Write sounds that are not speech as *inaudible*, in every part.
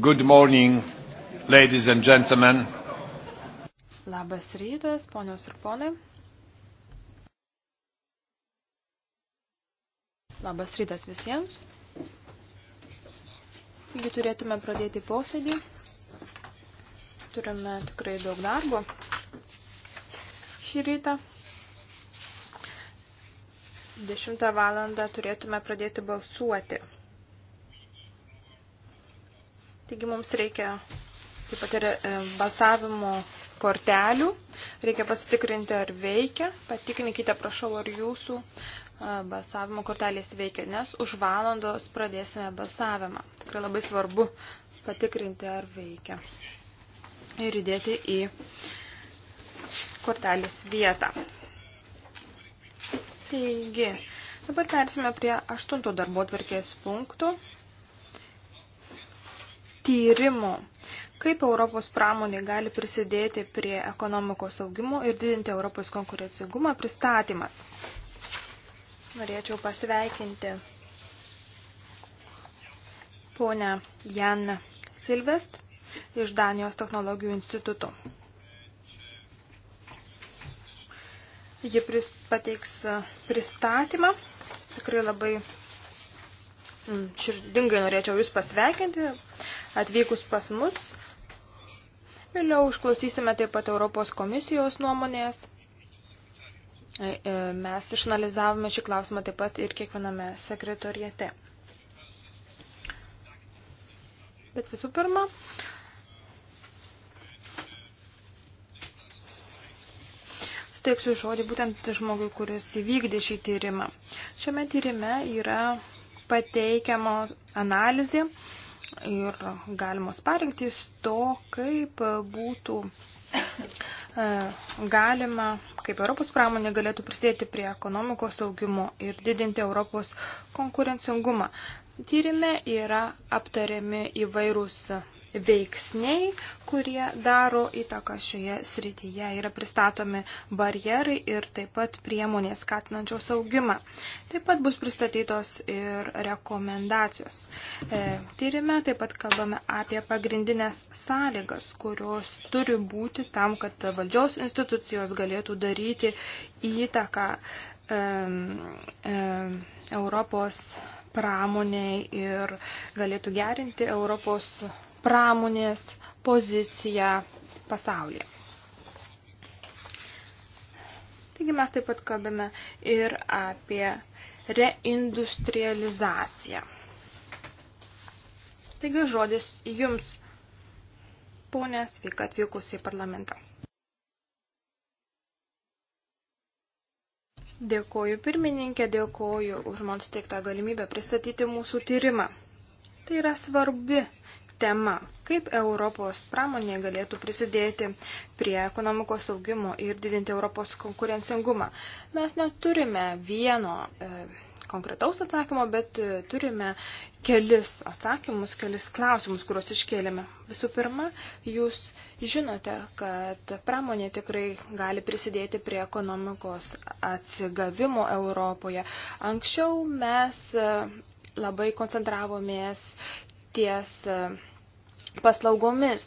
Good morning, ladies and gentlemen. Labas rytas, ponios ir ponai. Labas rytas visiems. Taigi turėtume pradėti posėdį. Turime tikrai daug darbo šį rytą. 10 valandą turėtume pradėti balsuoti. Taigi mums reikia taip pat ir e, balsavimo kortelių. Reikia pasitikrinti, ar veikia. Patikrinkite, prašau, ar jūsų e, balsavimo kortelės veikia, nes už valandos pradėsime balsavimą. Tikrai labai svarbu patikrinti, ar veikia. Ir įdėti į kortelės vietą. Taigi, dabar persime prie aštunto darbo tvarkės punktų tyrimų, kaip Europos pramonė gali prisidėti prie ekonomikos augimo ir didinti Europos konkurencingumą pristatymas. Norėčiau pasveikinti ponę Jan Silvest iš Danijos technologijų instituto. Ji pateiks pristatymą. Tikrai labai mm, širdingai norėčiau Jūs pasveikinti atvykus pas mus. Vėliau užklausysime taip pat Europos komisijos nuomonės. E, e, mes išanalizavome šį klausimą taip pat ir kiekviename sekretoriete. Bet visų pirma, suteiksiu žodį būtent žmogui, kuris įvykdė šį tyrimą. Šiame tyrime yra pateikiama analizė ir galimos parinktys to, kaip būtų e, galima, kaip Europos pramonė galėtų prisidėti prie ekonomikos augimo ir didinti Europos konkurencingumą. Tyrime yra aptariami įvairūs veiksniai, kurie daro įtaką šioje srityje. Yra pristatomi barjerai ir taip pat priemonės skatinančios augimą. Taip pat bus pristatytos ir rekomendacijos. E, tyrime taip pat kalbame apie pagrindinės sąlygas, kurios turi būti tam, kad valdžios institucijos galėtų daryti įtaką e, e, Europos pramoniai ir galėtų gerinti Europos pramonės poziciją pasaulyje. Taigi mes taip pat kalbame ir apie reindustrializaciją. Taigi žodis jums, ponė, sveika atvykus į parlamentą. Dėkoju pirmininkė, dėkoju už man suteiktą galimybę pristatyti mūsų tyrimą. Tai yra svarbi tema - kaip Europos pramonė galėtų prisidėti prie ekonomikos augimo ir didinti Europos konkurencingumą. Mes neturime vieno e, konkretaus atsakymo, bet e, turime kelis atsakymus, kelis klausimus, kuriuos iškėlėme. Visų pirma, jūs žinote, kad pramonė tikrai gali prisidėti prie ekonomikos atsigavimo Europoje. Anksčiau mes e, labai koncentravomės ties paslaugomis.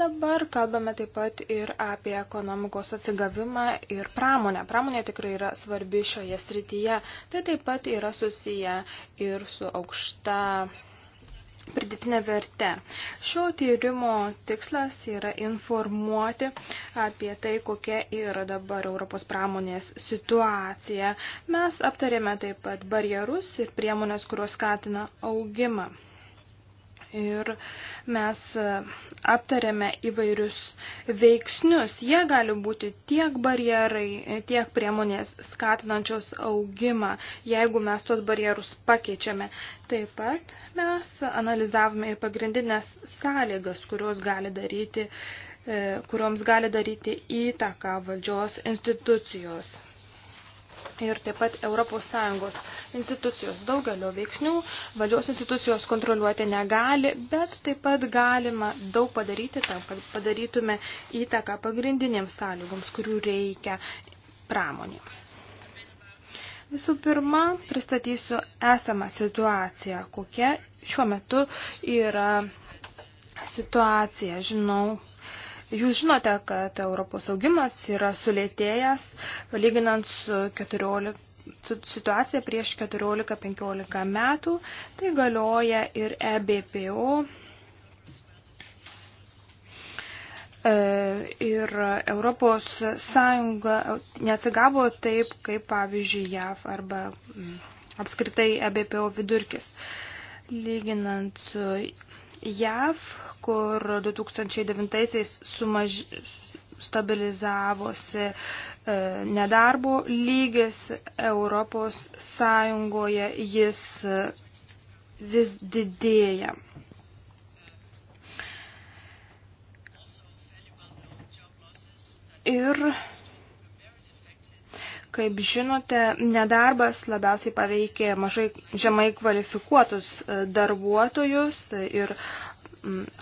Dabar kalbame taip pat ir apie ekonomikos atsigavimą ir pramonę. Pramonė tikrai yra svarbi šioje srityje. Tai taip pat yra susiję ir su aukšta pridėtinė verte. Šio tyrimo tikslas yra informuoti apie tai, kokia yra dabar Europos pramonės situacija. Mes aptarėme taip pat barjerus ir priemonės, kurios skatina augimą ir mes e, aptarėme įvairius veiksnius. Jie gali būti tiek barjerai, e, tiek priemonės skatinančios augimą, jeigu mes tuos barjerus pakeičiame. Taip pat mes analizavome ir pagrindinės sąlygas, kurios gali daryti e, kurioms gali daryti įtaką valdžios institucijos ir taip pat ES institucijos daugelio veiksnių. Valdžios institucijos kontroliuoti negali, bet taip pat galima daug padaryti tam, kad padarytume įtaką pagrindinėms sąlygoms, kurių reikia pramonė. Visų pirma, pristatysiu esamą situaciją, kokia šiuo metu yra situacija. Žinau, Jūs žinote, kad Europos augimas yra sulėtėjęs, lyginant su 14 situacija prieš 14-15 metų, tai galioja ir EBPO e, ir Europos Sąjunga neatsigavo taip, kaip pavyzdžiui JAV arba mm, apskritai EBPO vidurkis. Lyginant su JAV, kur 2009-aisiais sumaž... stabilizavosi e, nedarbo lygis, Europos Sąjungoje jis e, vis didėja. Ir Kaip žinote, nedarbas labiausiai paveikė mažai žemai kvalifikuotus e, darbuotojus ir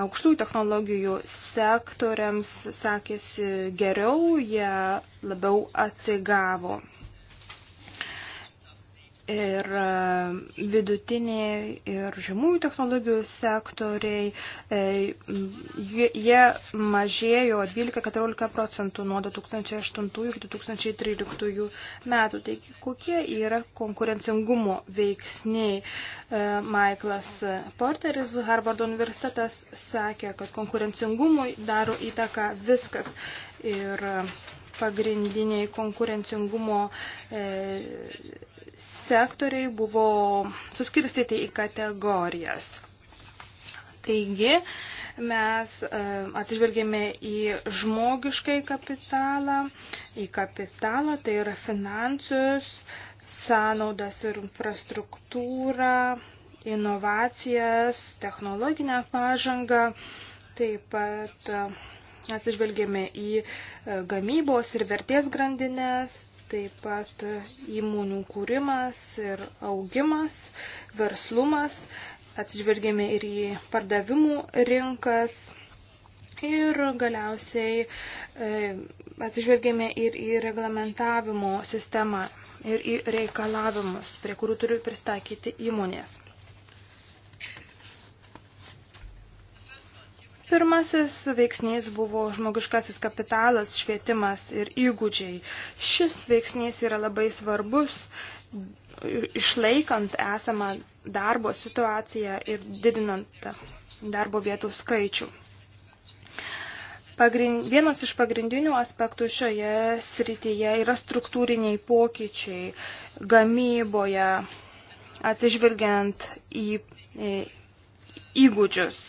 aukštų technologijų sektoriams sekėsi geriau, jie labiau atsigavo ir e, vidutiniai, ir žemųjų technologijų sektoriai, e, jie mažėjo 12-14 procentų nuo 2008 iki 2013 metų. Taigi, kokie yra konkurencingumo veiksniai? E, Michaelas Porteris, Harvardo universitetas, sakė, kad konkurencingumui daro įtaką viskas. Ir pagrindiniai konkurencingumo e, sektoriai buvo suskirstyti į kategorijas. Taigi, mes e, atsižvelgėme į žmogiškai kapitalą, į kapitalą, tai yra finansus, sąnaudas ir infrastruktūrą, inovacijas, technologinę pažangą, taip pat e, atsižvelgėme į e, gamybos ir vertės grandinės, taip pat įmonių kūrimas ir augimas, verslumas, atsižvelgėme ir į pardavimų rinkas. Ir galiausiai e, atsižvelgėme ir į reglamentavimo sistemą ir į reikalavimus, prie kurių turi pristaikyti įmonės. Pirmasis veiksnys buvo žmogiškasis kapitalas, švietimas ir įgūdžiai. Šis veiksnys yra labai svarbus išlaikant esamą darbo situaciją ir didinant darbo vietų skaičių. Pagrind, vienas iš pagrindinių aspektų šioje srityje yra struktūriniai pokyčiai gamyboje, atsižvelgiant į, į įgūdžius.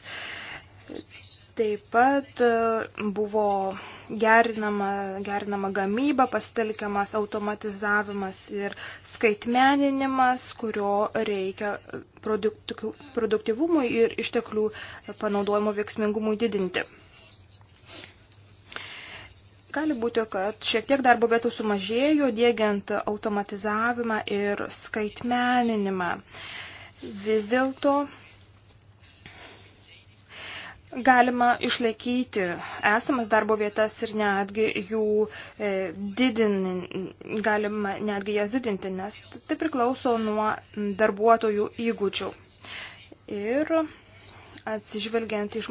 Taip pat e, buvo gerinama, gerinama gamyba, pasitelkiamas automatizavimas ir skaitmeninimas, kurio reikia e, produktivumui ir išteklių panaudojimo veiksmingumui didinti. Gali būti, kad šiek tiek darbo vietų sumažėjo, dėgiant automatizavimą ir skaitmeninimą. Vis dėlto galima išlaikyti esamas darbo vietas ir netgi jų e, didin, galima netgi jas didinti, nes tai priklauso nuo darbuotojų įgūdžių. Ir atsižvelgiant į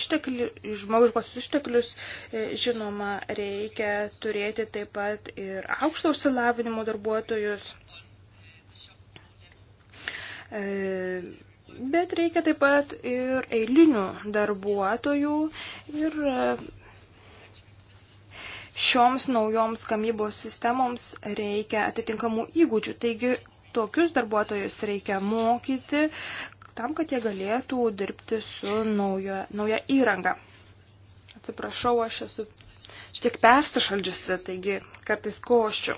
ištekli, žmogiškos išteklius, e, žinoma, reikia turėti taip pat ir aukšto užsilavinimo darbuotojus. E, Bet reikia taip pat ir eilinių darbuotojų ir e, šioms naujoms gamybos sistemoms reikia atitinkamų įgūdžių. Taigi tokius darbuotojus reikia mokyti tam, kad jie galėtų dirbti su nauja, nauja įranga. Atsiprašau, aš esu šiek tiek persišaldžiusi, taigi kartais koščiu.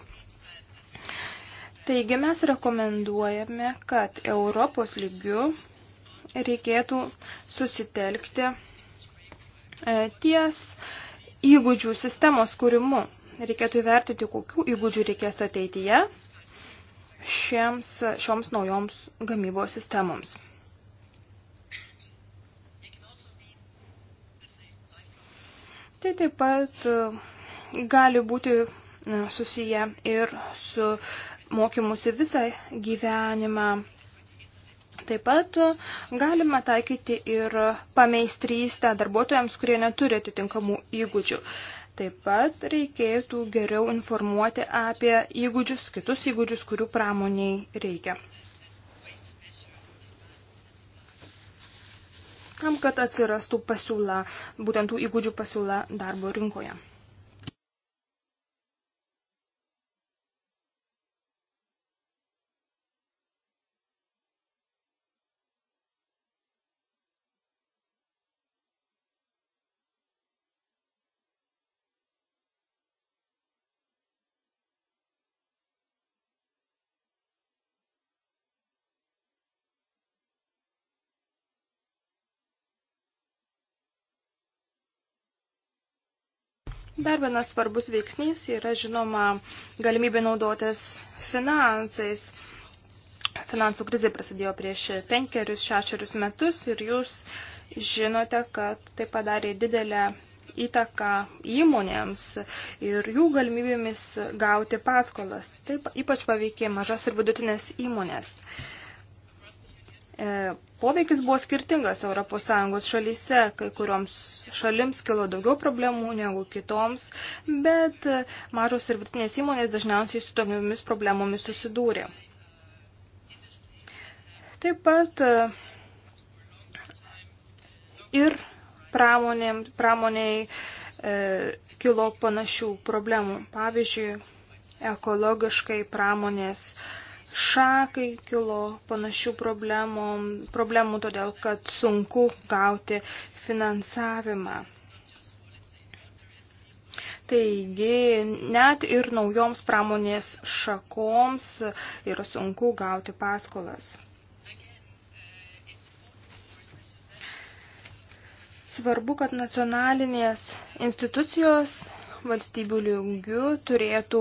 Taigi mes rekomenduojame, kad Europos lygių reikėtų susitelkti e, ties įgūdžių sistemos kūrimu. Reikėtų įvertinti, kokių įgūdžių reikės ateityje šiems, šioms naujoms gamybos sistemoms. Tai taip pat e, gali būti susiję ir su mokymusi visą gyvenimą. Taip pat galima taikyti ir pameistrystę darbuotojams, kurie neturi atitinkamų įgūdžių. Taip pat reikėtų geriau informuoti apie įgūdžius, kitus įgūdžius, kurių pramoniai reikia. Tam, kad atsirastų pasiūla, būtent tų įgūdžių pasiūla darbo rinkoje. Dar vienas svarbus veiksnys yra, žinoma, galimybė naudotis finansais. Finansų krizė prasidėjo prieš penkerius, šešerius metus ir jūs žinote, kad tai padarė didelę įtaką įmonėms ir jų galimybėmis gauti paskolas. Taip ypač paveikė mažas ir vidutinės įmonės. Uh, E, poveikis buvo skirtingas ES šalyse, kai kurioms šalims kilo daugiau problemų negu kitoms, bet mažos ir vidutinės įmonės dažniausiai su tomis problemomis susidūrė. Taip pat e, ir pramonė, pramoniai e, kilo panašių problemų. Pavyzdžiui, ekologiškai pramonės e, šakai kilo panašių problemų, problemų todėl, kad sunku gauti finansavimą. Taigi, net ir naujoms pramonės šakoms yra sunku gauti paskolas. Svarbu, kad nacionalinės institucijos valstybių lygių turėtų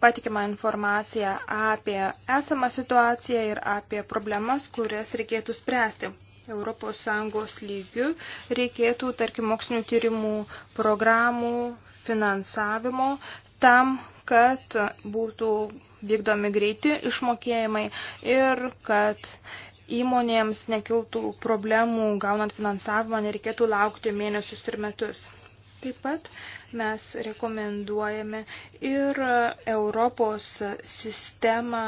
patikimą informaciją apie esamą situaciją ir apie problemas, kurias reikėtų spręsti. ES lygių reikėtų, tarkim, mokslinių tyrimų programų finansavimo tam, kad būtų vykdomi greiti išmokėjimai ir kad įmonėms nekiltų problemų gaunant finansavimą, nereikėtų laukti mėnesius ir metus. Taip pat mes rekomenduojame ir Europos sistemą,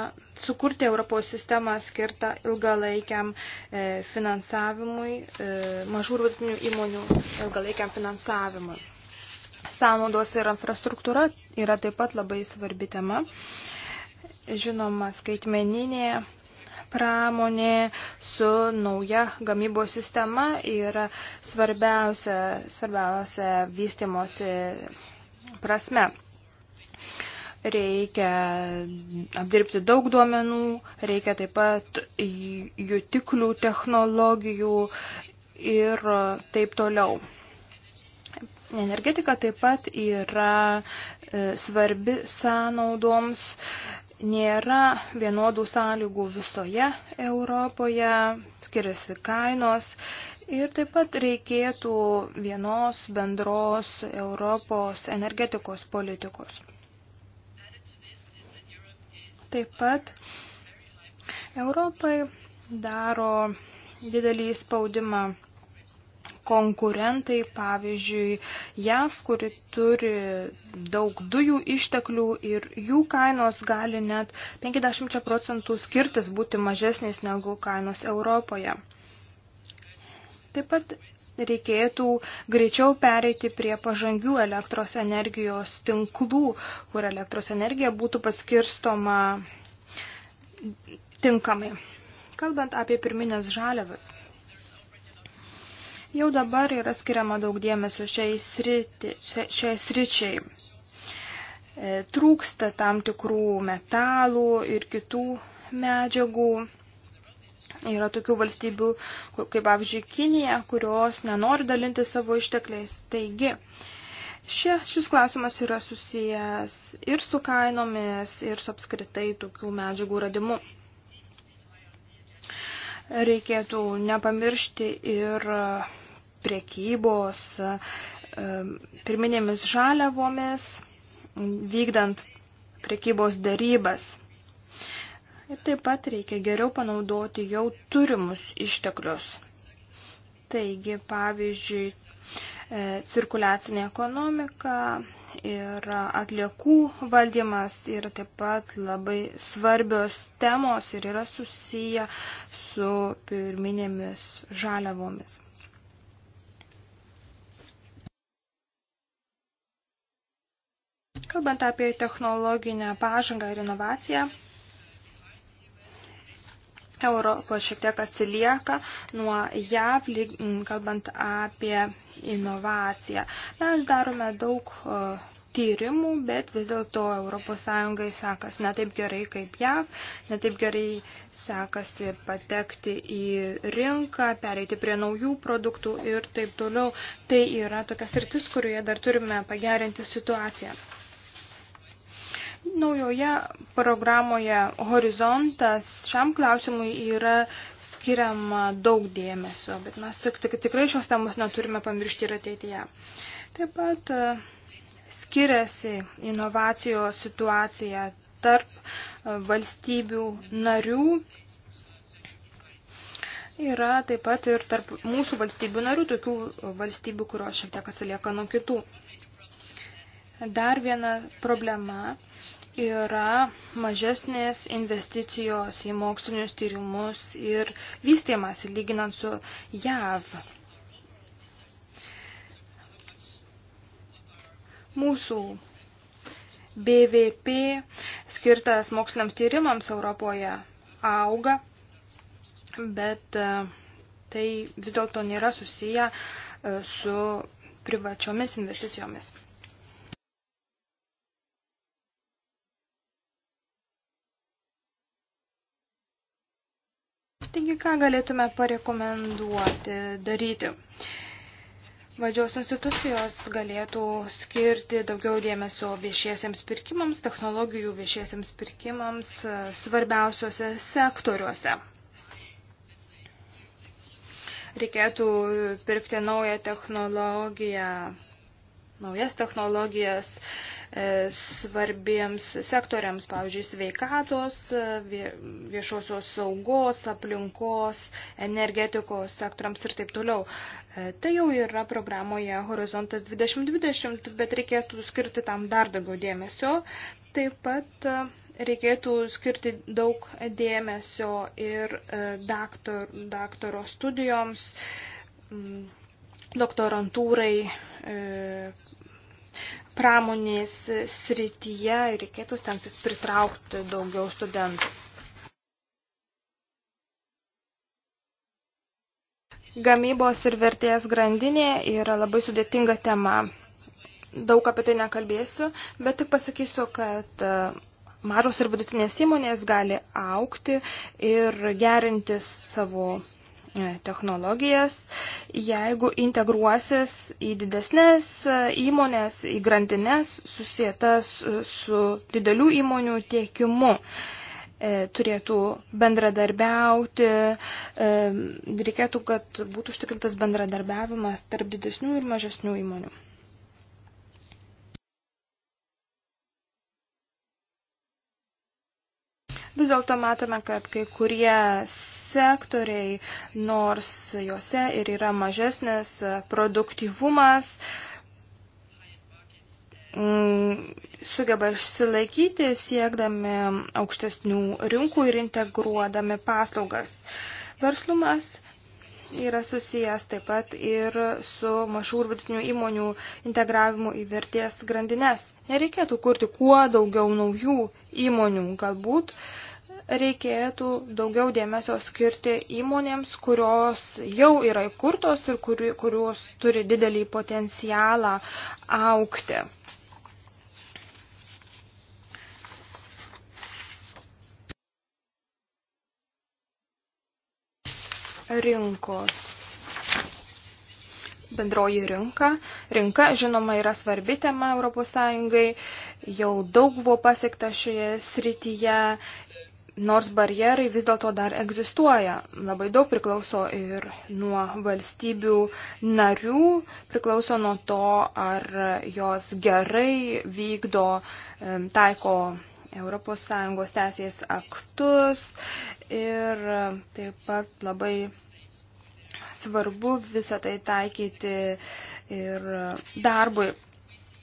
sukurti Europos sistemą skirtą ilgalaikiam e, finansavimui, e, mažų ir vidutinių įmonių ilgalaikiam finansavimui. Sąnaudos ir infrastruktūra yra taip pat labai svarbi tema. Žinoma, skaitmeninė pramonė su nauja gamybos sistema yra svarbiausia, svarbiausia vystimosi prasme. Reikia apdirbti daug duomenų, reikia taip pat jutiklių technologijų ir taip toliau. Energetika taip pat yra e, svarbi sąnaudoms, nėra vienodų sąlygų visoje Europoje, skiriasi kainos ir taip pat reikėtų vienos bendros Europos energetikos politikos. Taip pat Europai daro didelį spaudimą konkurentai, pavyzdžiui, JAV, kuri turi daug dujų išteklių ir jų kainos gali net 50 procentų skirtis būti mažesnės negu kainos Europoje. Taip pat reikėtų greičiau pereiti prie pažangių elektros energijos tinklų, kur elektros energija būtų paskirstoma tinkamai. Kalbant apie pirminės žaliavas. Jau dabar yra skiriama daug dėmesio šiai, sriti, šiai sričiai. E, trūksta tam tikrų metalų ir kitų medžiagų. Yra tokių valstybių, kaip pavyzdžiui Kinija, kurios nenori dalinti savo ištekliais. Taigi, šie, šis klausimas yra susijęs ir su kainomis, ir su apskritai tokių medžiagų radimu. Reikėtų nepamiršti ir priekybos e, pirminėmis žaliavomis, vykdant priekybos darybas. Ir taip pat reikia geriau panaudoti jau turimus išteklius. Taigi, pavyzdžiui, e, cirkuliacinė ekonomika ir atliekų valdymas yra taip pat labai svarbios temos ir yra susiję su pirminėmis žaliavomis. Kalbant apie technologinę pažangą ir inovaciją, Europa šiek tiek atsilieka nuo JAV, kalbant apie inovaciją. Mes darome daug e, tyrimų, bet vis dėlto ES sekas ne taip gerai kaip JAV, ne taip gerai sekasi patekti į rinką, pereiti prie naujų produktų ir taip toliau. Tai yra tokias rytis, kurioje dar turime pagerinti situaciją. Naujoje programoje Horizontas šiam klausimui yra skiriama daug dėmesio, bet mes tik, tik, tikrai šios temos neturime pamiršti ir ateityje. Taip pat e, skiriasi inovacijos situacija tarp e, valstybių narių. Yra taip pat ir tarp mūsų valstybių narių, tokių valstybių, kurios šiek tiek atsilieka nuo kitų. Dar viena problema yra mažesnės investicijos į mokslinius tyrimus ir vystimąsi lyginant su JAV. Mūsų BVP skirtas moksliniams tyrimams Europoje auga, bet e, tai vis dėlto nėra susiję e, su privačiomis investicijomis. Taigi, ką galėtume parekomenduoti daryti? Valdžios institucijos galėtų skirti daugiau dėmesio viešiesiems pirkimams, technologijų viešiesiems pirkimams e, svarbiausiuose sektoriuose. Reikėtų pirkti naują technologiją, naujas technologijas, E, svarbiems sektoriams, pavyzdžiui, sveikatos, e, viešosios saugos, aplinkos, energetikos sektoriams ir taip toliau. E, tai jau yra programoje Horizontas 2020, bet reikėtų skirti tam dar daugiau dėmesio. Taip pat reikėtų skirti daug dėmesio ir daktor, daktaro studijoms, doktorantūrai, pramonės srityje ir reikėtų stengtis pritraukti daugiau studentų. Gamybos ir vertės grandinė yra labai sudėtinga tema. Daug apie tai nekalbėsiu, bet tik pasakysiu, kad e, mažos ir vidutinės įmonės gali aukti ir gerinti savo technologijas, jeigu integruosis į didesnės e, įmonės, į grandinės susietas e, su didelių įmonių tiekimu e, turėtų bendradarbiauti, reikėtų, kad būtų užtikrintas bendradarbiavimas tarp didesnių ir mažesnių įmonių. Vis dėlto matome, kad kai kurie sektoriai, nors juose ir yra mažesnis produktyvumas, mm, sugeba išsilaikyti siekdami aukštesnių rinkų ir integruodami paslaugas. Verslumas yra susijęs taip pat ir su mažų ir vidutinių įmonių integravimu į vertės grandines. Nereikėtų kurti kuo daugiau naujų įmonių, galbūt reikėtų daugiau dėmesio skirti įmonėms, kurios jau yra įkurtos ir kurios turi didelį potencialą aukti. rinkos. Bendroji rinka. Rinka, žinoma, yra svarbi tema ES. Jau daug buvo pasiekta šioje srityje nors barjerai vis dėlto dar egzistuoja. Labai daug priklauso ir nuo valstybių narių, priklauso nuo to, ar jos gerai vykdo, taiko ES teisės aktus ir um, taip pat labai svarbu visą tai taikyti ir um, darbui.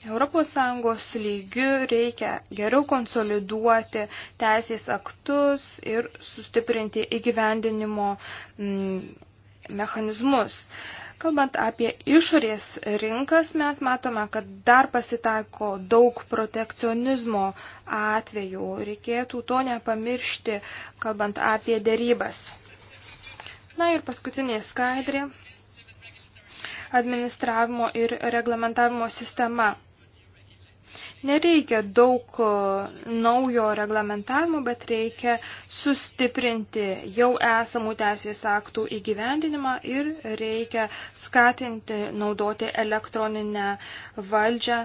ES lygių reikia geriau konsoliduoti teisės aktus ir sustiprinti įgyvendinimo mm, mechanizmus. Kalbant apie išorės rinkas, mes matome, kad dar pasitaiko daug protekcionizmo atvejų. Reikėtų to nepamiršti, kalbant apie dėrybas. Na ir paskutinė skaidrė administravimo ir reglamentavimo sistema. Nereikia daug e, naujo reglamentavimo, bet reikia sustiprinti jau esamų teisės aktų įgyvendinimą ir reikia skatinti naudoti elektroninę valdžią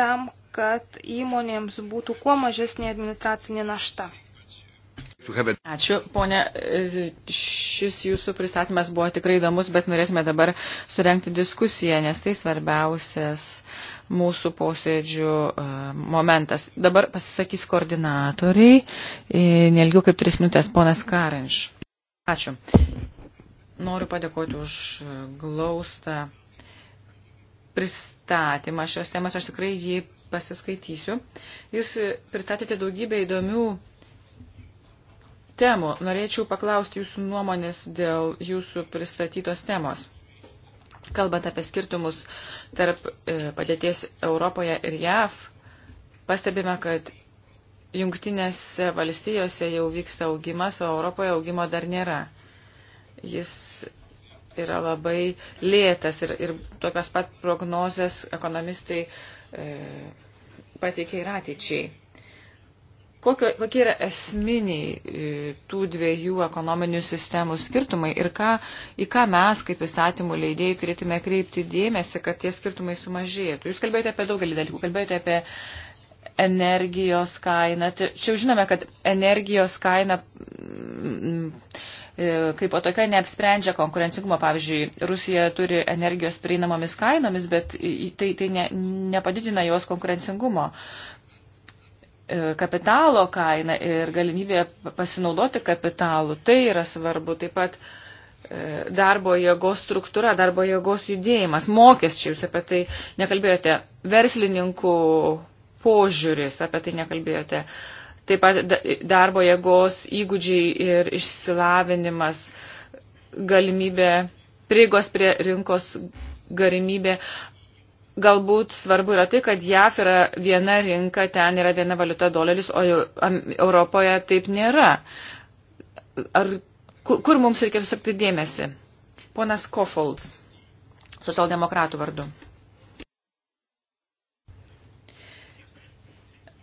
tam, kad įmonėms būtų kuo mažesnė administracinė našta. Ačiū, ponė. E, šis jūsų pristatymas buvo tikrai įdomus, bet norėtume dabar surenkti diskusiją, nes tai svarbiausias mūsų posėdžių e, momentas. Dabar pasisakys koordinatoriai, e, nelgiau kaip tris minutės, ponas Karinš. Ačiū. Noriu padėkoti už glaustą pristatymą šios temos, aš tikrai jį pasiskaitysiu. Jūs pristatėte daugybę įdomių temų. Norėčiau paklausti jūsų nuomonės dėl jūsų pristatytos temos. Kalbant apie skirtumus tarp e, padėties Europoje ir JAV, pastebime, kad jungtinėse valstijose jau vyksta augimas, o Europoje augimo dar nėra. Jis yra labai lėtas ir, ir tokias pat prognozes ekonomistai e, pateikia ir ateičiai kokio, kokie yra esminiai e, tų dviejų ekonominių sistemų skirtumai ir ką, į ką mes, kaip įstatymų leidėjai, turėtume kreipti dėmesį, kad tie skirtumai sumažėtų. Jūs kalbėjote apie daugelį dalykų, kalbėjote apie energijos kainą. Čia žinome, kad energijos kaina mm, e, kaip o tokia neapsprendžia konkurencingumo. Pavyzdžiui, Rusija turi energijos prieinamomis kainomis, bet tai, tai ne, nepadidina jos konkurencingumo. E, kapitalo kaina ir galimybė pasinaudoti kapitalu. Tai yra svarbu. Taip pat e, darbo jėgos struktūra, darbo jėgos judėjimas, mokesčiai, jūs apie tai nekalbėjote, verslininkų požiūris, apie tai nekalbėjote, taip pat darbo jėgos įgūdžiai ir išsilavinimas, galimybė, prieigos prie rinkos galimybė galbūt svarbu yra tai, kad JAF yra viena rinka, ten yra viena valiuta doleris, o Europoje taip nėra. Ar, kur mums reikėtų sakti dėmesį? Ponas Kofolds, socialdemokratų vardu.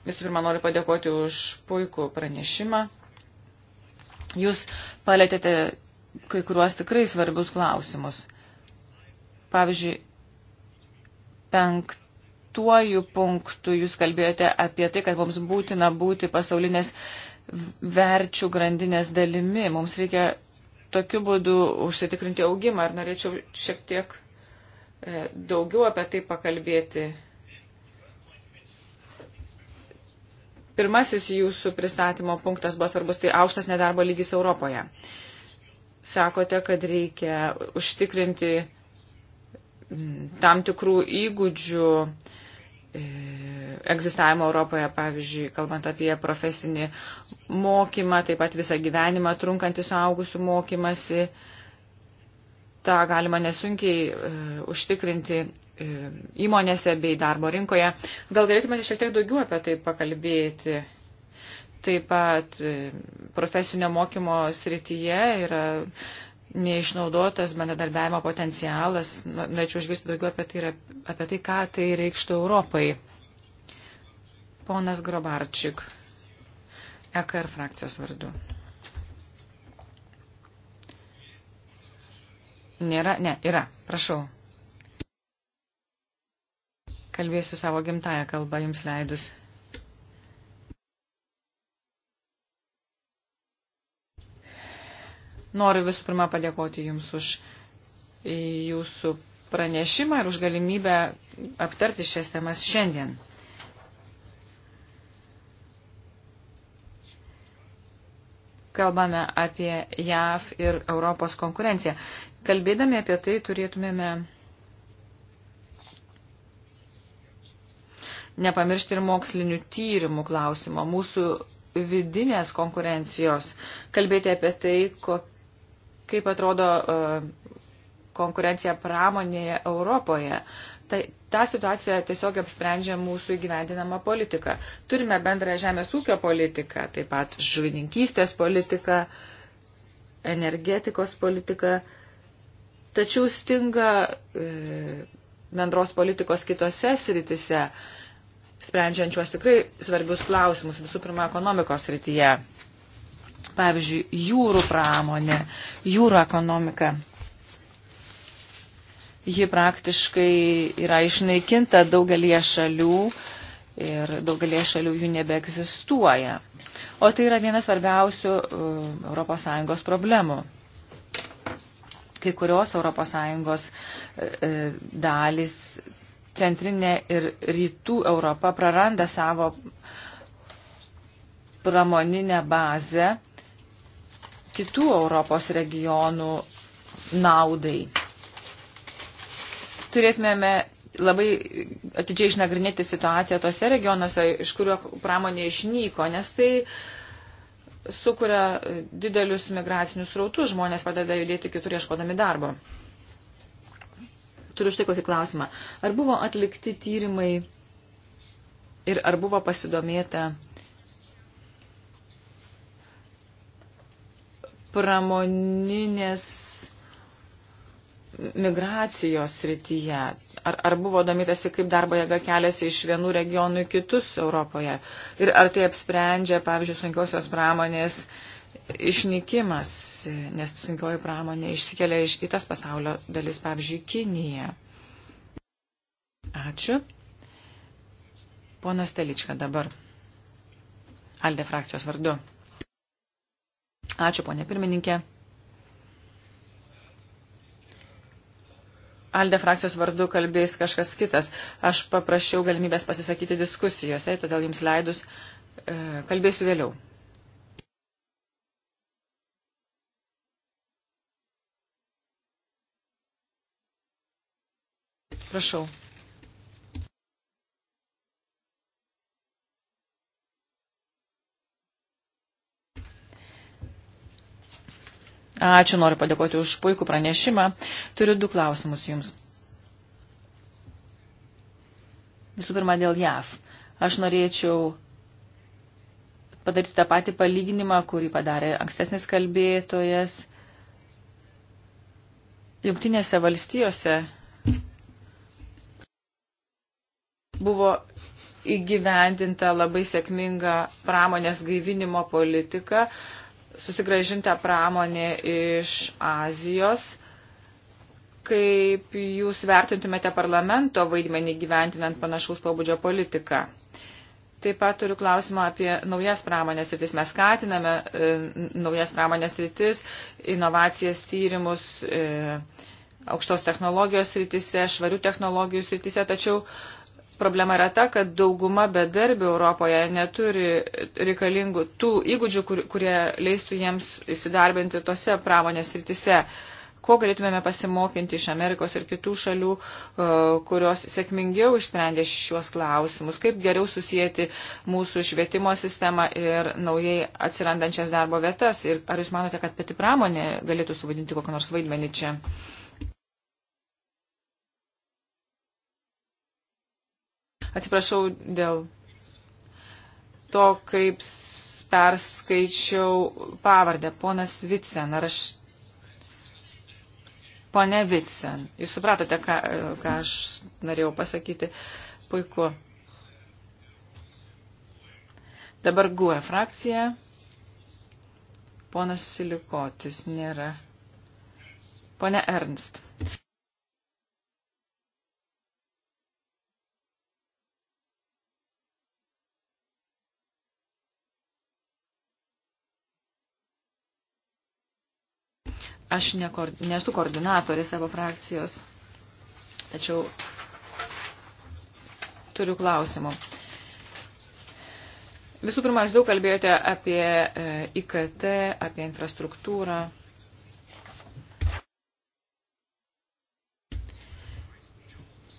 Visų pirma, noriu padėkoti už puikų pranešimą. Jūs palėtėte kai kuriuos tikrai svarbius klausimus. Pavyzdžiui, penktuoju punktu jūs kalbėjote apie tai, kad mums būtina būti pasaulinės verčių grandinės dalimi. Mums reikia tokiu būdu užsitikrinti augimą. Ar norėčiau šiek tiek e, daugiau apie tai pakalbėti? Pirmasis jūsų pristatymo punktas buvo svarbus, tai aukštas nedarbo lygis Europoje. Sakote, kad reikia užtikrinti tam tikrų įgūdžių e, egzistavimo Europoje, pavyzdžiui, kalbant apie profesinį mokymą, taip pat visą gyvenimą trunkantį suaugusių mokymasi. Ta galima nesunkiai e, užtikrinti e, įmonėse bei darbo rinkoje. Gal galėtume šiek tiek daugiau apie tai pakalbėti? Taip pat e, profesinio mokymo srityje yra neišnaudotas bendradarbiavimo potencialas. Norėčiau išgirsti daugiau apie tai ir apie tai, ką tai reikštų Europai. Ponas Grobarčik, EKR frakcijos vardu. Nėra, ne, yra, prašau. Kalbėsiu savo gimtają kalbą jums leidus. Noriu visų pirma padėkoti Jums už Jūsų pranešimą ir už galimybę aptarti šias temas šiandien. Kalbame apie JAV ir Europos konkurenciją. Kalbėdami apie tai turėtumėme nepamiršti ir mokslinių tyrimų klausimo, mūsų vidinės konkurencijos, kalbėti apie tai, kokia kaip atrodo e, konkurencija pramonėje Europoje. Ta, ta situacija tiesiog apsprendžia mūsų įgyvendinamą politiką. Turime bendrą žemės ūkio politiką, taip pat žuvininkystės politiką, energetikos politiką, tačiau stinga e, bendros politikos kitose sritise, sprendžiančios tikrai svarbius klausimus, visų pirma, ekonomikos srityje. Pavyzdžiui, jūrų pramonė, jūrų ekonomika. Ji praktiškai yra išnaikinta daugelie šalių ir daugelie šalių jų nebeegzistuoja. O tai yra vienas svarbiausių uh, ES problemų kai kurios ES uh, uh, dalis centrinė ir rytų Europa praranda savo pramoninę bazę kitų Europos regionų naudai. Turėtumėme labai atidžiai išnagrinėti situaciją tose regionuose, iš kurio pramonė išnyko, nes tai sukuria didelius migracinius rautus, žmonės padeda judėti kitur ieškodami darbo. Turiu štai kokį klausimą. Ar buvo atlikti tyrimai ir ar buvo pasidomėta pramoninės migracijos srityje? Ar, ar buvo domytasi, kaip darbo jėga keliasi iš vienų regionų į kitus Europoje? Ir ar tai apsprendžia, pavyzdžiui, sunkiosios pramonės išnykimas, nes sunkioji pramonė išsikelia iš kitas pasaulio dalis, pavyzdžiui, Kinija? Ačiū. Ponas Telička dabar. Alde frakcijos vardu. Ačiū, ponė pirmininkė. Alde frakcijos vardu kalbės kažkas kitas. Aš paprašiau galimybės pasisakyti diskusijose, todėl jums leidus e, kalbėsiu vėliau. Prašau. Ačiū, noriu padėkoti už puikų pranešimą. Turiu du klausimus jums. Visų pirma, dėl JAV. Aš norėčiau padaryti tą patį palyginimą, kurį padarė ankstesnis kalbėtojas. Jungtinėse valstijose buvo įgyvendinta labai sėkminga pramonės gaivinimo politika, susigražinta pramonė iš Azijos. Kaip jūs vertintumėte parlamento vaidmenį gyventinant panašaus pobūdžio politiką? Taip pat turiu klausimą apie naujas pramonės rytis. Mes skatiname e, naujas pramonės rytis, inovacijas, tyrimus, e, aukštos technologijos rytise, švarių technologijų rytise, tačiau e, problema yra ta, kad dauguma bedarbių Europoje neturi reikalingų tų įgūdžių, kur, kurie leistų jiems įsidarbinti tose pramonės rytise. Ko galėtumėme pasimokinti iš Amerikos ir kitų šalių, e, kurios sėkmingiau išsprendė šiuos klausimus? Kaip geriau susijęti mūsų švietimo sistemą ir naujai atsirandančias darbo vietas? Ir ar jūs manote, kad pati pramonė galėtų suvaidinti kokią nors vaidmenį čia? Atsiprašau dėl to, kaip perskaičiau pavardę. Ponas Vicen, ar aš... Pone Vicen, jūs supratote, ką, ką aš norėjau pasakyti. Puiku. Dabar GUE frakcija. Ponas Silikotis nėra. Pone Ernst. Aš ne, nesu koordinatorė savo frakcijos, tačiau turiu klausimų. Visų pirma, jūs daug kalbėjote apie e, IKT, apie infrastruktūrą.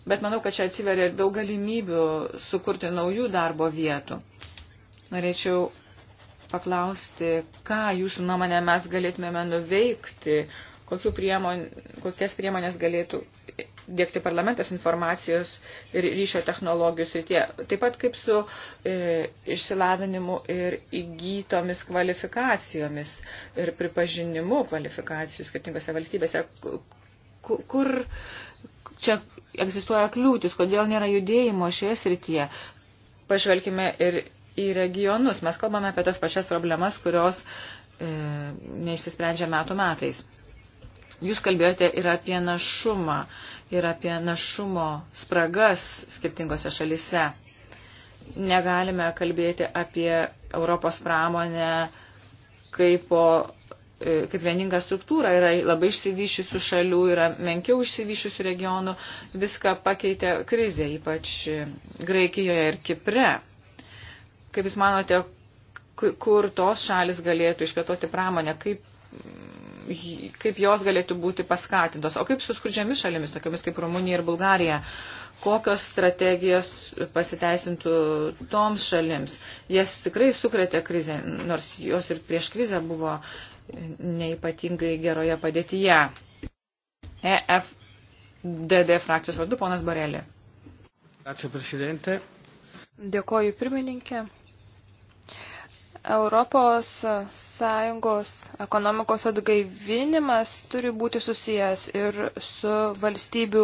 Bet manau, kad čia atsiveria ir daug galimybių sukurti naujų darbo vietų. Norėčiau paklausti, ką jūsų nuomonė mes galėtumėme nuveikti, priemon, kokias priemonės galėtų dėkti parlamentas informacijos ir ryšio technologijų srityje. Taip pat kaip su e, išsilavinimu ir įgytomis kvalifikacijomis ir pripažinimu kvalifikacijų skirtingose valstybėse. Kur čia egzistuoja kliūtis, kodėl nėra judėjimo šioje srityje? Pažvelkime ir į regionus. Mes kalbame apie tas pačias problemas, kurios e, neišsisprendžia metų metais. Jūs kalbėjote ir apie našumą, ir apie našumo spragas skirtingose šalise. Negalime kalbėti apie Europos pramonę kaip, po, e, kaip vieningą struktūrą. Yra labai išsivyšiusių šalių, yra menkiau išsivyšiusių regionų. Viską pakeitė krizė, ypač Graikijoje ir Kipre. Kaip Jūs manote, kur tos šalis galėtų išplėtoti pramonę, kaip, kaip jos galėtų būti paskatintos, o kaip su skurdžiamis šalimis, tokiamis kaip Rumunija ir Bulgarija, kokios strategijos pasiteisintų toms šalims. Jas tikrai sukretė krizė, nors jos ir prieš krizę buvo neipatingai geroje padėtyje. EFDD frakcijos vardu, ponas Barelė. Ačiū, prezidentė. Dėkoju, pirmininkė. Europos Sąjungos ekonomikos atgaivinimas turi būti susijęs ir su valstybių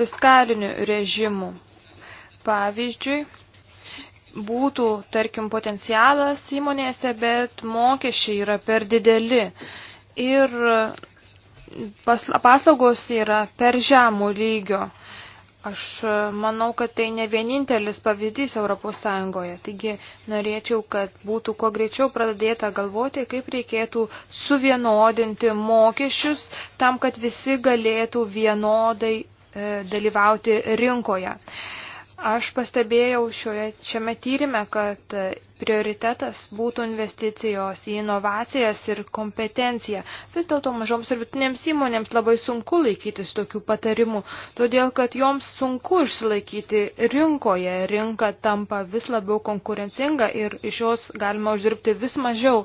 fiskaliniu režimu. Pavyzdžiui, būtų, tarkim, potencialas įmonėse, bet mokesčiai yra per dideli ir paslaugos yra per žemų lygio. Aš e, manau, kad tai ne vienintelis pavyzdys ES. Taigi norėčiau, kad būtų kuo greičiau pradėta galvoti, kaip reikėtų suvienodinti mokesčius tam, kad visi galėtų vienodai e, dalyvauti rinkoje. Aš pastebėjau šioje, šiame tyrimė, kad e, prioritetas būtų investicijos į inovacijas ir kompetenciją. Vis dėlto mažoms ir vidutinėms įmonėms labai sunku laikytis tokių patarimų, todėl kad joms sunku išsilaikyti rinkoje. Rinka tampa vis labiau konkurencinga ir iš jos galima uždirbti vis mažiau.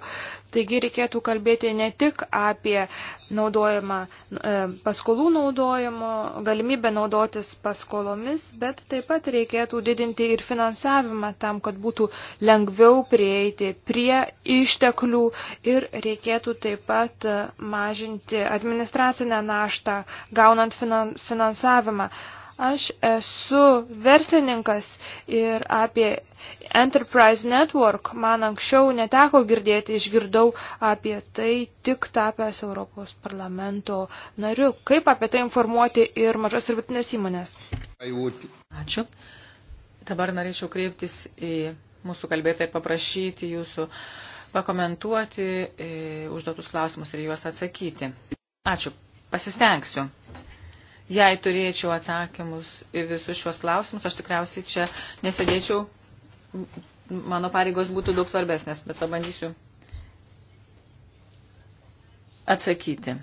Taigi reikėtų kalbėti ne tik apie naudojimą, e, paskolų naudojimo, galimybę naudotis paskolomis, bet taip pat reikėtų didinti ir finansavimą tam, kad būtų lengviau prieiti prie išteklių ir reikėtų taip pat e, mažinti administracinę naštą gaunant finansavimą. Aš esu verslininkas ir apie Enterprise Network man anksčiau neteko girdėti, išgirdau apie tai tik tapęs Europos parlamento nariu. Kaip apie tai informuoti ir mažas ir vidutinės įmonės? Ačiū. Dabar norėčiau kreiptis į mūsų kalbėtoją ir paprašyti jūsų pakomentuoti e, užduotus klausimus ir juos atsakyti. Ačiū. Pasistengsiu. Jei turėčiau atsakymus į visus šiuos klausimus, aš tikriausiai čia nesėdėčiau, mano pareigos būtų daug svarbesnės, bet pabandysiu atsakyti.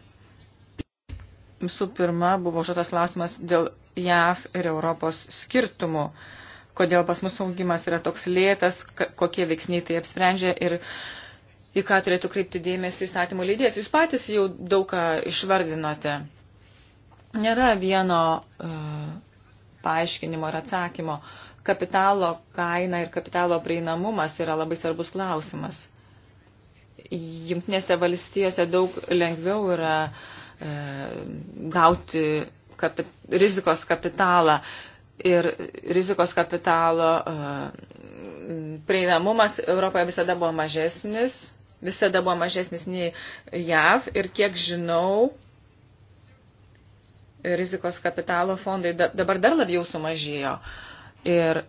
Visų pirma, buvo žodas klausimas dėl JAV ir Europos skirtumų kodėl pas mus augimas yra toks lėtas, kokie veiksniai tai apsprendžia ir į ką turėtų kreipti dėmesį įstatymų leidėjas. Jūs patys jau daug ką išvardinote. Nėra vieno uh, paaiškinimo ir atsakymo. Kapitalo kaina ir kapitalo prieinamumas yra labai svarbus klausimas. Jungtinėse valstijose daug lengviau yra e, gauti kapit, rizikos kapitalą ir rizikos kapitalo e, prieinamumas Europoje visada buvo mažesnis, visada buvo mažesnis nei JAV ir kiek žinau, rizikos kapitalo fondai dabar dar labiau sumažėjo. Ir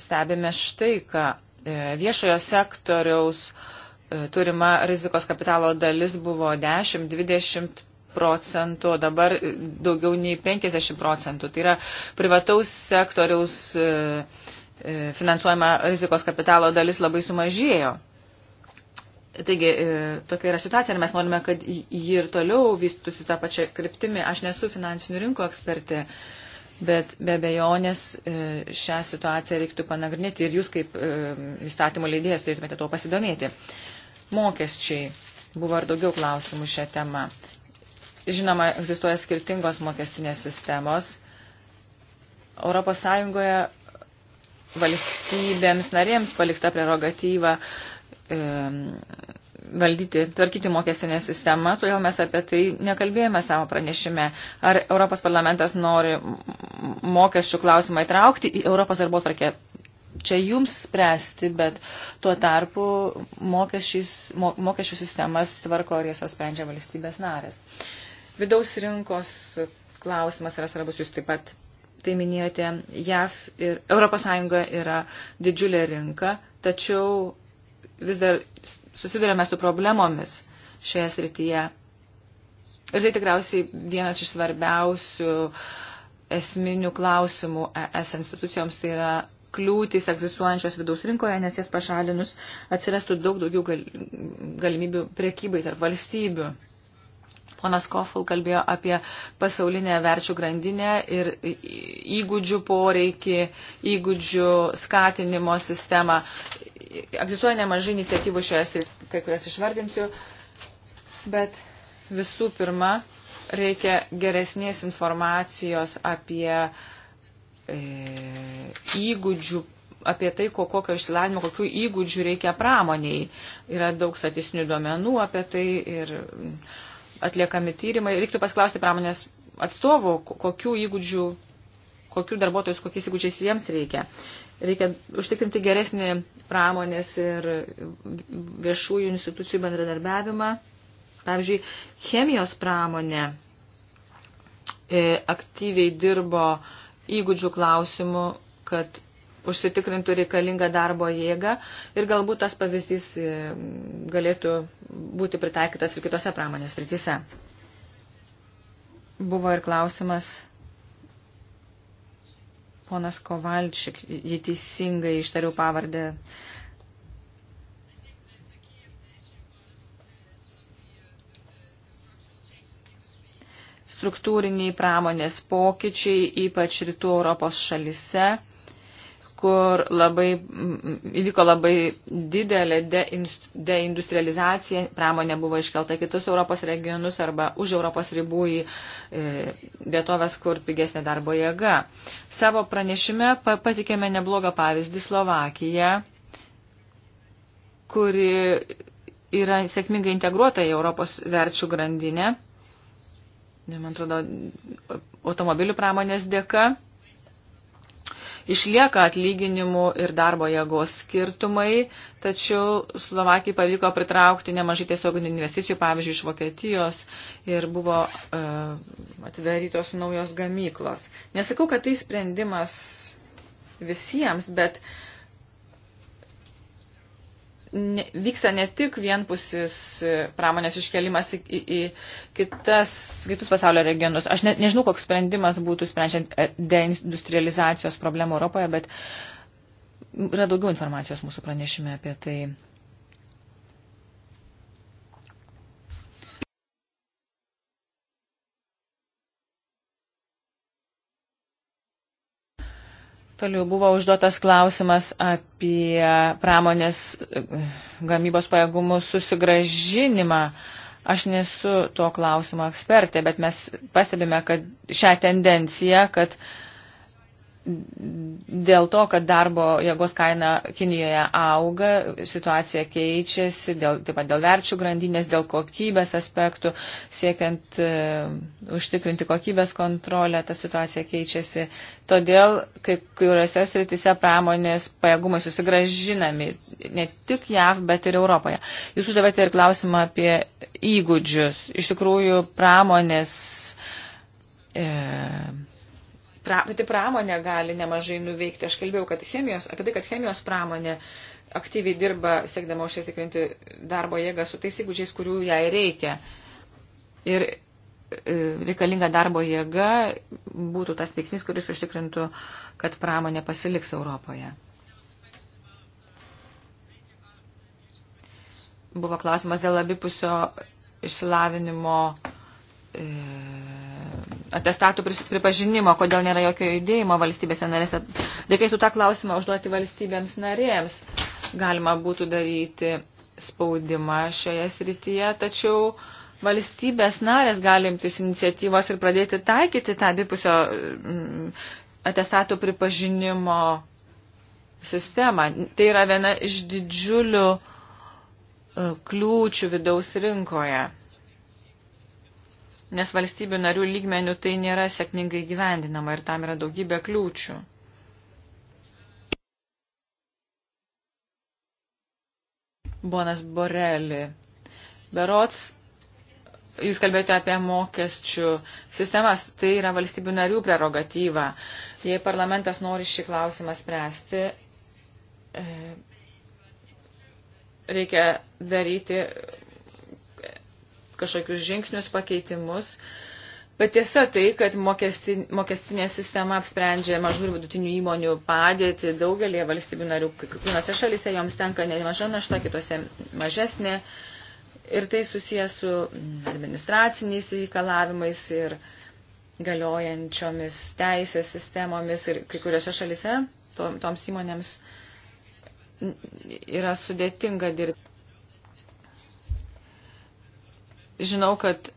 stebime štai, kad e, viešojo sektoriaus e, turima rizikos kapitalo dalis buvo 10-20 procentų, o dabar daugiau nei 50 procentų. Tai yra privataus sektoriaus e, finansuojama rizikos kapitalo dalis labai sumažėjo. Taigi, e, tokia yra situacija ir mes norime, kad ji ir toliau vystytųsi tą pačią kryptimį. Aš nesu finansinių rinkų ekspertė, bet be bejonės e, šią situaciją reiktų panagrinėti ir jūs kaip e, įstatymų leidėjas turėtumėte to pasidomėti. Mokesčiai. Buvo ir daugiau klausimų šią temą. Žinoma, egzistuoja skirtingos mokestinės sistemos. Europos Sąjungoje valstybėms narėms palikta prerogatyva valdyti, tvarkyti mokestinę sistemą, todėl mes apie tai nekalbėjome savo pranešime. Ar Europos parlamentas nori mokesčių klausimą įtraukti į Europos darbo tvarkę? Čia jums spręsti, bet tuo tarpu mokesčių sistemas tvarko ir jas sprendžia valstybės narės. Vidaus rinkos klausimas yra svarbus, jūs taip pat tai minėjote, JAF ir ES yra didžiulė rinka, tačiau vis dar susidurėme su problemomis šioje srityje. Ir tai tikriausiai vienas iš svarbiausių esminių klausimų ES institucijoms, tai yra kliūtis egzistuojančios vidaus rinkoje, nes jas pašalinus atsirastų daug daugiau gal, galimybių prekybai tarp valstybių. Ponas Koful kalbėjo apie pasaulinę verčių grandinę ir įgūdžių poreikį, įgūdžių skatinimo sistemą. Egzistuoja nemažai iniciatyvų šioje srityje, kai kurias išvardinsiu, bet visų pirma, reikia geresnės informacijos apie e, įgūdžių apie tai, ko, kokio išsilavinimo, kokių įgūdžių reikia pramoniai. Yra daug statistinių duomenų apie tai ir atliekami tyrimai. Reiktų pasklausti pramonės atstovų, kokių įgūdžių, kokių darbuotojus, kokiais įgūdžiais jiems reikia. Reikia užtikrinti geresnį pramonės ir viešųjų institucijų bendradarbiavimą. Pavyzdžiui, chemijos pramonė e, aktyviai dirbo įgūdžių klausimų, kad užsitikrintų reikalingą darbo jėgą ir galbūt tas pavyzdys e, galėtų būti pritaikytas ir kitose pramonės rytise. Buvo ir klausimas, ponas Kovalčik, jį teisingai ištariau pavardę. Struktūriniai pramonės pokyčiai, ypač rytų Europos šalise kur labai, įvyko labai didelė deindustrializacija, pramonė buvo iškelta kitus Europos regionus arba už Europos ribų į e, vietovės, kur pigesnė darbo jėga. Savo pranešime patikėme neblogą pavyzdį Slovakiją, kuri yra sėkmingai integruota į Europos verčių grandinę, man atrodo, automobilių pramonės dėka Išlieka atlyginimų ir darbo jėgos skirtumai, tačiau Slovakijai pavyko pritraukti nemažai tiesioginių investicijų, pavyzdžiui, iš Vokietijos ir buvo uh, atidarytos naujos gamyklos. Nesakau, kad tai sprendimas visiems, bet uh, ne, vyksta ne tik vienpusis pramonės iškelimas į, į, į kitas, kitus pasaulio regionus. Aš ne, nežinau, koks sprendimas būtų sprendžiant e, deindustrializacijos problemą Europoje, bet yra daugiau informacijos mūsų pranešime apie tai. Toliau buvo užduotas klausimas apie pramonės e, gamybos pajėgumų susigražinimą. Aš nesu to klausimo ekspertė, bet mes pastebime, kad šią tendenciją, kad uh, dėl to, kad darbo jėgos kaina Kinijoje auga, situacija keičiasi, dėl, taip pat dėl verčių grandinės, dėl kokybės aspektų, siekiant uh, užtikrinti kokybės kontrolę, ta situacija keičiasi. Todėl kai kuriuose sritise pramonės pajėgumai susigražinami ne tik JAV, bet ir Europoje. Jūs uždavėte ir klausimą apie įgūdžius. Iš tikrųjų, pramonės. Uh, pra, pati pramonė gali nemažai nuveikti. Aš kalbėjau kad chemijos, apie tai, kad chemijos pramonė aktyviai dirba, siekdama užsitikrinti darbo jėgą su tais įgūdžiais, kurių jai reikia. Ir e, reikalinga darbo jėga būtų tas veiksnys, kuris užtikrintų, kad pramonė pasiliks Europoje. Buvo klausimas dėl abipusio išsilavinimo e, atestatų pripažinimo, kodėl nėra jokio judėjimo valstybėse narėse. Reikėtų tą klausimą užduoti valstybėms narėms. Galima būtų daryti spaudimą šioje srityje, tačiau valstybės narės galimtis iniciatyvos ir pradėti taikyti tą abipusio mm, atestatų pripažinimo sistemą. Tai yra viena iš didžiulių e, kliūčių vidaus rinkoje nes valstybių narių lygmenių tai nėra sėkmingai gyvendinama ir tam yra daugybė kliūčių. Bonas Borelį. Berots, jūs kalbėjote apie mokesčių sistemas, tai yra valstybių narių prerogatyva. Jei parlamentas nori šį klausimą spręsti, e, reikia daryti kažkokius žingsnius, pakeitimus. Bet tiesa tai, kad mokestinė sistema apsprendžia mažų ir vidutinių įmonių padėti daugelie valstybių narių. Kiekvienose šalyse joms tenka nemaža našta, kitose mažesnė. Ir tai susijęs su administraciniais reikalavimais ir galiojančiomis teisės sistemomis. Ir kai kuriuose šalyse to, toms įmonėms yra sudėtinga dirbti žinau, kad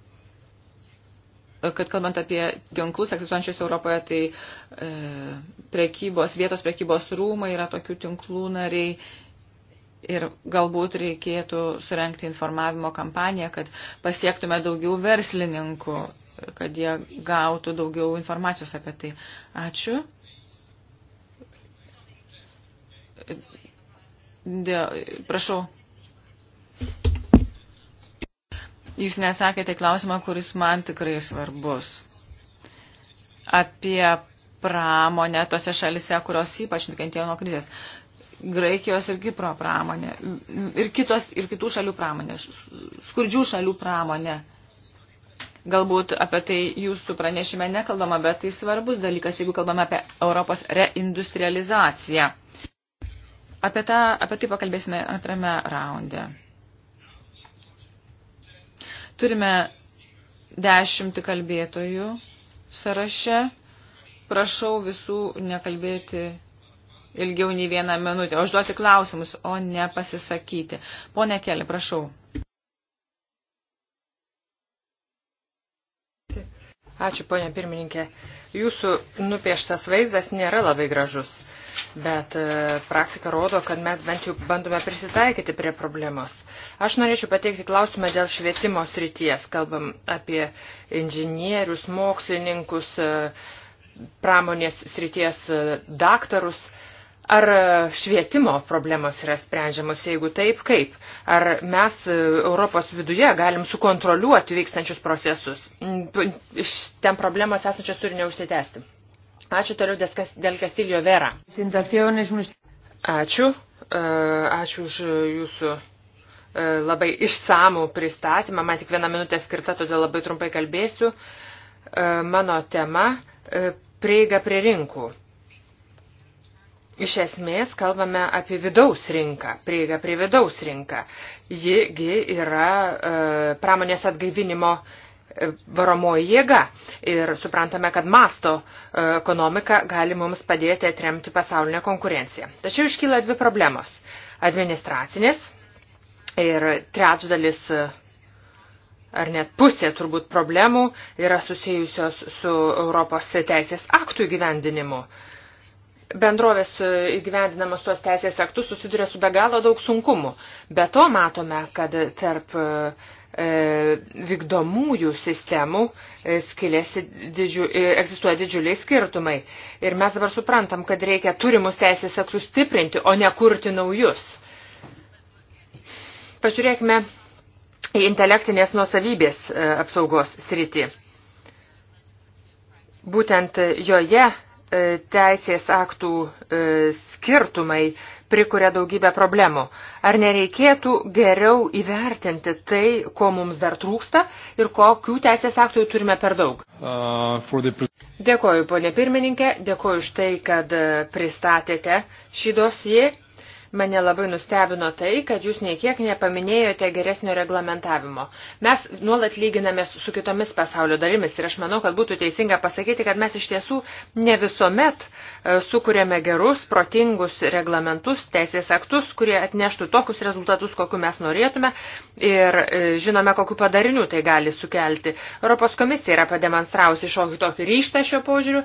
kad kalbant apie tinklus egzistuojančius Europoje, tai e, prekybos, vietos prekybos rūmai yra tokių tinklų nariai ir galbūt reikėtų surenkti informavimo kampaniją, kad pasiektume daugiau verslininkų, kad jie gautų daugiau informacijos apie tai. Ačiū. Dėl, prašau. Jūs nesakėte klausimą, kuris man tikrai svarbus. Apie pramonę tose šalise, kurios ypač nukentėjo nuo krizės. Graikijos ir Kipro pramonė. Ir, kitos, ir kitų šalių pramonė. Skurdžių šalių pramonė. Galbūt apie tai jūsų pranešime nekalbama, bet tai svarbus dalykas, jeigu kalbame apie Europos reindustrializaciją. Apie, tą, apie tai pakalbėsime antrame raunde. Turime dešimtį kalbėtojų sąraše. Prašau visų nekalbėti ilgiau nei vieną minutę, užduoti klausimus, o ne pasisakyti. Pone Keli, prašau. Ačiū, ponė pirmininkė. Jūsų nupieštas vaizdas nėra labai gražus, bet e, praktika rodo, kad mes bent jau bandome prisitaikyti prie problemos. Aš norėčiau pateikti klausimą dėl švietimo srities. Kalbam apie inžinierius, mokslininkus, e, pramonės srities e, daktarus. Ar švietimo problemos yra sprendžiamos, jeigu taip, kaip? Ar mes e, Europos viduje galim sukontroliuoti vykstančius procesus? Mm, iš ten problemos esančios turi neužsitęsti. Ačiū toliau dėl Kasilio Vera. Ačiū. E, ačiū už jūsų e, labai išsamų pristatymą. Man tik viena minutė skirta, todėl labai trumpai kalbėsiu. Mano tema – prieiga prie rinkų iš esmės kalbame apie vidaus rinką, prieigą prie vidaus rinką. Jigi yra e, pramonės atgaivinimo e, varomoji jėga ir suprantame, kad masto e, ekonomika gali mums padėti atremti pasaulinę konkurenciją. Tačiau iškyla dvi problemos. Administracinės ir trečdalis e, ar net pusė turbūt problemų yra susijusios su Europos teisės aktų įgyvendinimu. Uh, bendrovės įgyvendinamas tuos teisės aktus susiduria su be galo daug sunkumų. Be to matome, kad tarp e, vykdomųjų sistemų e, skiliasi didžiu, e, egzistuoja didžiuliai skirtumai. Ir mes dabar suprantam, kad reikia turimus teisės aktus stiprinti, o ne kurti naujus. Pažiūrėkime į intelektinės nuosavybės apsaugos sritį. Būtent joje E, teisės aktų e, skirtumai prikuria daugybę problemų. Ar nereikėtų geriau įvertinti tai, ko mums dar trūksta ir kokių teisės aktų turime per daug? Uh, the... Dėkoju, ponė pirmininkė, dėkoju už tai, kad e, pristatėte šį dosiją Mane labai nustebino tai, kad jūs niekiek nepaminėjote geresnio reglamentavimo. Mes nuolat lyginamės su kitomis pasaulio dalimis ir aš manau, kad būtų teisinga pasakyti, kad mes iš tiesų ne visuomet e, sukūrėme gerus, protingus reglamentus, teisės aktus, kurie atneštų tokius rezultatus, kokiu mes norėtume ir e, žinome, kokiu padariniu tai gali sukelti. Europos komisija yra pademonstravusi šiokį tokį ryštą šio požiūriu,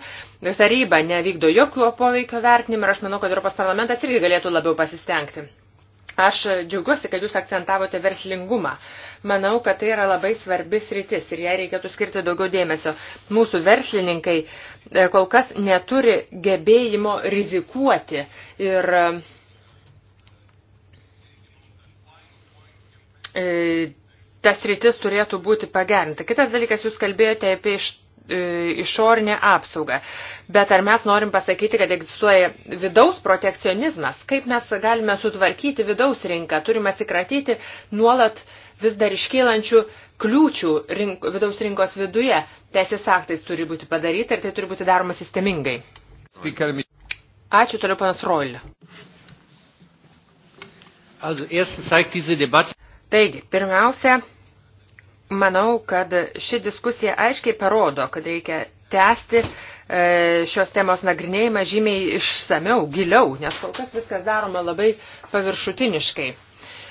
taryba nevykdo jokio poveikio vertinimo ir aš manau, kad Europos parlamentas irgi galėtų labiau pasisakyti pasistengti. Aš džiaugiuosi, kad jūs akcentavote verslingumą. Manau, kad tai yra labai svarbis rytis ir jai reikėtų skirti daugiau dėmesio. Mūsų verslininkai e, kol kas neturi gebėjimo rizikuoti ir e, tas rytis turėtų būti pagerinta. Kitas dalykas, jūs kalbėjote apie iš E, išorinę apsaugą. Bet ar mes norim pasakyti, kad egzistuoja vidaus protekcionizmas? Kaip mes galime sutvarkyti vidaus rinką? Turime atsikratyti nuolat vis dar iškylančių kliūčių rink, vidaus rinkos viduje. Teisės aktais turi būti padaryta ir tai turi būti daroma sistemingai. Ačiū toliau, panas Roilė. Taigi, pirmiausia, manau, kad ši diskusija aiškiai parodo, kad reikia tęsti e, šios temos nagrinėjimą žymiai išsameu, giliau, nes kol kas viskas daroma labai paviršutiniškai.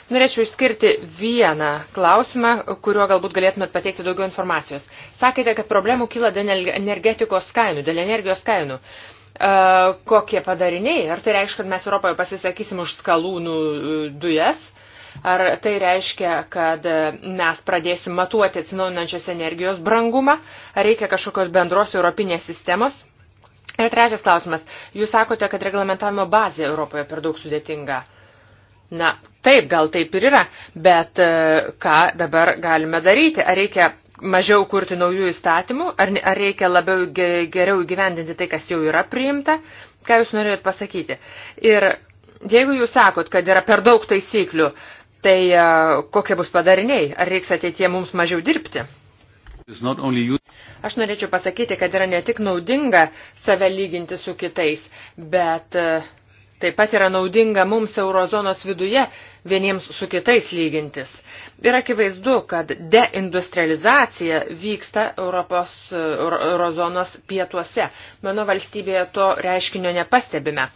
Norėčiau išskirti vieną klausimą, kuriuo galbūt galėtumėt pateikti daugiau informacijos. Sakėte, kad problemų kyla dėl energetikos kainų, dėl energijos kainų. E, kokie padariniai? Ar tai reiškia, kad mes Europoje pasisakysim už skalūnų e, dujas? Ar tai reiškia, kad mes pradėsim matuoti atsinaujinančios energijos brangumą, ar reikia kažkokios bendros europinės sistemos? Ir trečias klausimas. Jūs sakote, kad reglamentavimo bazė Europoje per daug sudėtinga. Na, taip, gal taip ir yra, bet e, ką dabar galime daryti? Ar reikia mažiau kurti naujų įstatymų, ar, ar reikia labiau geriau gyvendinti tai, kas jau yra priimta? Ką jūs norėjot pasakyti? Ir jeigu jūs sakot, kad yra per daug taisyklių, tai e, kokie bus padariniai? Ar reiks ateitie mums mažiau dirbti? Aš norėčiau pasakyti, kad yra ne tik naudinga save lyginti su kitais, bet e, taip pat yra naudinga mums eurozonos viduje vieniems su kitais lygintis. Ir akivaizdu, kad deindustrializacija vyksta Europos e, eurozonos pietuose. Mano valstybėje to reiškinio nepastebime.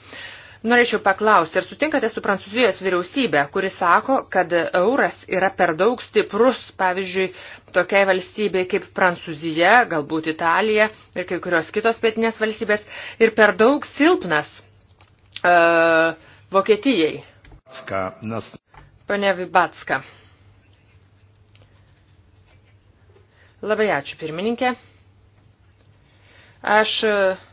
Norėčiau paklausti, ar sutinkate su Prancūzijos vyriausybė, kuri sako, kad euras yra per daug stiprus, pavyzdžiui, tokiai valstybei kaip Prancūzija, galbūt Italija ir kai kurios kitos pietinės valstybės, ir per daug silpnas uh, Vokietijai? Pane Vibatska. Labai ačiū, pirmininkė. Aš uh,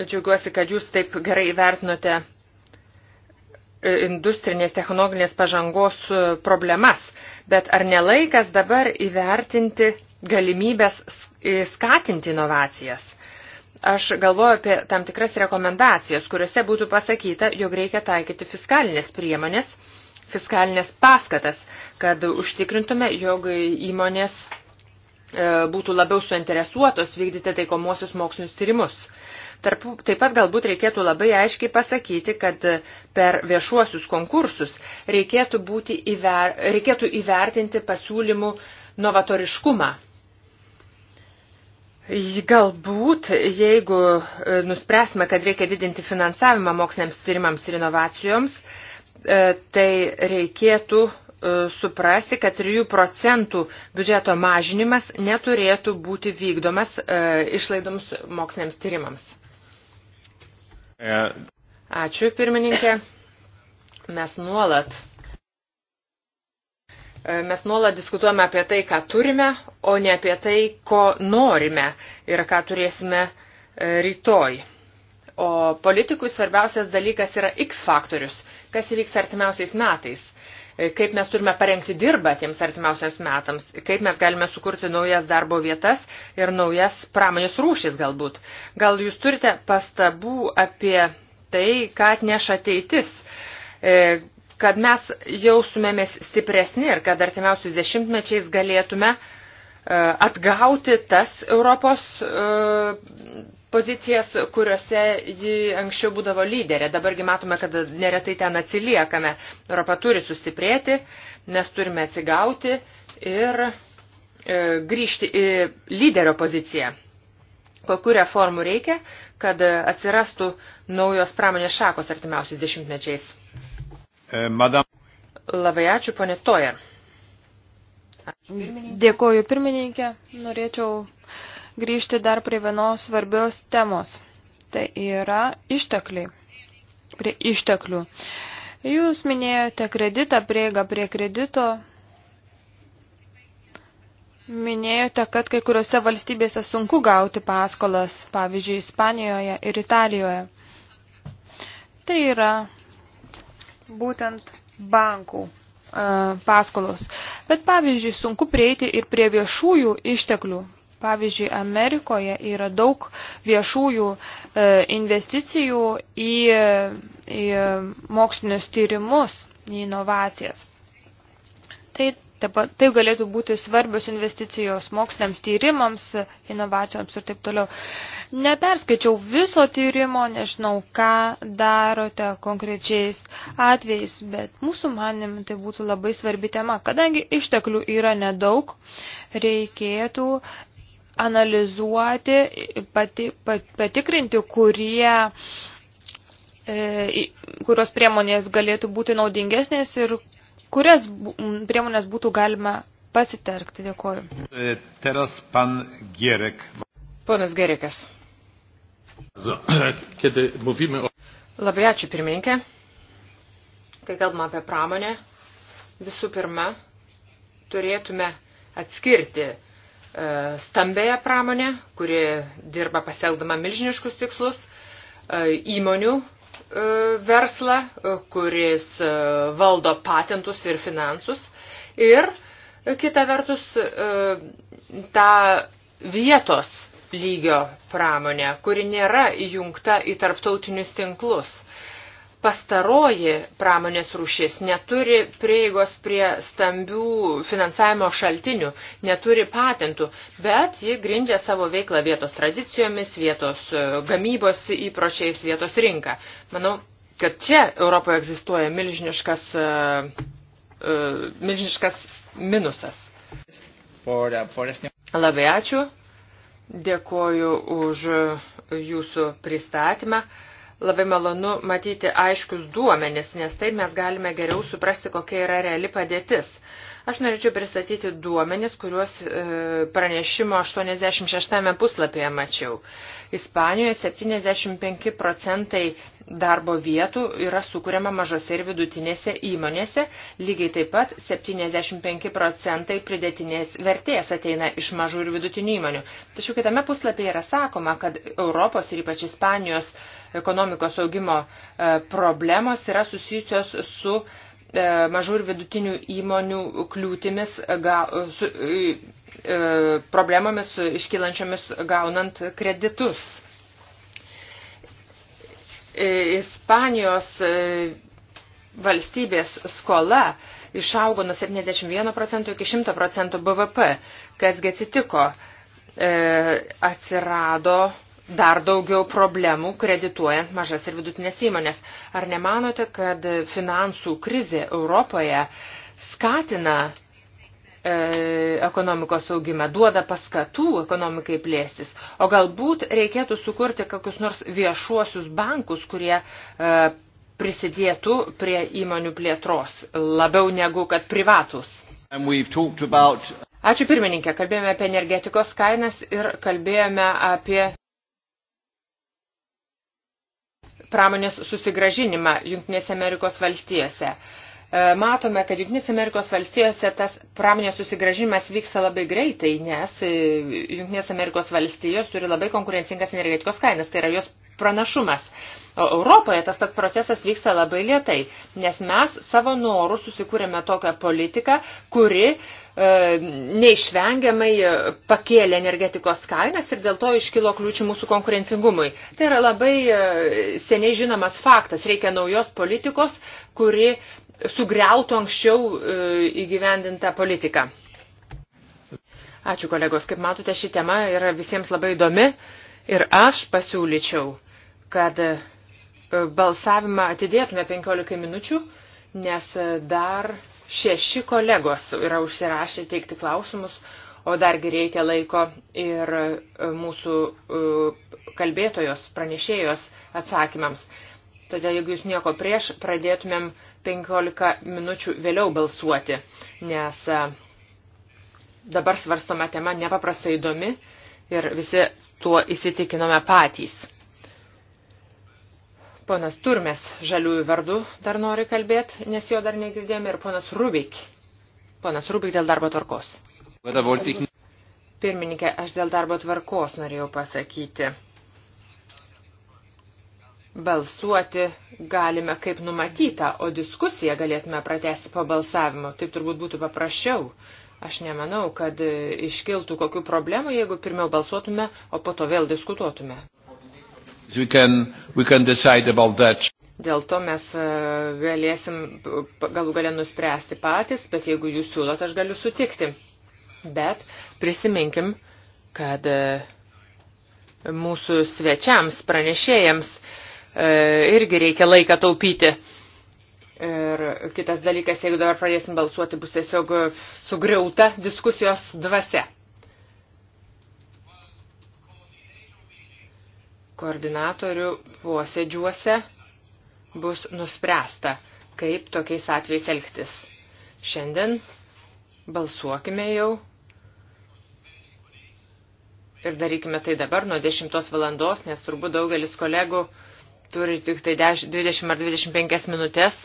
Džiaugiuosi, kad jūs taip gerai vertinote e, industrinės technologinės pažangos e, problemas, bet ar nelaikas dabar įvertinti galimybės e, skatinti inovacijas? Aš galvoju apie tam tikras rekomendacijas, kuriuose būtų pasakyta, jog reikia taikyti fiskalinės priemonės, fiskalinės paskatas, kad užtikrintume, jog įmonės būtų labiau suinteresuotos vykdyti taikomosius mokslinius tyrimus. Tarp, taip pat galbūt reikėtų labai aiškiai pasakyti, kad per viešuosius konkursus reikėtų, būti įver, reikėtų įvertinti pasiūlymų novatoriškumą. Galbūt, jeigu e, nuspręsime, kad reikia didinti finansavimą moksliniams tyrimams ir inovacijoms, e, tai reikėtų e, suprasti, kad 3 procentų biudžeto mažinimas neturėtų būti vykdomas išlaidoms moksliniams tyrimams. Ačiū, pirmininkė. Mes nuolat. E, mes nuolat diskutuojame apie tai, ką turime, o ne apie tai, ko norime ir ką turėsime e, rytoj. O politikui svarbiausias dalykas yra X faktorius, kas įvyks artimiausiais metais. E, kaip mes turime parengti dirbą tiems artimiausiams metams, kaip mes galime sukurti naujas darbo vietas ir naujas pramonės rūšis galbūt. Gal jūs turite pastabų apie tai, ką atneša ateitis, e, kad mes jaustumėmės stipresni ir kad artimiausiais dešimtmečiais galėtume uh, E, atgauti tas Europos e, pozicijas, kuriuose ji anksčiau būdavo lyderė. Dabargi matome, kad neretai ten atsiliekame. Europa turi sustiprėti, mes turime atsigauti ir e, grįžti į lyderio poziciją. Kokių reformų reikia, kad atsirastų naujos pramonės šakos artimiausiais dešimtmečiais? Madam. Labai ačiū, ponė Tojer. Dėkoju pirmininkė. Norėčiau grįžti dar prie vienos svarbios temos. Tai yra ištekliai. Prie išteklių. Jūs minėjote kreditą, prieigą prie kredito. Minėjote, kad kai kuriuose valstybėse sunku gauti paskolas, pavyzdžiui, Ispanijoje ir Italijoje. Tai yra būtent bankų paskolos. Bet pavyzdžiui, sunku prieiti ir prie viešųjų išteklių. Pavyzdžiui, Amerikoje yra daug viešųjų e, investicijų į, į mokslinius tyrimus, į inovacijas. Tai Taip pat tai galėtų būti svarbios investicijos moksliniams tyrimams, inovacijoms ir taip toliau. Neperskaičiau viso tyrimo, nežinau, ką darote konkrečiais atvejais, bet mūsų manim tai būtų labai svarbi tema, kadangi išteklių yra nedaug, reikėtų analizuoti, pati, pat, patikrinti, kurie e, kurios priemonės galėtų būti naudingesnės ir Kurias priemonės būtų galima pasitelkti? Dėkuoju. E, teraz pan Gierek. Ponas Gerekas. *clears throat* Labai ačiū pirmininkė. Kai kalbame apie pramonę, visų pirma, turėtume atskirti e, stambėją pramonę, kuri dirba pasielgdama milžiniškus tikslus, e, įmonių, E, verslą, e, kuris e, valdo patentus ir finansus. Ir kita vertus tą vietos lygio pramonę, kuri nėra įjungta į tarptautinius tinklus pastaroji pramonės rūšis neturi prieigos prie stambių finansavimo šaltinių, neturi patentų, bet ji grindžia savo veiklą vietos tradicijomis, vietos e, gamybos įpročiais, vietos rinką. Manau, kad čia Europoje egzistuoja milžiniškas, e, e, milžiniškas minusas. Labai ačiū. Dėkoju už jūsų pristatymą. Labai malonu matyti aiškius duomenis, nes taip mes galime geriau suprasti, kokia yra reali padėtis. Uh, Aš norėčiau pristatyti duomenis, kuriuos e, pranešimo 86 puslapyje mačiau. Ispanijoje 75 procentai darbo vietų yra sukūriama mažose ir vidutinėse įmonėse, lygiai taip pat 75 procentai pridėtinės vertės ateina iš mažų ir vidutinių įmonių. Tačiau kitame puslapyje yra sakoma, kad Europos ir ypač Ispanijos ekonomikos augimo e, problemos yra susijusios su E, mažų ir vidutinių įmonių kliūtimis, ga, su, e, problemomis su iškylančiomis gaunant kreditus. E, Ispanijos e, valstybės skola išaugo nuo 71 procentų iki 100 procentų BVP. Kasgi atsitiko? E, atsirado dar daugiau problemų kredituojant mažas ir vidutinės įmonės. Ar nemanote, kad finansų krizė Europoje skatina e, ekonomikos augimą, duoda paskatų ekonomikai plėstis. O galbūt reikėtų sukurti kokius nors viešuosius bankus, kurie e, prisidėtų prie įmonių plėtros labiau negu kad privatus. About... Ačiū pirmininkė, kalbėjome apie energetikos kainas ir kalbėjome apie pramonės susigražinimą Junktinėse Amerikos valstijose. E, matome, kad Junktinėse Amerikos valstijose tas pramonės susigražimas vyksta labai greitai, nes e, Junktinės Amerikos valstijos turi labai konkurencingas energetikos kainas, tai yra jos pranašumas. O Europoje tas pats procesas vyksta labai lietai, nes mes savo norų susikūrėme tokią politiką, kuri e, neišvengiamai pakėlė energetikos kainas ir dėl to iškilo kliūčių mūsų konkurencingumui. Tai yra labai e, seniai žinomas faktas. Reikia naujos politikos, kuri sugriautų anksčiau e, įgyvendintą politiką. Ačiū kolegos, kaip matote, ši tema yra visiems labai įdomi. Ir aš pasiūlyčiau, kad e, balsavimą atidėtume 15 minučių, nes e, dar šeši kolegos yra užsirašę teikti klausimus, o dargi reikia laiko ir e, mūsų kalbėtojos, pranešėjos atsakymams. Todėl, jeigu jūs nieko prieš, pradėtumėm 15 minučių vėliau balsuoti, nes dabar svarstoma tema nepaprastai įdomi ir visi tuo įsitikinome patys. Ponas Turmes žaliųjų vardu dar nori kalbėti, nes jo dar negirdėjome, ir ponas Rubik. Ponas Rubik dėl darbo tvarkos. Pirmininkė, aš dėl darbo tvarkos norėjau pasakyti. Balsuoti galime kaip numatyta, o diskusiją galėtume pratesti po balsavimo. Taip turbūt būtų paprasčiau. Aš nemanau, kad iškiltų kokių problemų, jeigu pirmiau balsuotume, o po to vėl diskutuotume. We can, we can Dėl to mes e, galėsim galų galę nuspręsti patys, bet jeigu jūs siūlot, aš galiu sutikti. Bet prisiminkim, kad e, mūsų svečiams, pranešėjams e, irgi reikia laiką taupyti. Ir kitas dalykas, jeigu dabar pradėsim balsuoti, bus tiesiog sugriauta diskusijos dvasia. Koordinatorių posėdžiuose bus nuspręsta, kaip tokiais atvejais elgtis. Šiandien balsuokime jau ir darykime tai dabar nuo 10 valandos, nes turbūt daugelis kolegų turi tik tai 20 ar 25 minutės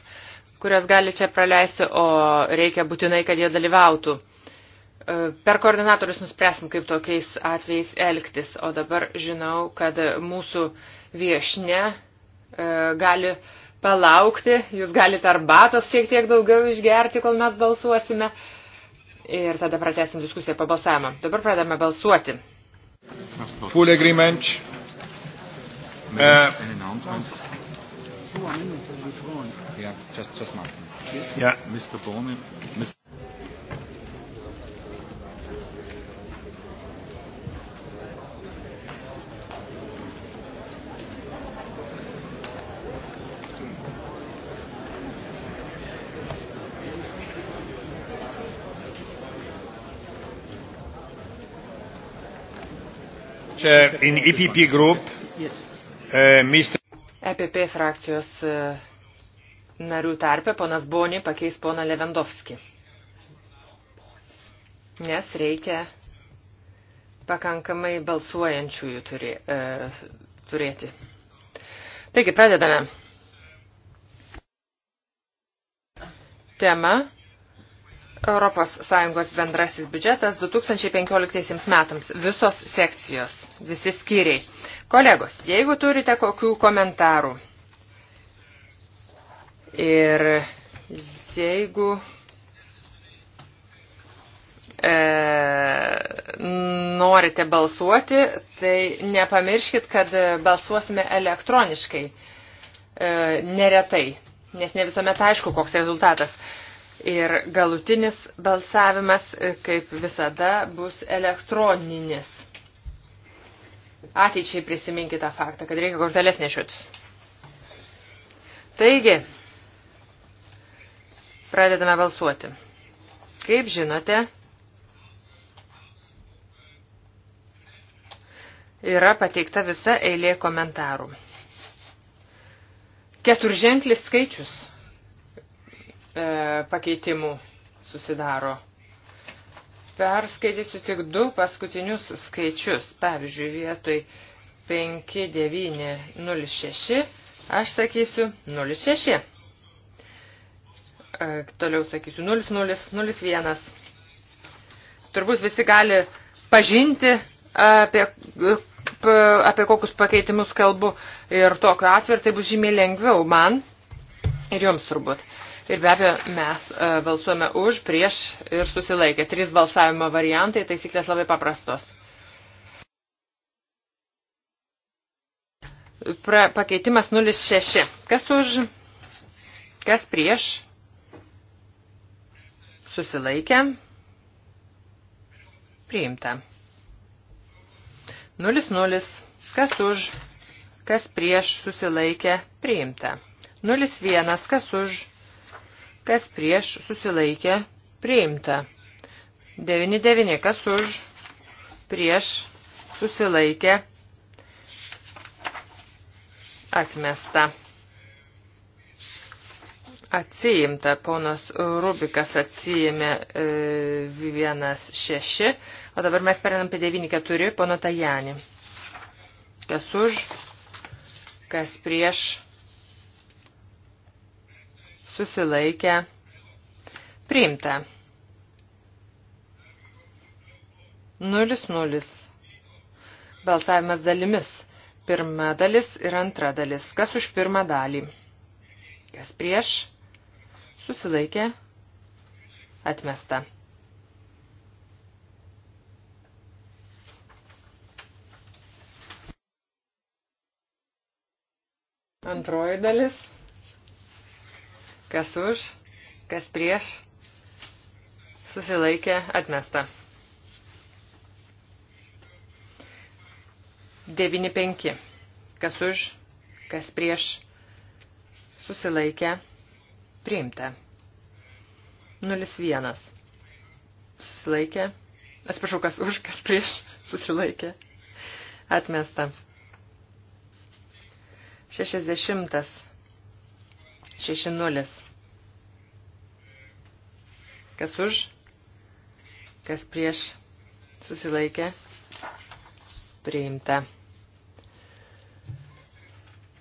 kurios gali čia praleisti, o reikia būtinai, kad jie dalyvautų. E, per koordinatorius nuspręsim, kaip tokiais atvejais elgtis, o dabar žinau, kad mūsų viešne e, gali palaukti, jūs galite arbatos šiek tiek daugiau išgerti, kol mes balsuosime ir tada pratesim diskusiją po balsavimą. Dabar pradame balsuoti. Full agreement. Uh, two amendments are withdrawn. Yeah, just, just Martin. E yes. Yeah, Mr. Bonin. Mr. in epp group uh, mr EPP frakcijos e, narių tarpe ponas Boni pakeis poną Levendovskį. Nes reikia pakankamai balsuojančiųjų turė, e, turėti. Taigi, pradedame. Tema ES bendrasis biudžetas 2015 metams. Visos sekcijos, visi skyriai. Kolegos, jeigu turite kokių komentarų ir jeigu e, norite balsuoti, tai nepamirškit, kad balsuosime elektroniškai, e, neretai, nes ne visuomet aišku, koks rezultatas. E, Ir galutinis balsavimas, e, kaip visada, bus elektroninis. Ateičiai prisiminkite tą faktą, kad reikia korteles nešiotis. Taigi, pradedame balsuoti. Kaip žinote, yra pateikta visa eilė komentarų. Keturženklis skaičius E, pakeitimų susidaro. Perskaitysiu tik du paskutinius skaičius. Pavyzdžiui, vietoj 5906 aš sakysiu 06. E, toliau sakysiu 0001. Turbūt visi gali pažinti e, apie, apie kokius pakeitimus kalbu ir tokiu atveju tai bus žymiai lengviau man ir jums turbūt. Ir be abejo, mes e, balsuojame už, prieš ir susilaikę. Trys balsavimo variantai, taisyklės labai paprastos. Pra, pakeitimas 06. Kas už, kas prieš, susilaikę, priimta. 00. Kas už, kas prieš, susilaikę, priimta. 01. Kas už, kas prieš susilaikė priimta. 99, kas už prieš susilaikė atmesta. Atsiimta, ponas Rubikas atsiėmė e, 1.6, o dabar mes perinam prie 9.4, pono Tajani. Kas už, kas prieš susilaikę, priimta. 0-0. Balsavimas dalimis. Pirma dalis ir antra dalis. Kas už pirmą dalį? Kas prieš? Susilaikė. Atmesta. Antroji dalis. Kas už, kas prieš, susilaikė atmesta. 9.5. Kas už, kas prieš, susilaikė priimta. 0.1. Susilaikė. Atsiprašau, kas už, kas prieš, susilaikė. Atmesta. 60 6-0. Kas už, kas prieš susilaikė, priimta.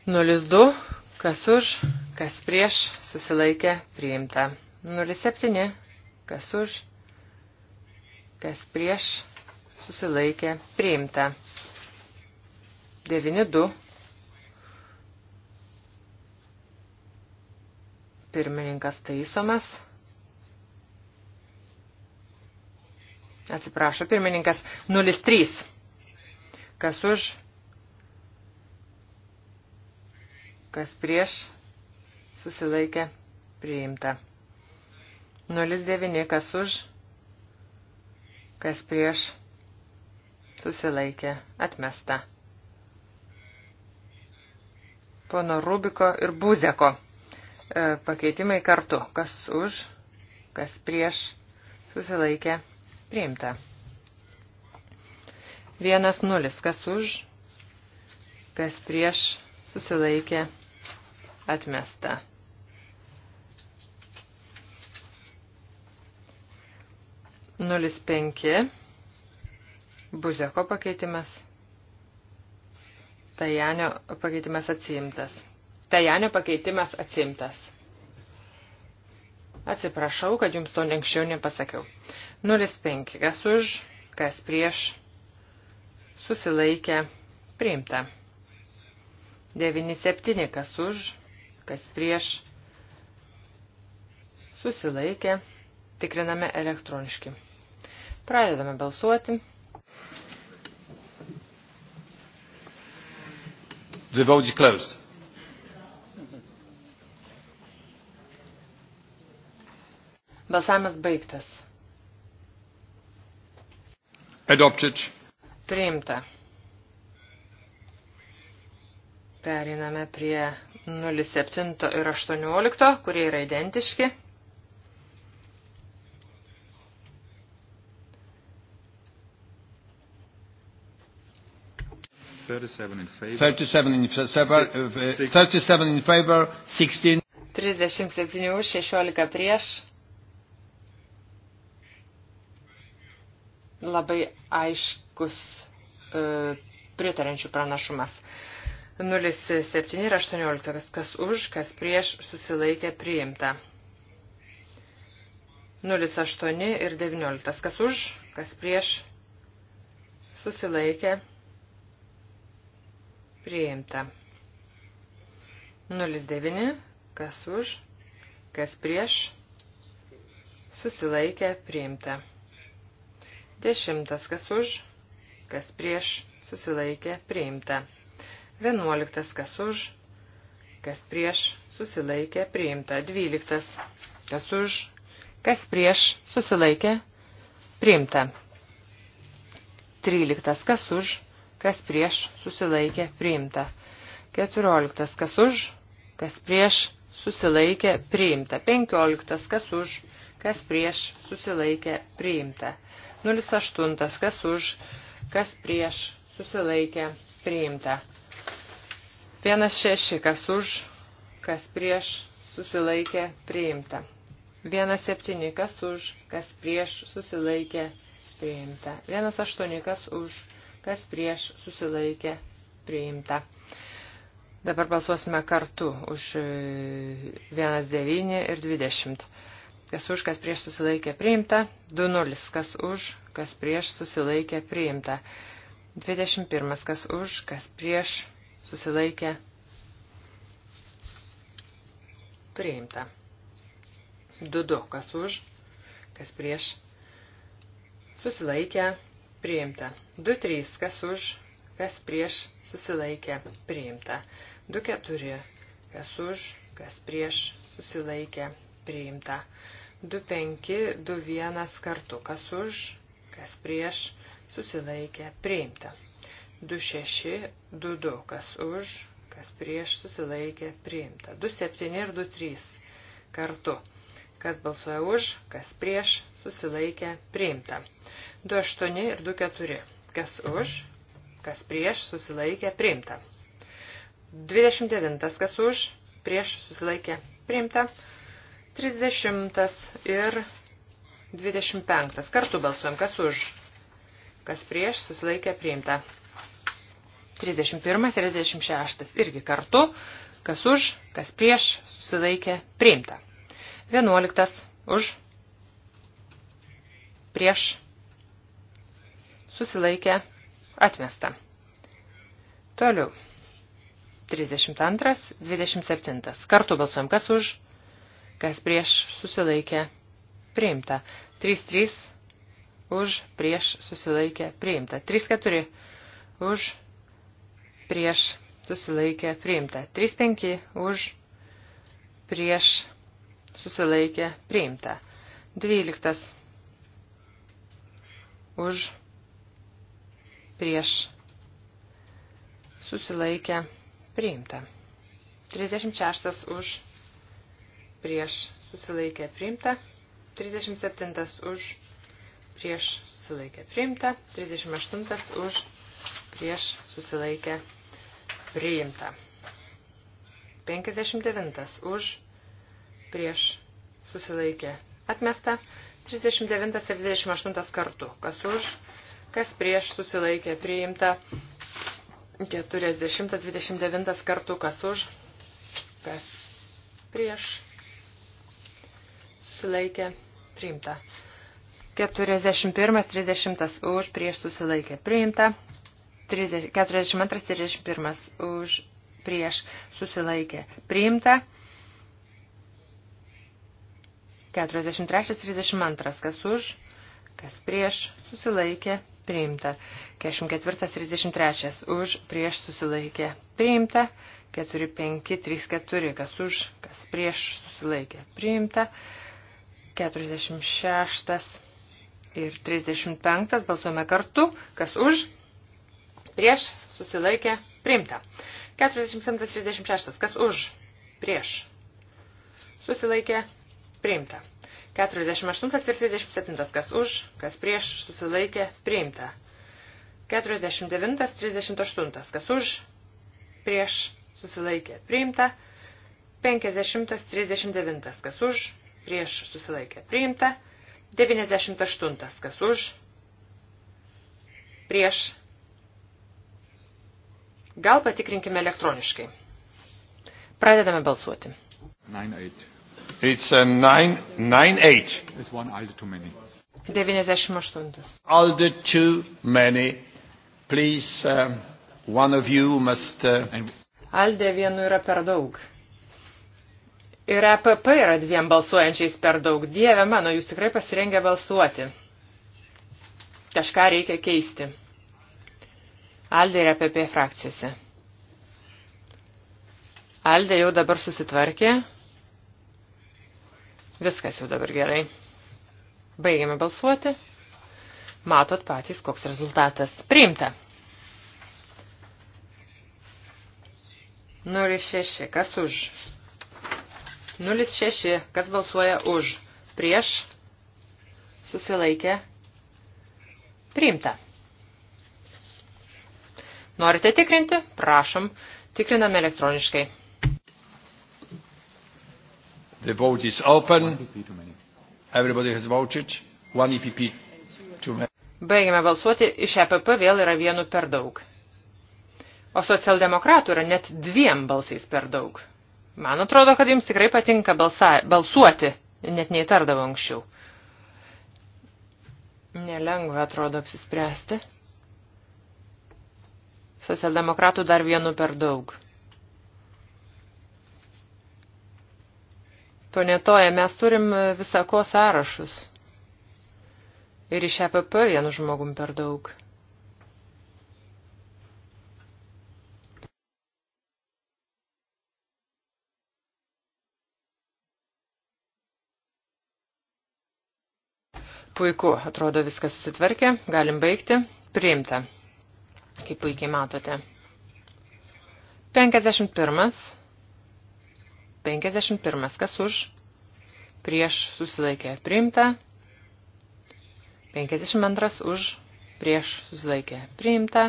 02, kas už, kas prieš susilaikė, priimta. 07, kas už, kas prieš susilaikė, priimta. 92 Pirmininkas taisomas. Atsiprašo, pirmininkas 03. Kas už? Kas prieš? Susilaikė. Priimta. 09. Kas už? Kas prieš? Susilaikė. Atmesta. Pono Rubiko ir Buzeko. E, pakeitimai kartu. Kas už, kas prieš, susilaikė, priimta. Vienas nulis, kas už, kas prieš, susilaikė, atmesta. Nulis penki, buzeko pakeitimas, tajanio pakeitimas atsiimtas. Tajanio pakeitimas atsimtas. Atsiprašau, kad jums to anksčiau nepasakiau. 05. Kas už, kas prieš, susilaikė, priimta. 97. Kas už, kas prieš, susilaikė, tikriname elektroniškai. Pradedame balsuoti. The vote is closed. Balsavimas baigtas. Adopted. Priimta. Periname prie 07 ir 18, kurie yra identiški. Uh, Trisdešimt septynių, šešiolika prieš, labai aiškus e, pritarančių pranašumas. 0,7 ir 18, kas už, kas prieš susilaikė priimta. 0,8 ir 19, kas už, kas prieš susilaikė priimta. 0,9, kas už, kas prieš susilaikė priimta. Dešimtas, kas už, kas prieš, susilaikė, priimta. Vienuoliktas, kas už, kas prieš, susilaikė, priimta. Dvyliktas, kas už, kas prieš, susilaikė, priimta. Tryliktas, kas už, kas prieš, susilaikė, priimta. Keturioliktas, kas už, kas prieš, susilaikė, priimta. Penkioliktas, kas už, kas prieš, susilaikė, priimta. 08, kas už, kas prieš, susilaikė, priimta. 16, kas už, kas prieš, susilaikė, priimta. 17, kas už, kas prieš, susilaikė, priimta. 18, kas už, kas prieš, susilaikė, priimta. Dabar balsuosime kartu už 1, e, 9 ir 20 kas už, kas prieš susilaikė priimta, 2-0, kas už, kas prieš susilaikė priimta, 21, kas už, kas prieš susilaikė priimta, 2-2, kas už, kas prieš susilaikė priimta, 2-3, kas už, kas prieš susilaikė priimta, 2-4, kas už, kas prieš susilaikė priimta priimta. 2521 kartu. Kas už, kas prieš, susilaikė, priimta. 2622, kas už, kas prieš, susilaikė, priimta. 27 ir 23 kartu. Kas balsuoja už, kas prieš, susilaikė, priimta. 28 ir 24. Kas už, kas prieš, susilaikė, priimta. 29. Kas už, prieš, susilaikė, priimta. 30 ir 25. Kartu balsuojam, kas už, kas prieš, susilaikė priimta. 31, 36 irgi kartu, kas už, kas prieš, susilaikė priimta. 11 už, prieš, susilaikė atmesta. Toliau. 32, 27. Kartu balsuojam, kas už, kas prieš susilaikė priimta. 3-3 už prieš susilaikė priimta. 3-4 už prieš susilaikė priimta. 3-5 už prieš susilaikė priimta. 12 už prieš susilaikė priimta. 36 už prieš susilaikę priimta, 37 už prieš susilaikę priimta, 38 už prieš susilaikę priimta, 59 už prieš susilaikę atmesta, 39 ir 28 kartų, kas už, kas prieš susilaikė priimta, 40, 29 kartų, kas už, kas prieš susilaikė, priimta. 41-30 už, prieš susilaikė, priimta. 42-31 už, prieš susilaikė, priimta. 43-32, kas už, kas prieš susilaikė, priimta. 44-33 už, prieš susilaikė, priimta. 4-5-3-4, kas už, kas prieš susilaikė, priimta. 45, 46 ir 35 balsuojame kartu, kas už, prieš, susilaikė, priimta. 47-36, kas už, prieš, susilaikė, priimta. 48 ir 37, kas už, kas prieš, susilaikė, priimta. 49-38, kas už, prieš, susilaikė, priimta. 50-39, kas už, prieš susilaikė priimta, 98 kas už, prieš. Gal patikrinkime elektroniškai. Pradedame balsuoti. 98. It's a 998. 98. Alde too many. Please, um, one of you must. Uh, Alde vienu yra per daug. Ir EPP yra dviem balsuojančiais per daug. Dieve mano, jūs tikrai pasirengę balsuoti. Kažką reikia keisti. Aldė ir EPP frakcijose. Aldė jau dabar susitvarkė. Viskas jau dabar gerai. Baigiame balsuoti. Matot patys, koks rezultatas. Priimta. 06. Kas už? 06. Kas balsuoja už? Prieš? Susilaikė? Priimta. Norite tikrinti? Prašom. Tikrinam elektroniškai. The vote is open. Everybody has voted. One EPP. Too many. Baigime balsuoti. Iš EPP vėl yra vienu per daug. O socialdemokratų yra net dviem balsais per daug. Man atrodo, kad jums tikrai patinka balsa, balsuoti, net neįtardavo anksčiau. Nelengva atrodo apsispręsti. Socialdemokratų dar vienu per daug. Ponetoje, mes turim visako sąrašus. Ir iš EPP vienu žmogum per daug. Puiku, atrodo viskas susitvarkė, galim baigti, priimta, kaip puikiai matote. 51. 51. Kas už? Prieš susilaikė priimta. 52. Už? Prieš susilaikė priimta.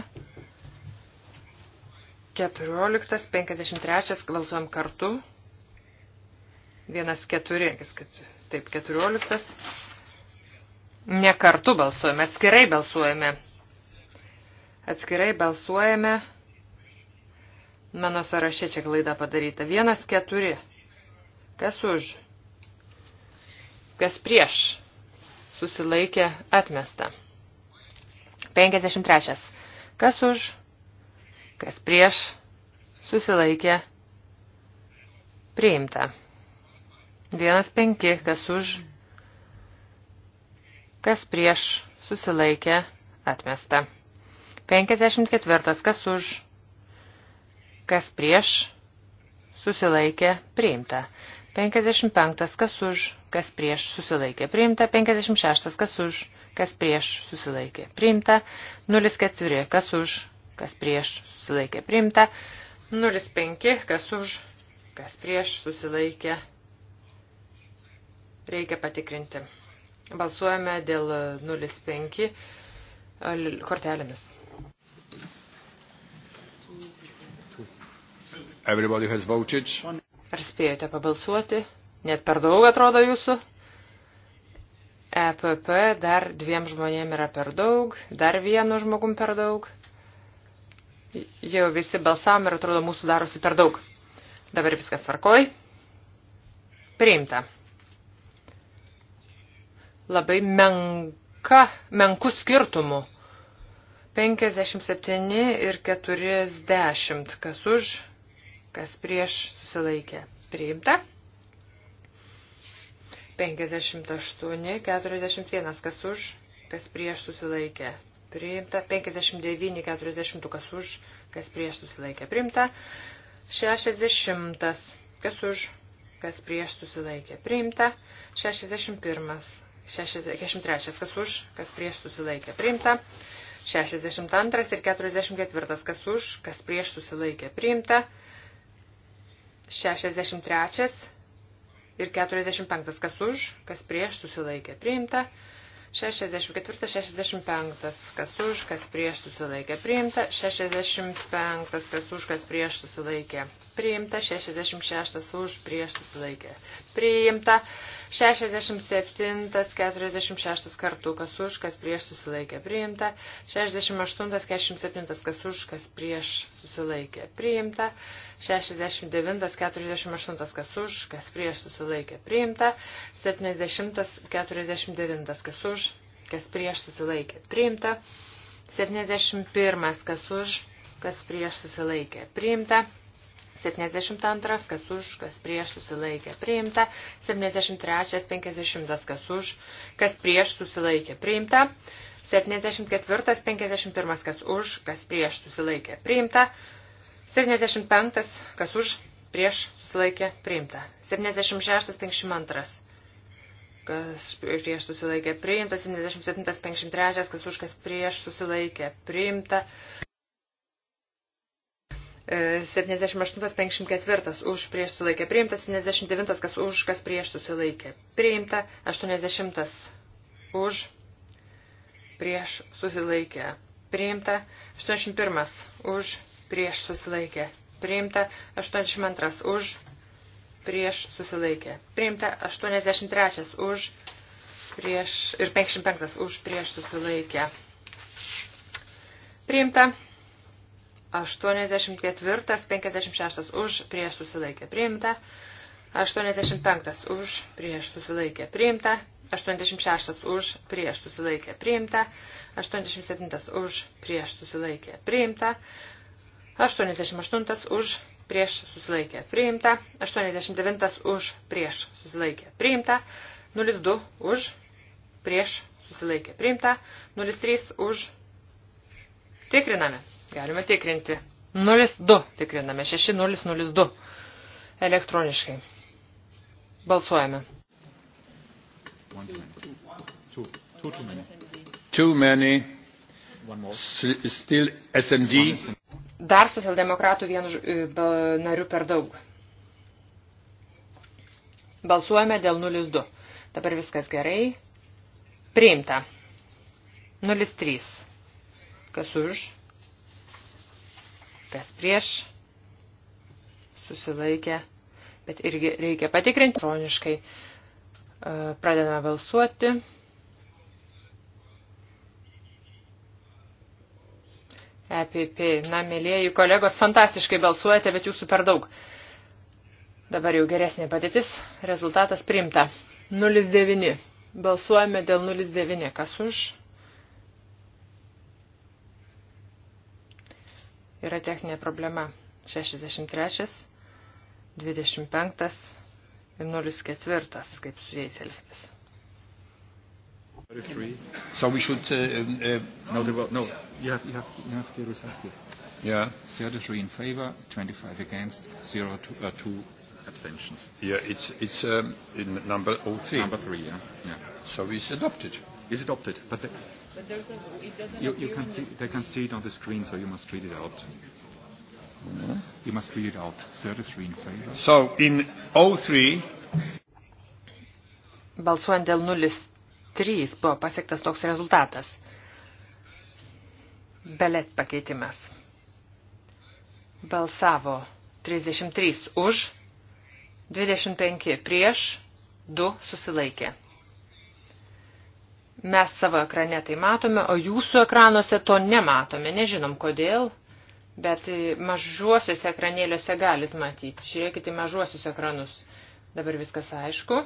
14. 53. Valsuojam kartu. 1. 4. Taip, 14. Ne kartu balsuojame, atskirai balsuojame. Atskirai balsuojame. Mano sąraše čia klaida padaryta. Vienas keturi. Kas už? Kas prieš? Susilaikė atmesta. 53. Kas už? Kas prieš? Susilaikė priimta. 1.5. Kas už? Kas prieš susilaikė atmesta. 54. Kas už? Kas prieš susilaikė priimta. 55. Kas už? Kas prieš susilaikė priimta. 56. Kas už? Kas prieš susilaikė priimta. 04. Kas už? Kas prieš susilaikė priimta. 05. Kas už? Kas prieš susilaikė. Reikia patikrinti. Balsuojame dėl 05 kortelėmis. Everybody has voted. Ar spėjote pabalsuoti? Net per daug atrodo jūsų? EPP dar dviem žmonėm yra per daug, dar vienu žmogum per daug. Jau visi balsavom ir atrodo mūsų darosi per daug. Dabar viskas tvarkoj. Priimta labai menka, menkų skirtumų. 57 ir 40, kas už, kas prieš susilaikė. Priimta. 58, 41, kas už, kas prieš susilaikė. Priimta. 59, 40, kas už, kas prieš susilaikė. Priimta. 60, kas už, kas prieš susilaikė. Priimta. 61 63. Kas už, kas prieš susilaikė. Priimta. 62 ir 44. Kas už, kas prieš susilaikė. Priimta. 63 ir 45. Kas už, kas prieš susilaikė. Priimta. 64-65, kas už, kas prieš susilaikė. Priimta 65, kas už, kas prieš susilaikė priimta 66 už prieš susilaikę. Priimta 67, 46 kartų, kas už, kas prieš susilaikė. Priimta 68, 47, kas už, kas prieš susilaikė. Priimta 69, 48, kas už, kas prieš susilaikė. Priimta 70, 49, kas už, kas prieš susilaikė. Priimta 71, kas už, kas prieš susilaikė. Priimta 72, kas už, kas prieš susilaikė priimta, 73, 50, kas už, kas prieš susilaikė priimta, 74, 51, kas už, kas prieš susilaikė priimta, 75, kas už, prieš susilaikė priimta, 76, 52 kas prieš susilaikė priimta, 77, 53, kas už, kas prieš susilaikė priimta. 78-54 už prieš sulaikė priimta, 79 kas už, kas prieš susilaikė priimta, 80 už prieš susilaikė priimta, 81 už prieš susilaikė priimta, 82 už prieš susilaikė priimta, 83 už prieš ir 55 už prieš susilaikė priimta. 84-56 už prieš susilaikę priimta, 85 už prieš susilaikę priimta, 86 už prieš susilaikę priimta, 87 už prieš susilaikę priimta, 88 už prieš susilaikę priimta, 89 už prieš susilaikę priimta, 02 už prieš susilaikę priimta, 03 už tikriname. Galime tikrinti. 02 tikriname. 6002. Elektroniškai. Balsuojame. Too, too, too many. Too many. Still SND. Dar socialdemokratų vienu e, nariu per daug. Balsuojame dėl 02. Dabar viskas gerai. Priimta. 03. Kas už? kas prieš, susilaikė, bet irgi reikia patikrinti elektroniškai. E, pradedame balsuoti. EPP. Na, mėlėjai kolegos, fantastiškai balsuojate, bet jūsų per daug. Dabar jau geresnė padėtis, rezultatas priimta. 09. Balsuojame dėl 09. Kas už? yra techninė problema. 63, 25 ir 04, kaip su jais elgtis. So we should. Uh, um, uh, no, no, no. You have, you have, you have the result here. Yeah. 33 in favor, 25 against, 0 to, uh, 2 abstentions. Yeah, it's, it's um, in number 03. Number 3, yeah. yeah. So it's adopted. It's adopted, but the, But there's a, it doesn't you, you can see, the they can see it on the screen, so you must read it out. Yeah. Mm-hmm. You must read it out. 33 in favor. So in 03. Balsuojant dėl 03 buvo pasiektas toks rezultatas. Belet pakeitimas. Balsavo 33 už, 25 prieš, 2 susilaikė. Mes savo ekrane tai matome, o jūsų ekranuose to nematome. Nežinom kodėl, bet e, mažuosiuose ekranėliuose galit matyti. Žiūrėkite mažuosius ekranus. Dabar viskas aišku.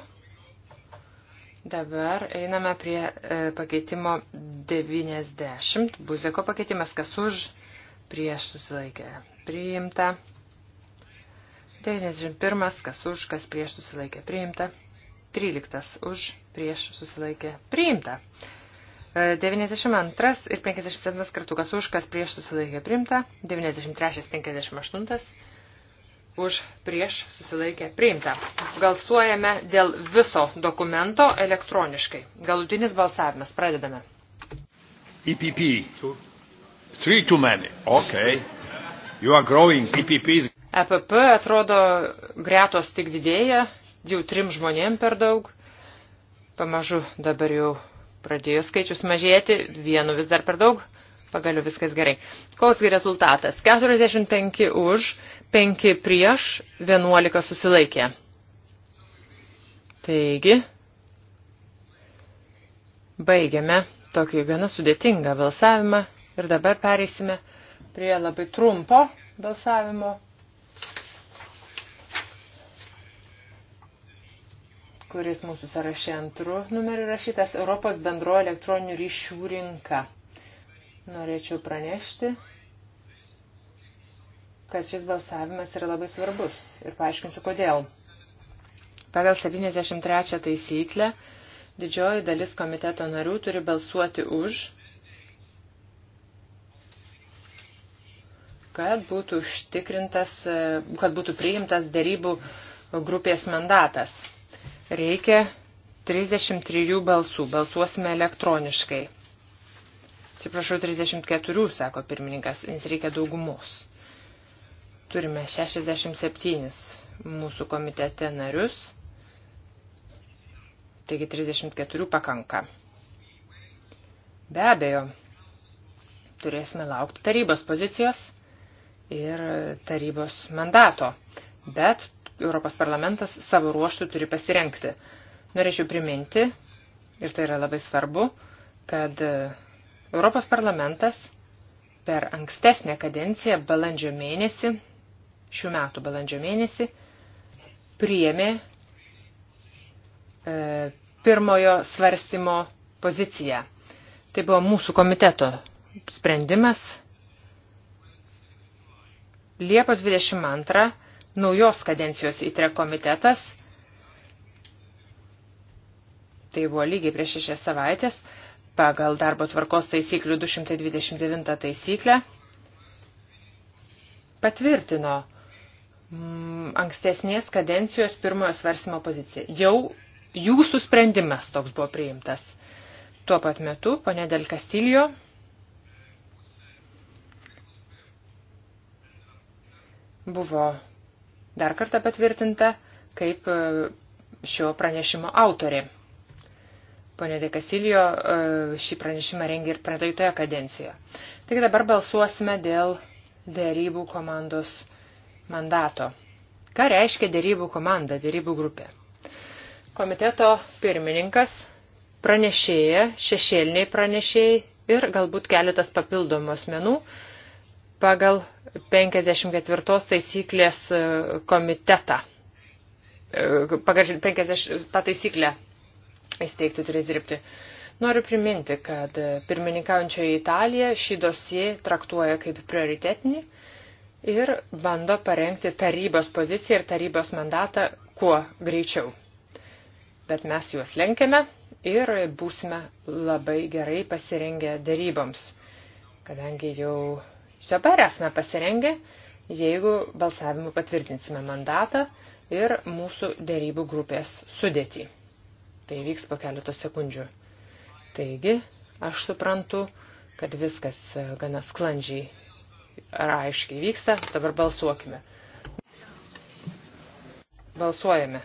Dabar einame prie e, pakeitimo 90. Buzeko pakeitimas kas už prieš susilaikę. Priimta. 91. Kas už, kas prieš susilaikė priimta. 13 už prieš susilaikė priimta. 92 e, ir 57 kartų, kas už, kas prieš susilaikė priimta. 93, 58 už prieš susilaikė priimta. Galsuojame dėl viso dokumento elektroniškai. Galutinis balsavimas. Pradedame. EPP. Three too many. Okay. You are growing. EPP is... EPP atrodo gretos tik didėja jau trim žmonėm per daug. Pamažu dabar jau pradėjo skaičius mažėti, vienu vis dar per daug, pagaliau viskas gerai. Koksgi rezultatas? 45 už, 5 prieš, 11 susilaikė. Taigi, baigiame tokį gana sudėtingą balsavimą ir dabar pereisime prie labai trumpo balsavimo kuris mūsų sąraše antru numeriu rašytas Europos bendro elektroninių ryšių rinka. Norėčiau pranešti, kad šis balsavimas yra labai svarbus ir paaiškinsiu kodėl. Pagal 73 taisyklę didžioji dalis komiteto narių turi balsuoti už, kad būtų, kad būtų priimtas dėrybų grupės mandatas. Reikia 33 balsų. Balsuosime elektroniškai. Atsiprašau, 34, sako pirmininkas, nes reikia daugumos. Turime 67 mūsų komitete narius. Taigi 34 pakanka. Be abejo, turėsime laukti tarybos pozicijos ir tarybos mandato. Bet Europos parlamentas savo ruoštų turi pasirenkti. Norėčiau priminti, ir tai yra labai svarbu, kad e, Europos parlamentas per ankstesnę kadenciją balandžio mėnesį, šių metų balandžio mėnesį, priėmė e, pirmojo svarstymo poziciją. Tai buvo mūsų komiteto sprendimas. Liepos 22 naujos kadencijos įtre komitetas. Tai buvo lygiai prieš šešias savaitės pagal darbo tvarkos taisyklių 229 taisyklę patvirtino mm, ankstesnės kadencijos pirmojo svarstymo poziciją. Jau jūsų sprendimas toks buvo priimtas. Tuo pat metu, ponė Del Castillo, buvo dar kartą patvirtinta kaip e, šio pranešimo autorė. Pone De Casilijo e, šį pranešimą rengė ir praeitoje kadencijoje. Taigi dabar balsuosime dėl dėrybų komandos mandato. Ką reiškia dėrybų komanda, dėrybų grupė? Komiteto pirmininkas, pranešėja, šešėliniai pranešėjai ir galbūt keletas papildomų asmenų, pagal 54 taisyklės e, komitetą. E, pagal 50, tą taisyklę įsteigti turės dirbti. Noriu priminti, kad pirmininkaujančioji Italija šį dosiją traktuoja kaip prioritetinį ir bando parengti tarybos poziciją ir tarybos mandatą kuo greičiau. Bet mes juos lenkiame ir būsime labai gerai pasirengę daryboms, kadangi jau Dabar esame pasirengę, jeigu balsavimu patvirtinsime mandatą ir mūsų dėrybų grupės sudėtį. Tai vyks po keletos sekundžių. Taigi, aš suprantu, kad viskas e, gana sklandžiai ar aiškiai vyksta. Dabar balsuokime. Balsuojame.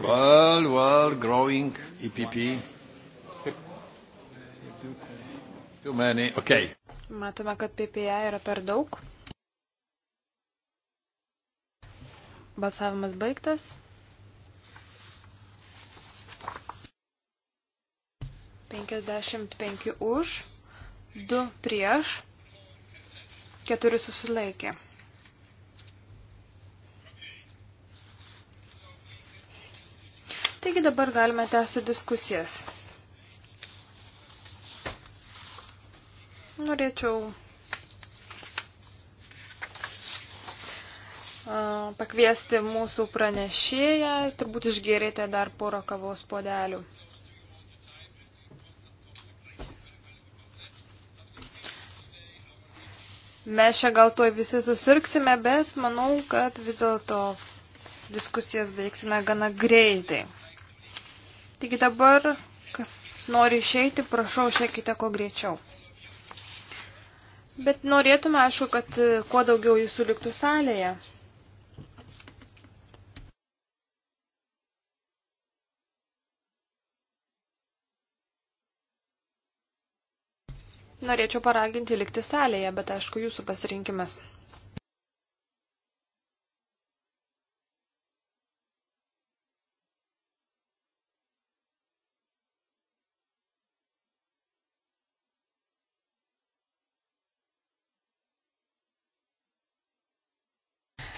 Well, well, growing EPP. Okay. Matome, kad PPA e yra per daug. Balsavimas baigtas. Penkiasdešimt penki už, du prieš, keturi susilaikė. Taigi dabar galime tęsti diskusijas. Norėčiau pakviesti mūsų pranešėją, turbūt išgėrėte dar porą kavos podelių. Mes čia gal toj visi susirksime, bet manau, kad vis dėlto diskusijas veiksime gana greitai. Taigi dabar, kas nori išeiti, prašau, išeikite kuo greičiau. Bet norėtume, aišku, kad e, kuo daugiau jūsų liktų salėje. Norėčiau paraginti likti salėje, bet aišku, jūsų pasirinkimas.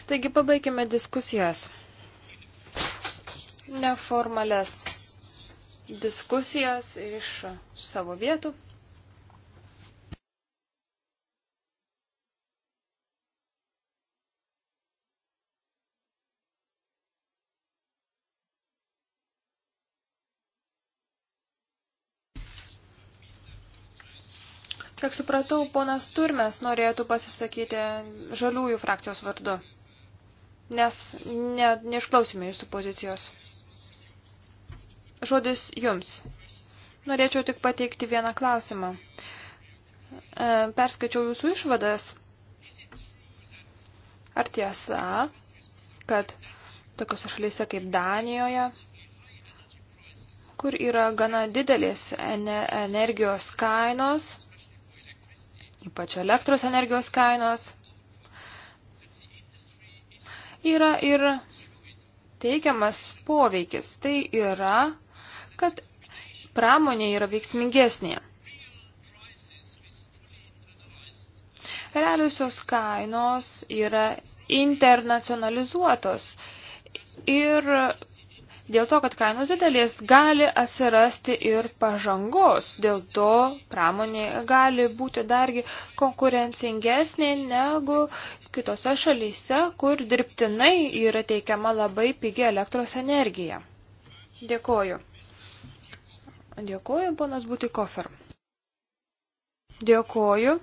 Taigi pabaikime diskusijas. Neformales diskusijas iš savo vietų. Kiek supratau, ponas Turmes norėtų pasisakyti žaliųjų frakcijos vardu nes ne, neišklausime jūsų pozicijos. Žodis jums. Norėčiau tik pateikti vieną klausimą. E, perskaičiau jūsų išvadas. Ar tiesa, kad tokiuose šalyse kaip Danijoje, kur yra gana didelės energijos kainos, ypač elektros energijos kainos, yra ir teigiamas poveikis. Tai yra, kad pramonė yra veiksmingesnė. Realiusios kainos yra internacionalizuotos ir Dėl to, kad kainos didelės gali atsirasti ir pažangos, dėl to pramonė gali būti dargi konkurencingesnė negu kitose šalyse, kur dirbtinai yra teikiama labai pigi elektros energija. Dėkoju. Dėkoju, ponas Būti Kofer. Dėkoju.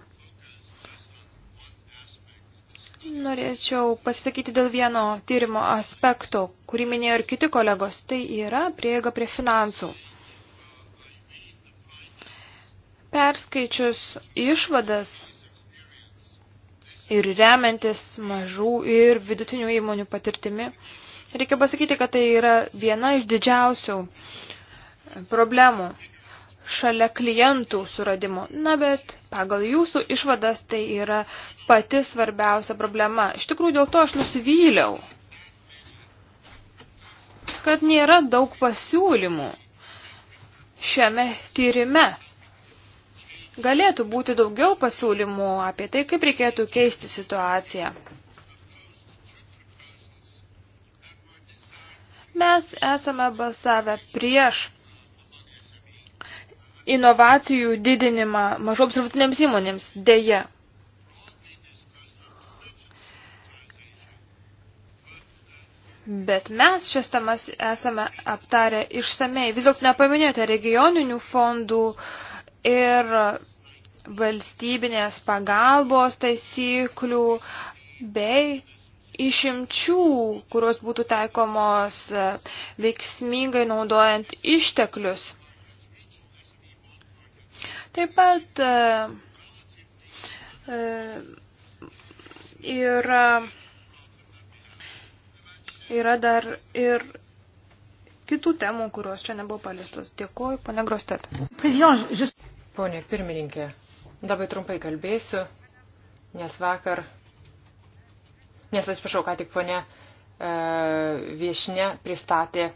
Norėčiau pasisakyti dėl vieno tyrimo aspekto, kurį minėjo ir kiti kolegos, tai yra prieiga prie finansų. Perskaičius išvadas ir remiantis mažų ir vidutinių įmonių patirtimi, reikia pasakyti, kad tai yra viena iš didžiausių problemų šalia klientų suradimo. Na, bet pagal jūsų išvadas tai yra pati svarbiausia problema. Iš tikrųjų, dėl to aš nusivyliau kad nėra daug pasiūlymų šiame tyrime. Galėtų būti daugiau pasiūlymų apie tai, kaip reikėtų keisti situaciją. Mes esame balsavę prieš inovacijų didinimą mažoms ir vidutinėms įmonėms. Deja, Bet mes šias temas esame aptarę išsamei. Vis dėlto nepaminėjote regioninių fondų ir valstybinės pagalbos taisyklių bei išimčių, kurios būtų taikomos veiksmingai naudojant išteklius. Taip pat yra e, e, yra dar ir kitų temų, kurios čia nebuvo palistos. Dėkuoju, pane Grostet. Pone pirmininkė, labai trumpai kalbėsiu, nes vakar, nes atsiprašau, ką tik pone e, viešne pristatė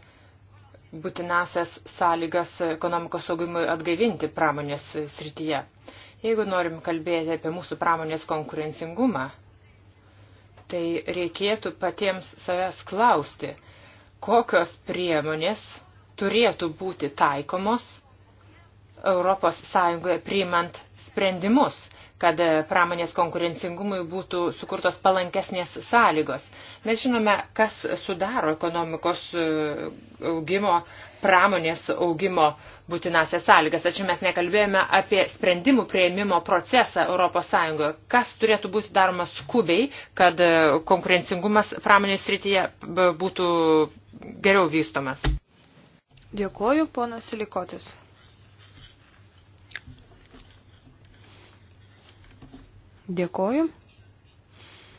būtinasias sąlygas ekonomikos saugimui atgaivinti pramonės srityje. Jeigu norim kalbėti apie mūsų pramonės konkurencingumą, tai reikėtų patiems savęs klausti, kokios priemonės turėtų būti taikomos ES priimant sprendimus kad e, pramonės konkurencingumui būtų sukurtos palankesnės sąlygos. Mes žinome, kas sudaro ekonomikos e, augimo, pramonės augimo būtinasias sąlygas. Tačiau mes nekalbėjome apie sprendimų prieimimo procesą ES. Kas turėtų būti daroma skubiai, kad e, konkurencingumas pramonės srityje būtų geriau vystomas. Dėkuoju, ponas Silikotis. Dėkoju.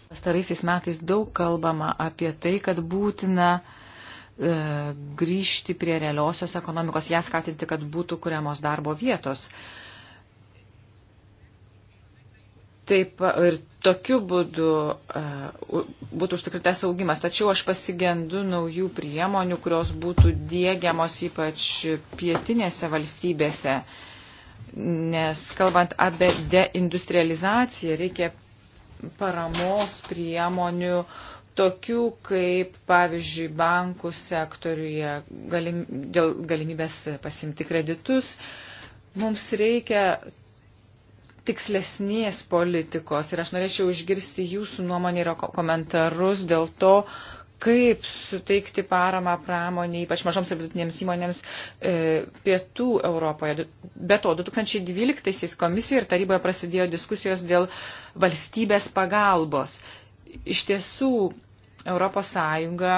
Pastaraisiais metais daug kalbama apie tai, kad būtina e, grįžti prie realiosios ekonomikos, ją skatinti, kad būtų kuriamos darbo vietos. Taip, ir tokiu būdu e, būtų užtikrintas augimas. Tačiau aš pasigendu naujų priemonių, kurios būtų dėgiamos ypač pietinėse valstybėse. E, nes kalbant apie deindustrializaciją, reikia paramos priemonių, tokių kaip, pavyzdžiui, bankų sektoriuje galim, dėl galimybės pasimti kreditus. Mums reikia tikslesnės politikos ir aš norėčiau išgirsti jūsų nuomonį ir komentarus dėl to, uh, kaip suteikti paramą pramoniai, ypač mažoms ir vidutinėms įmonėms e, pietų Europoje. Be to, 2012 komisijoje ir taryboje prasidėjo diskusijos dėl valstybės pagalbos. Iš tiesų, Europos Sąjunga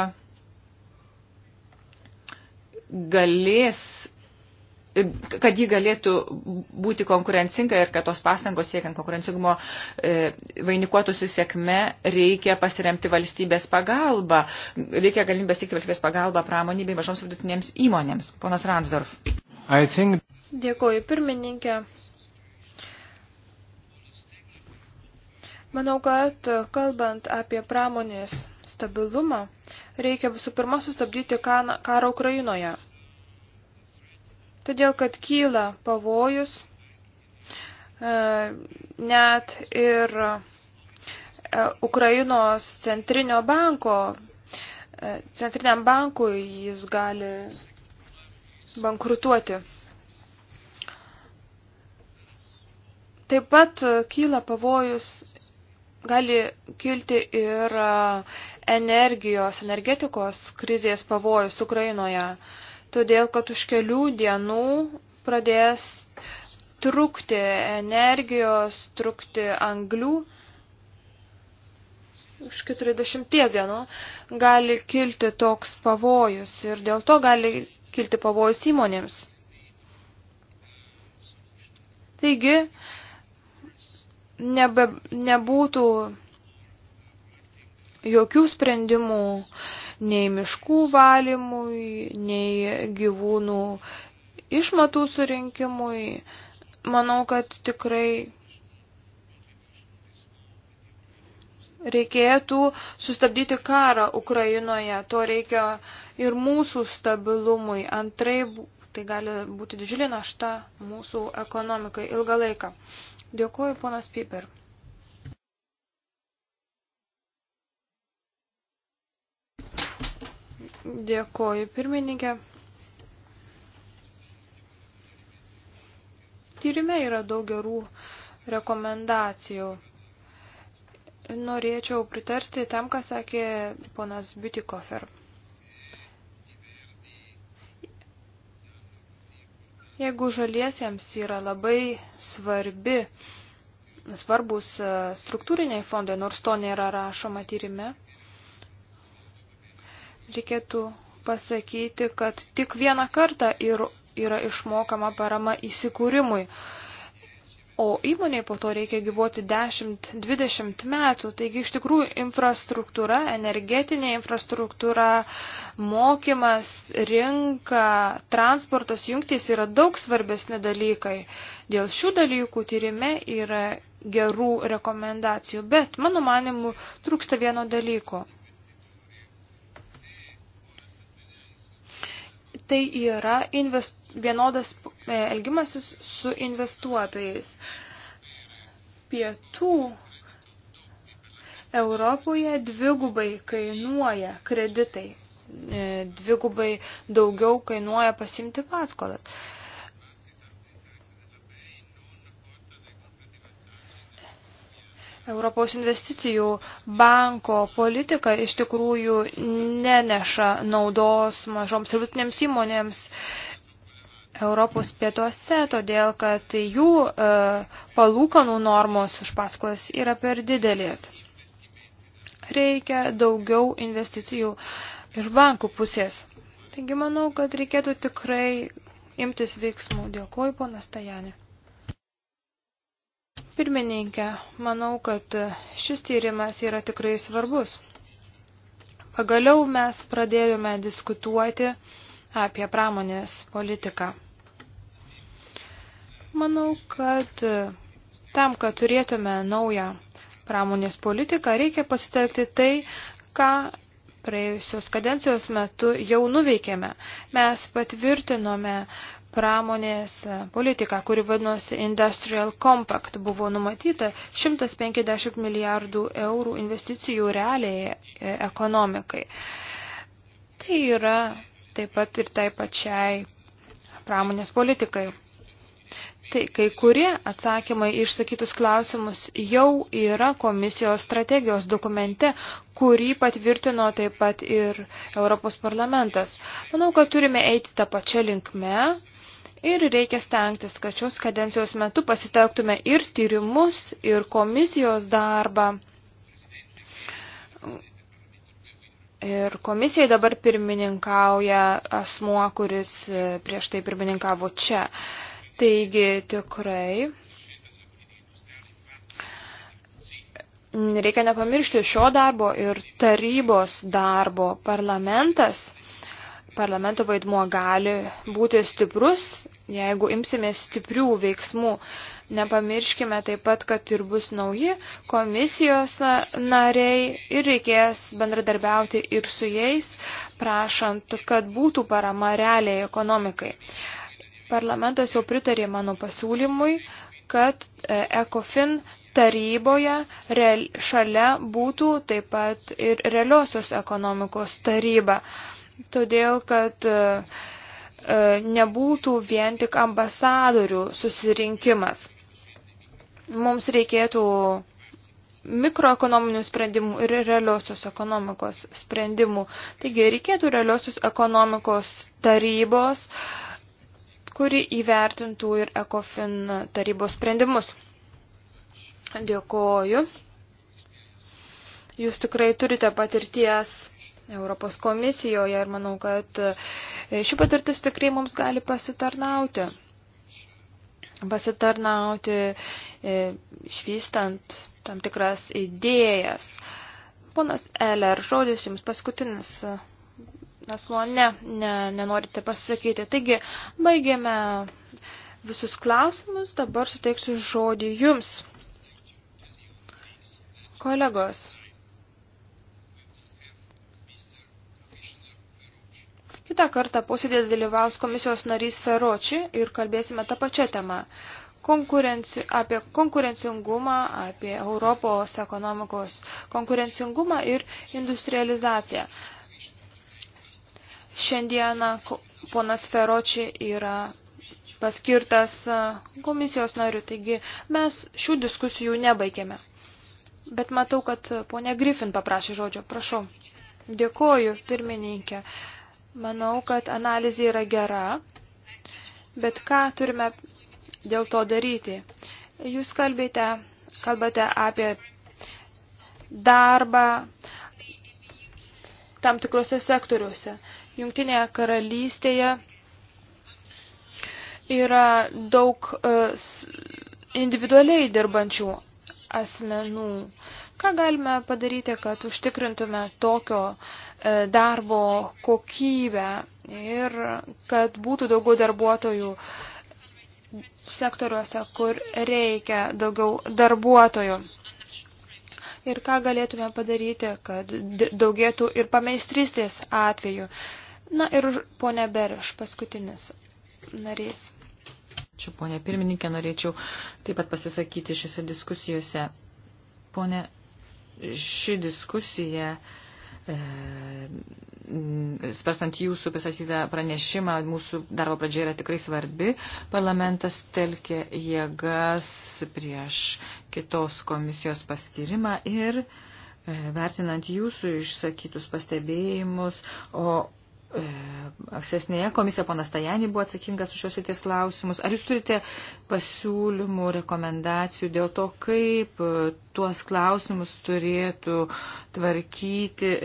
galės kad ji galėtų būti konkurencinga ir kad tos pastangos siekiant konkurencingumo e, vainikuotųsi sėkme, reikia pasiremti valstybės pagalbą, reikia galimybės teikti valstybės pagalbą pramonį bei mažoms vidutinėms įmonėms. Ponas Ransdorf. Think... Dėkuoju, pirmininkė. Manau, kad kalbant apie pramonės stabilumą, reikia visų pirma sustabdyti karą Ukrainoje todėl kad kyla pavojus e, net ir e, Ukrainos centrinio banko, e, centriniam bankui jis gali bankrutuoti. Taip pat kyla pavojus, gali kilti ir energijos, energetikos krizės pavojus Ukrainoje. Uh, todėl kad už kelių dienų pradės trūkti energijos, trūkti anglių. Už 40 dienų gali kilti toks pavojus ir dėl to gali kilti pavojus įmonėms. Taigi, nebe, nebūtų jokių sprendimų, uh, nei miškų valymui, nei gyvūnų išmatų surinkimui. Manau, kad tikrai reikėtų sustabdyti karą Ukrainoje. To reikia ir mūsų stabilumui. Antrai, tai gali būti didžiulė našta mūsų ekonomikai ilgą laiką. Dėkuoju, ponas Piper. Dėkoju pirmininkė. Tyrime yra daug gerų rekomendacijų. Norėčiau pritarti tam, ką sakė ponas Biutikofer. Jeigu žaliesiems yra labai svarbi, svarbus e, struktūriniai fondai, nors to nėra rašoma tyrime, reikėtų pasakyti, kad tik vieną kartą ir yra išmokama parama įsikūrimui. O įmoniai po to reikia gyvuoti 10-20 metų. Taigi iš tikrųjų infrastruktūra, energetinė infrastruktūra, mokymas, rinka, transportas, jungtys yra daug svarbesni dalykai. Dėl šių dalykų tyrime yra gerų rekomendacijų, bet mano manimu trūksta vieno dalyko. tai yra invest, vienodas e, elgimasis su investuotojais. Pietų Europoje dvigubai kainuoja kreditai, e, dvigubai daugiau kainuoja pasimti paskolas. E, Europos investicijų banko politika iš tikrųjų neneša naudos mažoms ir vidutinėms įmonėms Europos pietuose, todėl kad jų e, palūkanų normos už paskolas yra per didelės. Reikia daugiau investicijų iš bankų pusės. Taigi manau, kad reikėtų tikrai imtis veiksmų. Dėkuoju, ponas Tajanė. Pirmininkė, manau, kad šis tyrimas yra tikrai svarbus. Pagaliau mes pradėjome diskutuoti apie pramonės politiką. Manau, kad tam, kad turėtume naują pramonės politiką, reikia pasitelkti tai, ką praėjusios kadencijos metu jau nuveikėme. Mes patvirtinome pramonės e, politika, kuri vadinosi Industrial Compact, buvo numatyta 150 milijardų eurų investicijų realiai e, ekonomikai. Tai yra taip pat ir tai pačiai pramonės politikai. Tai kai kurie atsakymai išsakytus klausimus jau yra komisijos strategijos dokumente, kurį patvirtino taip pat ir Europos parlamentas. Manau, kad turime eiti tą pačią linkmę Ir reikia stengtis, kad šios kadencijos metu pasitelktume ir tyrimus, ir komisijos darbą. Ir komisijai dabar pirmininkauja asmuo, kuris e, prieš tai pirmininkavo čia. Taigi tikrai reikia nepamiršti šio darbo ir tarybos darbo parlamentas parlamento vaidmuo gali būti stiprus, jeigu imsime stiprių veiksmų. Nepamirškime taip pat, kad ir bus nauji komisijos nariai ir reikės bendradarbiauti ir su jais, prašant, kad būtų parama realiai ekonomikai. Parlamentas jau pritarė mano pasiūlymui, kad e, ECOFIN taryboje real, šalia būtų taip pat ir realiosios ekonomikos taryba todėl kad e, e, nebūtų vien tik ambasadorių susirinkimas. Mums reikėtų mikroekonominių sprendimų ir realiosios ekonomikos sprendimų. Taigi reikėtų realiosios ekonomikos tarybos, kuri įvertintų ir ECOFIN tarybos sprendimus. Dėkoju. Jūs tikrai turite patirties Europos komisijoje ir manau, kad e, ši patirtis tikrai mums gali pasitarnauti. Pasitarnauti e, išvystant tam tikras idėjas. Ponas Eller, žodis jums paskutinis. Asmo, ne, ne, nenorite pasakyti. Taigi, baigėme visus klausimus, dabar suteiksiu žodį jums. Kolegos. Kita kartą posėdė dalyvaus komisijos narys Feroči ir kalbėsime tą pačią temą. Konkurenci, apie konkurencingumą, apie Europos ekonomikos konkurencingumą ir industrializaciją. Šiandieną ponas Feroči yra paskirtas e, komisijos nariu, taigi mes šių diskusijų nebaigėme. Bet matau, kad ponia Griffin paprašė žodžio. Prašau. Dėkoju, pirmininkė. Manau, kad analizė yra gera, bet ką turime dėl to daryti? Jūs kalbėte, kalbate apie darbą tam tikrose sektoriuose. Jungtinėje karalystėje yra daug e, individualiai dirbančių asmenų. Ką galime padaryti, kad užtikrintume tokio uh, E, darbo kokybę ir kad būtų daugiau darbuotojų sektoriuose, kur reikia daugiau darbuotojų. Ir ką galėtume padaryti, kad daugėtų ir pameistristės atveju. Na ir ponė Beriš, paskutinis narys. Ačiū, ponė pirmininkė, norėčiau taip pat pasisakyti šiose diskusijose. Ponė, ši diskusija uh, E, Sparstant jūsų pasakytą pranešimą, mūsų darbo pradžia yra tikrai svarbi. Parlamentas telkė jėgas prieš kitos komisijos paskirimą ir e, vertinant jūsų išsakytus pastebėjimus, o E, aksesnėje komisija ponas Tajani buvo atsakingas už šios įties klausimus. Ar jūs turite pasiūlymų, rekomendacijų dėl to, kaip e, tuos klausimus turėtų tvarkyti e,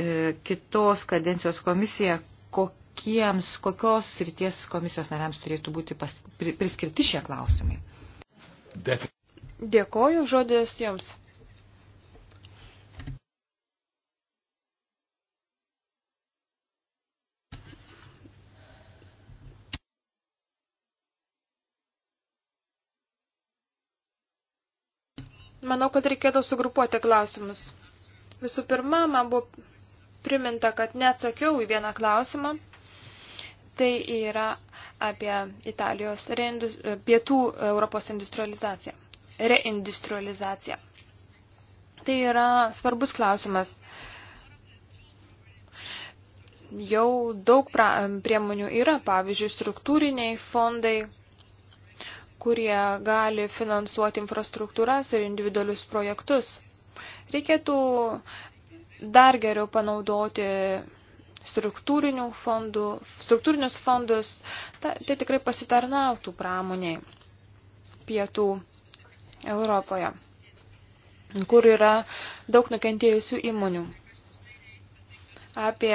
kitos kadencijos komisija, kokiems, kokios srities komisijos nariams turėtų būti pas, priskirti šie klausimai? Dėkoju, žodės jums. Manau, kad reikėtų sugrupuoti klausimus. Visų pirma, man buvo priminta, kad neatsakiau į vieną klausimą. Tai yra apie Italijos reindu, pietų Europos industrializaciją. Reindustrializacija. Tai yra svarbus klausimas. Jau daug pra, priemonių yra, pavyzdžiui, struktūriniai fondai kurie gali finansuoti infrastruktūras ir individualius projektus. Reikėtų dar geriau panaudoti struktūrinių fondų, struktūrinius fondus, ta, tai tikrai pasitarnautų pramoniai pietų Europoje, kur yra daug nukentėjusių įmonių. Apie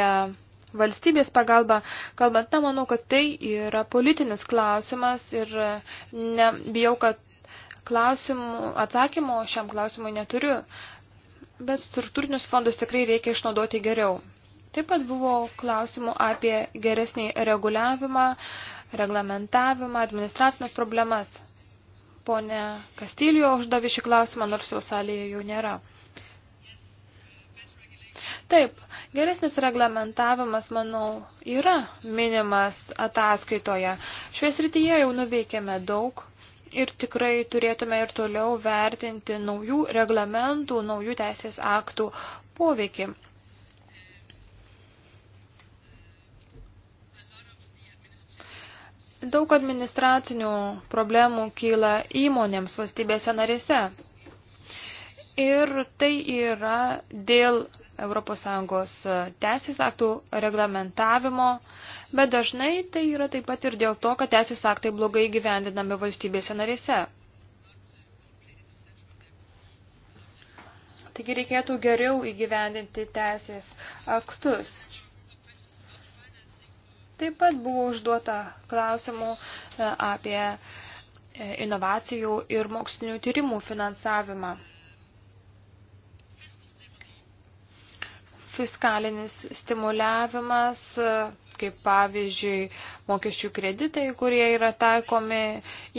valstybės pagalba, kalbant, na, manau, kad tai yra politinis klausimas ir e, ne, bijau, kad klausimų, atsakymo šiam klausimui neturiu, bet struktūrinius fondus tikrai reikia išnaudoti geriau. Taip pat buvo klausimų apie geresnį reguliavimą, reglamentavimą, administracinės problemas. Pone Kastilijo uždavė šį klausimą, nors jo salėje jau nėra. Taip, Geresnis reglamentavimas, manau, yra minimas ataskaitoje. Šioje srityje jau nuveikėme daug. Ir tikrai turėtume ir toliau vertinti naujų reglamentų, naujų teisės aktų poveikį. Daug administracinių problemų kyla įmonėms valstybėse narėse. Ir tai yra dėl ES e, teisės aktų reglamentavimo, bet dažnai tai yra taip pat ir dėl to, kad teisės aktai blogai gyvendinami valstybėse narėse. Taigi reikėtų geriau įgyvendinti teisės aktus. Taip pat buvo užduota klausimų e, apie e, inovacijų ir mokslinių tyrimų finansavimą. fiskalinis stimuliavimas, kaip pavyzdžiui mokesčių kreditai, kurie yra taikomi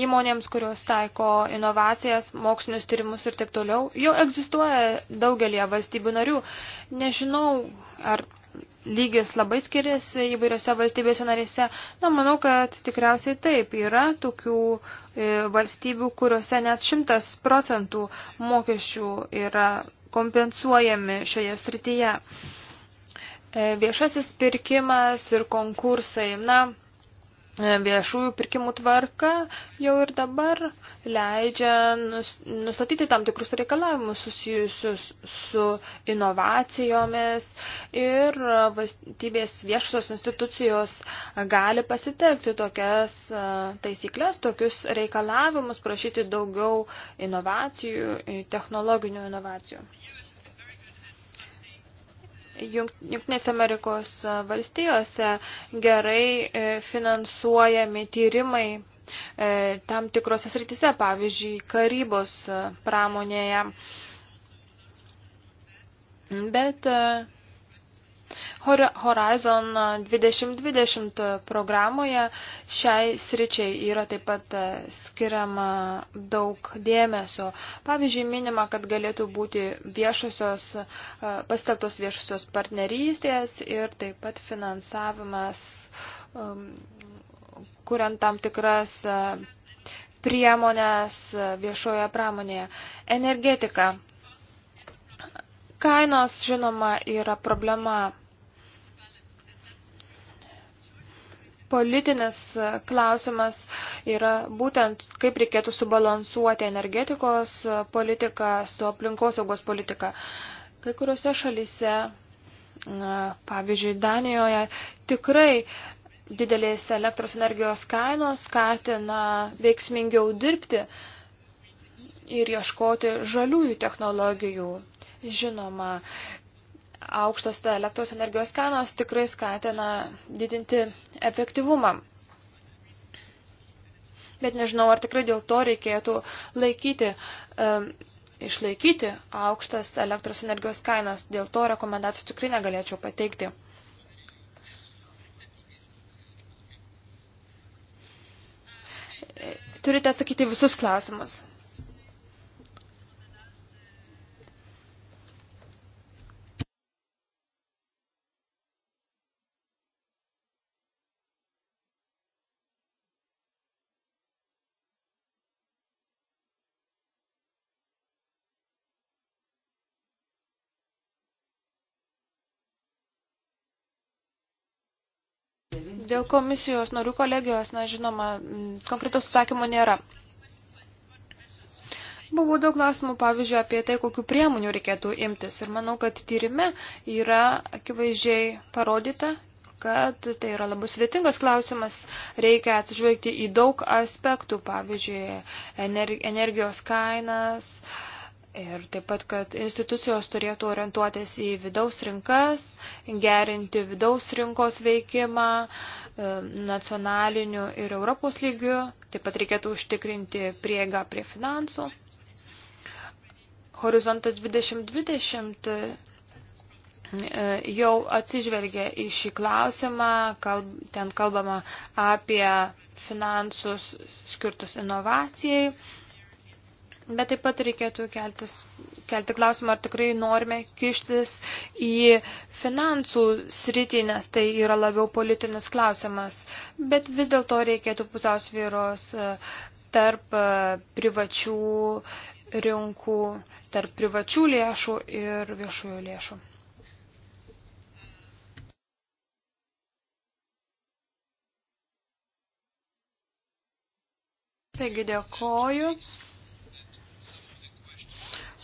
įmonėms, kurios taiko inovacijas, mokslinius tyrimus ir taip toliau, jau egzistuoja daugelie valstybių narių. Nežinau, ar lygis labai skiriasi įvairiose valstybėse narėse. Na, manau, kad tikriausiai taip. Yra tokių e, valstybių, kuriuose net šimtas procentų mokesčių yra kompensuojami šioje srityje. E, viešasis pirkimas ir konkursai. Na, e, viešųjų pirkimų tvarka jau ir dabar leidžia nustatyti tam tikrus reikalavimus susijusius su inovacijomis ir valstybės viešosios institucijos gali pasitelkti tokias taisyklės, tokius reikalavimus, prašyti daugiau inovacijų, technologinių inovacijų. Junktinėse Amerikos valstijose gerai e, finansuojami tyrimai E, tam tikrose srityse, pavyzdžiui, karybos e, pramonėje. Bet e, Horizon 2020 programoje šiai sričiai yra taip pat skiriama daug dėmesio. Pavyzdžiui, minima, kad galėtų būti viešosios, pasteltos viešosios partnerystės ir taip pat finansavimas um, kuriant tam tikras e, priemonės e, viešoje pramonėje. Energetika. Kainos, žinoma, yra problema. Politinis e, klausimas yra būtent, kaip reikėtų subalansuoti energetikos politiką su aplinkosaugos politika. Kai kuriuose šalyse pavyzdžiui, Danijoje tikrai didelės elektros energijos kainos skatina veiksmingiau dirbti ir ieškoti žaliųjų technologijų. Žinoma, aukštos elektros energijos kainos tikrai skatina didinti efektyvumą. Bet nežinau, ar tikrai dėl to reikėtų laikyti, um, išlaikyti aukštas elektros energijos kainas. Dėl to rekomendacijų tikrai negalėčiau pateikti. turite atsakyti visus klausimus. Dėl komisijos norių kolegijos, na žinoma, konkretaus atsakymo nėra. Buvo daug klausimų, pavyzdžiui, apie tai, kokiu priemonių reikėtų imtis. Ir manau, kad tyrime yra akivaizdžiai parodyta, kad tai yra labai sudėtingas klausimas. Reikia atsižvelgti į daug aspektų, pavyzdžiui, energijos kainas, uh, Ir taip pat, kad institucijos turėtų orientuotis į vidaus rinkas, gerinti vidaus rinkos veikimą e, nacionaliniu ir Europos lygiu. Taip pat reikėtų užtikrinti prieigą prie finansų. Horizontas 2020 e, jau atsižvelgia į šį klausimą, kalb, ten kalbama apie finansus skirtus inovacijai Bet taip pat reikėtų keltis, kelti klausimą, ar tikrai norime kištis į finansų sritį, nes tai yra labiau politinis klausimas. Bet vis dėlto reikėtų pusiausvyros e, tarp e, privačių rinkų, tarp privačių lėšų ir viešųjų lėšų. Taigi dėkoju.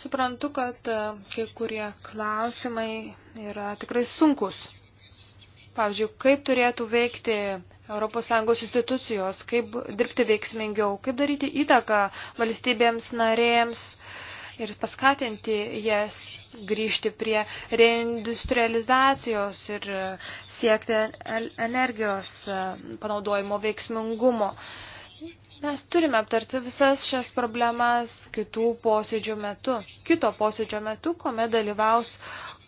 Suprantu, kad e, kai kurie klausimai yra tikrai sunkus. Pavyzdžiui, kaip turėtų veikti ES institucijos, kaip dirbti veiksmingiau, kaip daryti įtaką valstybėms narėms ir paskatinti jas grįžti prie reindustrializacijos ir siekti energijos e, panaudojimo veiksmingumo. Mes turime aptarti visas šias problemas kitų posėdžių metu, kito posėdžio metu, kuomet dalyvaus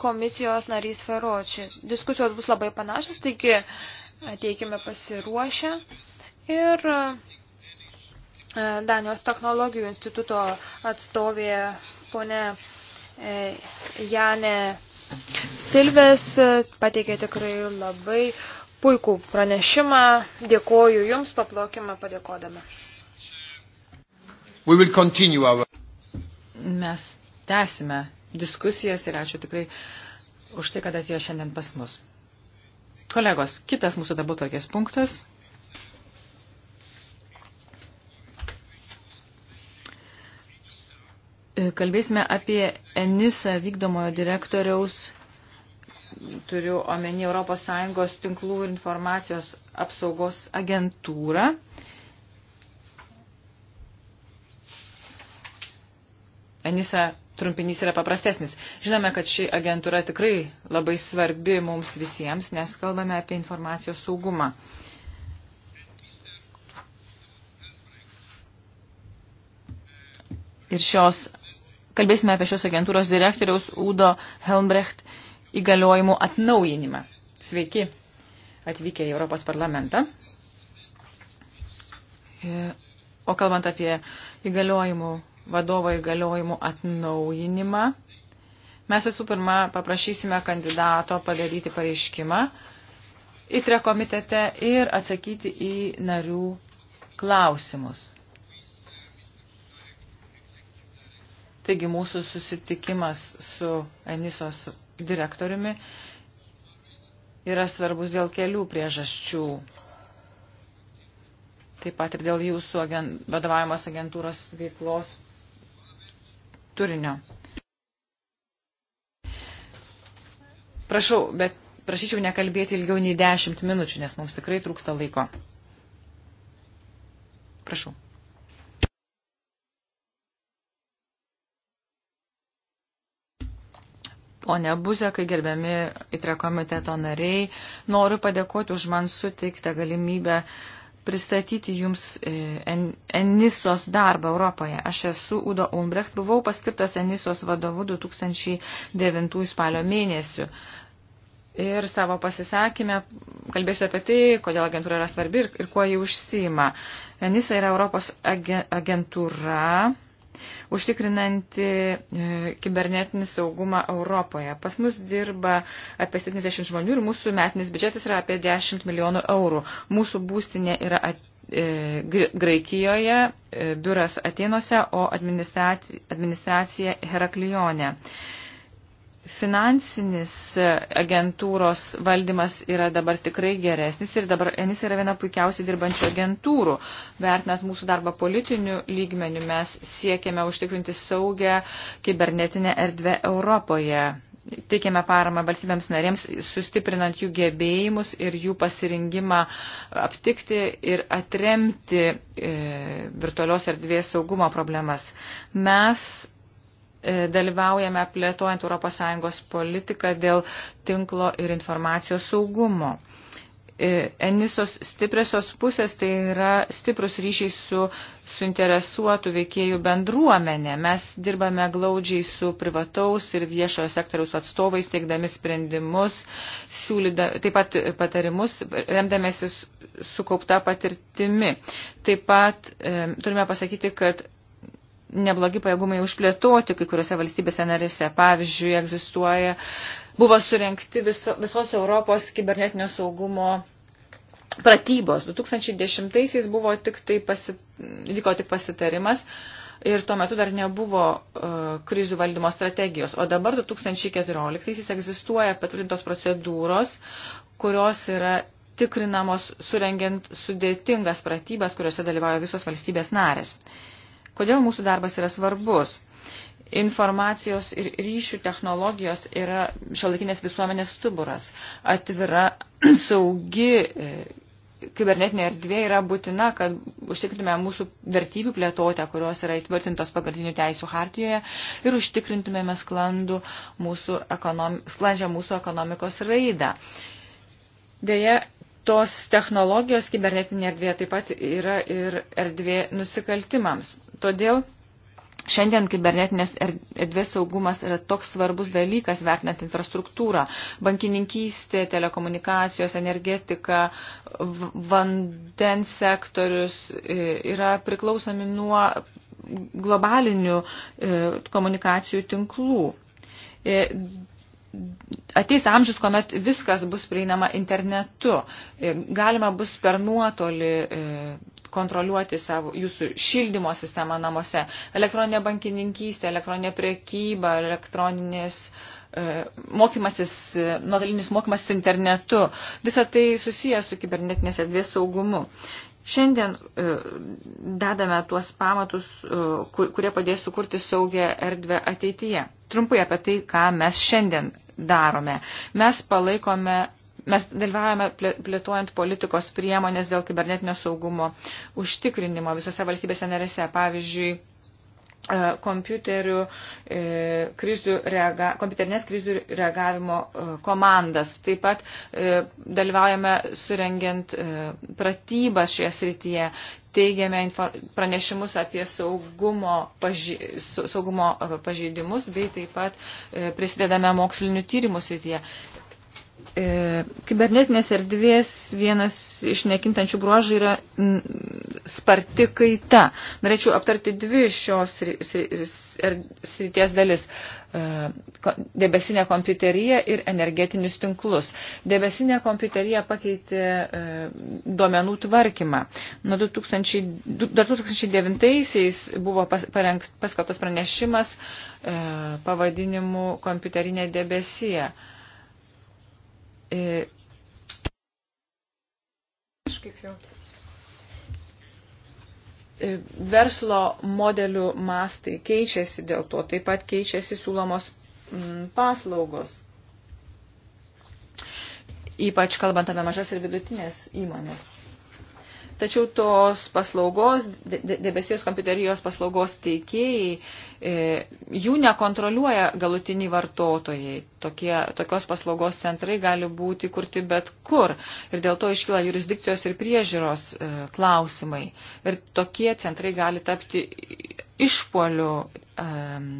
komisijos narys Feroči. Diskusijos bus labai panašios, taigi ateikime pasiruošę ir e, Danijos technologijų instituto atstovė ponė e, Janė Silvės e, pateikė tikrai labai uh, puikų pranešimą. Dėkoju Jums, paplaukime padėkodama. Our... Mes tęsime diskusijas ir ačiū tikrai už tai, kad atėjo šiandien pas mus. Kolegos, kitas mūsų darbo tvarkės punktas. Kalbėsime apie ENISA vykdomojo direktoriaus turiu omeny ES tinklų informacijos apsaugos agentūrą. Anisa trumpinys yra paprastesnis. Žinome, kad ši agentūra tikrai labai svarbi mums visiems, nes kalbame apie informacijos saugumą. Ir šios, kalbėsime apie šios agentūros direktoriaus Udo Helmbrecht įgaliojimų atnaujinimą. Sveiki atvykę į Europos parlamentą. E, o kalbant apie įgaliojimų, vadovo įgaliojimų atnaujinimą, mes visų pirma paprašysime kandidato padaryti pareiškimą įtre komitete ir atsakyti į narių klausimus. Taigi mūsų susitikimas su Enisos direktoriumi yra svarbus dėl kelių priežasčių. Taip pat ir dėl jūsų agent, vadovavimos agentūros veiklos turinio. Prašau, bet prašyčiau nekalbėti ilgiau nei 10 minučių, nes mums tikrai trūksta laiko. Prašau. o ne buzė, kai gerbiami įtre komiteto nariai. Noriu padėkoti už man suteiktą galimybę pristatyti jums e, Enisos darbą Europoje. Aš esu Udo Umbrecht, buvau paskirtas Enisos vadovu 2009 spalio mėnesių. Ir savo pasisakymę kalbėsiu apie tai, kodėl agentūra yra svarbi ir, ir kuo jį užsima. Enisa yra Europos agentūra užtikrinanti e, kibernetinį saugumą Europoje. Pas mus dirba apie 70 žmonių ir mūsų metinis biudžetas yra apie 10 milijonų eurų. Mūsų būstinė yra e, Graikijoje, e, biuras Atenose, o administracija Heraklione finansinis e, agentūros valdymas yra dabar tikrai geresnis ir dabar Enis yra viena puikiausiai dirbančių agentūrų. Vertinant mūsų darbą politiniu lygmeniu, mes siekiame užtikrinti saugę kibernetinę erdvę Europoje. Teikiame paramą valstybėms narėms, sustiprinant jų gebėjimus ir jų pasirinkimą aptikti ir atremti e, virtualios erdvės saugumo problemas. Mes E, dalyvaujame plėtojant ES politiką dėl tinklo ir informacijos saugumo. E, Enisos stipriosios pusės tai yra stiprus ryšiai su suinteresuotų veikėjų bendruomenė. Mes dirbame glaudžiai su privataus ir viešojo sektoriaus atstovais, teikdami sprendimus, siūlyda, taip pat patarimus, remdamėsi sukaupta patirtimi. Taip pat e, turime pasakyti, kad neblogi pajėgumai užplėtoti kai kuriuose valstybėse narėse. Pavyzdžiui, egzistuoja, buvo surenkti viso, visos Europos kibernetinio saugumo pratybos. 2010-aisiais buvo tik tai pasi, vyko tik pasitarimas. Ir tuo metu dar nebuvo uh, krizių valdymo strategijos. O dabar 2014 egzistuoja patvirtintos procedūros, kurios yra tikrinamos surengiant sudėtingas pratybas, kuriuose dalyvauja visos valstybės narės. Uh, Kodėl mūsų darbas yra svarbus? Informacijos ir ryšių technologijos yra šiolaikinės visuomenės stuburas. Atvira, *clears throat* saugi e, kibernetinė erdvė yra būtina, kad užtikrintume mūsų vertybių plėtotę, kurios yra įtvirtintos pagrindinių teisų hartijoje ir užtikrintumėme sklandų mūsų ekonom, sklandžią mūsų ekonomikos raidą. Deja, tos technologijos kibernetinė erdvė taip pat yra ir erdvė nusikaltimams. Todėl Šiandien kibernetinės er- erdvės saugumas yra toks svarbus dalykas, vertinant infrastruktūrą, bankininkystė, telekomunikacijos, energetika, vandens sektorius e, yra priklausomi nuo globalinių e, komunikacijų tinklų. E, ateis amžius, kuomet viskas bus prieinama internetu. Galima bus per nuotolį kontroliuoti savo, jūsų šildymo sistemą namuose. Elektroninė bankininkystė, elektroninė prekyba, elektroninis e, mokymasis, e, nuotolinis mokymasis internetu. Visa tai susijęs su kibernetinės erdvės saugumu. Šiandien e, dedame tuos pamatus, e, kur, kurie padės sukurti saugę erdvę ateityje. Trumpai apie tai, ką mes šiandien darome. Mes palaikome mes dalyvavome plėtojant politikos priemonės dėl kibernetinio saugumo užtikrinimo visose valstybėse narėse. Pavyzdžiui, e, kompiuterių e, krizių reaga, kompiuterinės krizių reagavimo e, komandas. Taip pat dalyvaujame surengiant pratybas šioje srityje, teigiame pranešimus apie saugumo, paži, saugumo pažeidimus, bei taip pat prisidedame mokslinių tyrimų srityje e, kibernetinės erdvės vienas iš nekintančių bruožų yra n, sparti kaita. Norėčiau aptarti dvi šios er, srities dalis e, - debesinę kompiuteriją ir energetinius tinklus. Debesinė kompiuterija pakeitė e, duomenų tvarkymą. Nuo 2000, 2009-aisiais buvo pas, parengt, paskaltas pranešimas e, pavadinimu kompiuterinė debesija. E, Kažkaip e, jau e, verslo modelių mastai keičiasi dėl to, taip pat keičiasi siūlomos mm, paslaugos. Ypač kalbant apie mažas ir vidutinės įmonės tačiau tos paslaugos, debesijos kompiuterijos paslaugos teikėjai, e, jų nekontroliuoja galutiniai vartotojai. Tokie, tokios paslaugos centrai gali būti kurti bet kur ir dėl to iškyla jurisdikcijos ir priežiūros e, klausimai. Ir tokie centrai gali tapti išpolių. Um,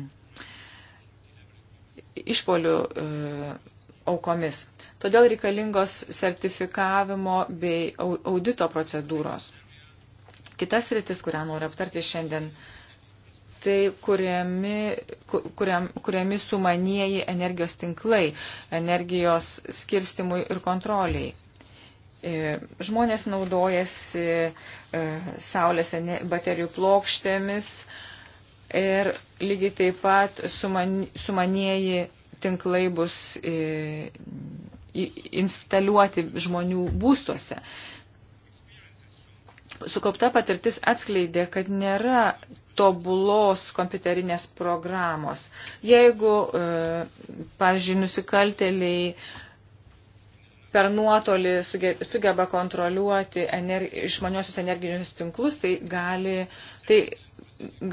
išpolių aukomis. Um, Todėl reikalingos sertifikavimo bei audito procedūros. Kitas rytis, kurią noriu aptarti šiandien, tai kuriami, kuriam, kuriami sumanieji energijos tinklai, energijos skirstimui ir kontroliai. E, žmonės naudojasi e, saulės baterijų plokštėmis ir lygiai taip pat suman, sumanieji tinklai bus e, instaliuoti žmonių būstuose. Sukaupta patirtis atskleidė, kad nėra tobulos kompiuterinės programos. Jeigu, e, pavyzdžiui, nusikalteliai per nuotolį sugeba kontroliuoti energi, išmaniosius energinius tinklus, tai gali, tai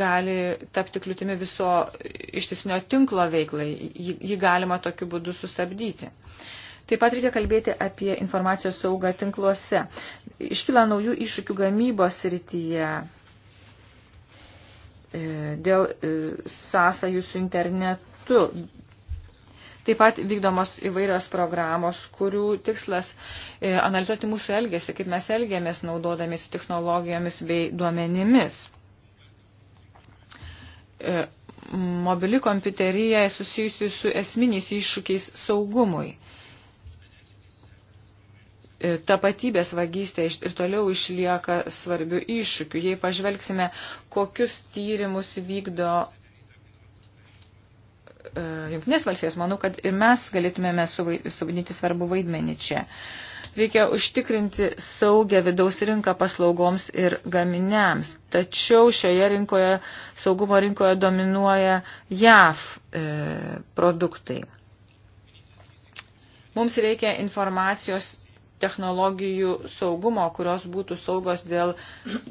gali tapti kliūtimi viso ištisinio tinklo veiklai. Jį, jį galima tokiu būdu sustabdyti. Uh, Taip pat reikia kalbėti apie informacijos saugą tinkluose. Iškyla naujų iššūkių gamybos rytyje e, dėl e, sąsajų su internetu. Taip pat vykdomos įvairios programos, kurių tikslas e, analizuoti mūsų elgesį, kaip mes elgiamės naudodamės technologijomis bei duomenimis mobili kompiuterija susijusi su esminiais iššūkiais saugumui. E, tapatybės vagystė ir toliau išlieka svarbių iššūkių. Jei pažvelgsime, kokius tyrimus vykdo e, Junktinės valstijos, manau, kad ir mes galėtumėme suvaidinti svarbu vaidmenį čia. Reikia užtikrinti saugę vidaus rinką paslaugoms ir gaminiams. Tačiau šioje rinkoje, saugumo rinkoje dominuoja JAV e, produktai. Mums reikia informacijos technologijų saugumo, kurios būtų saugos dėl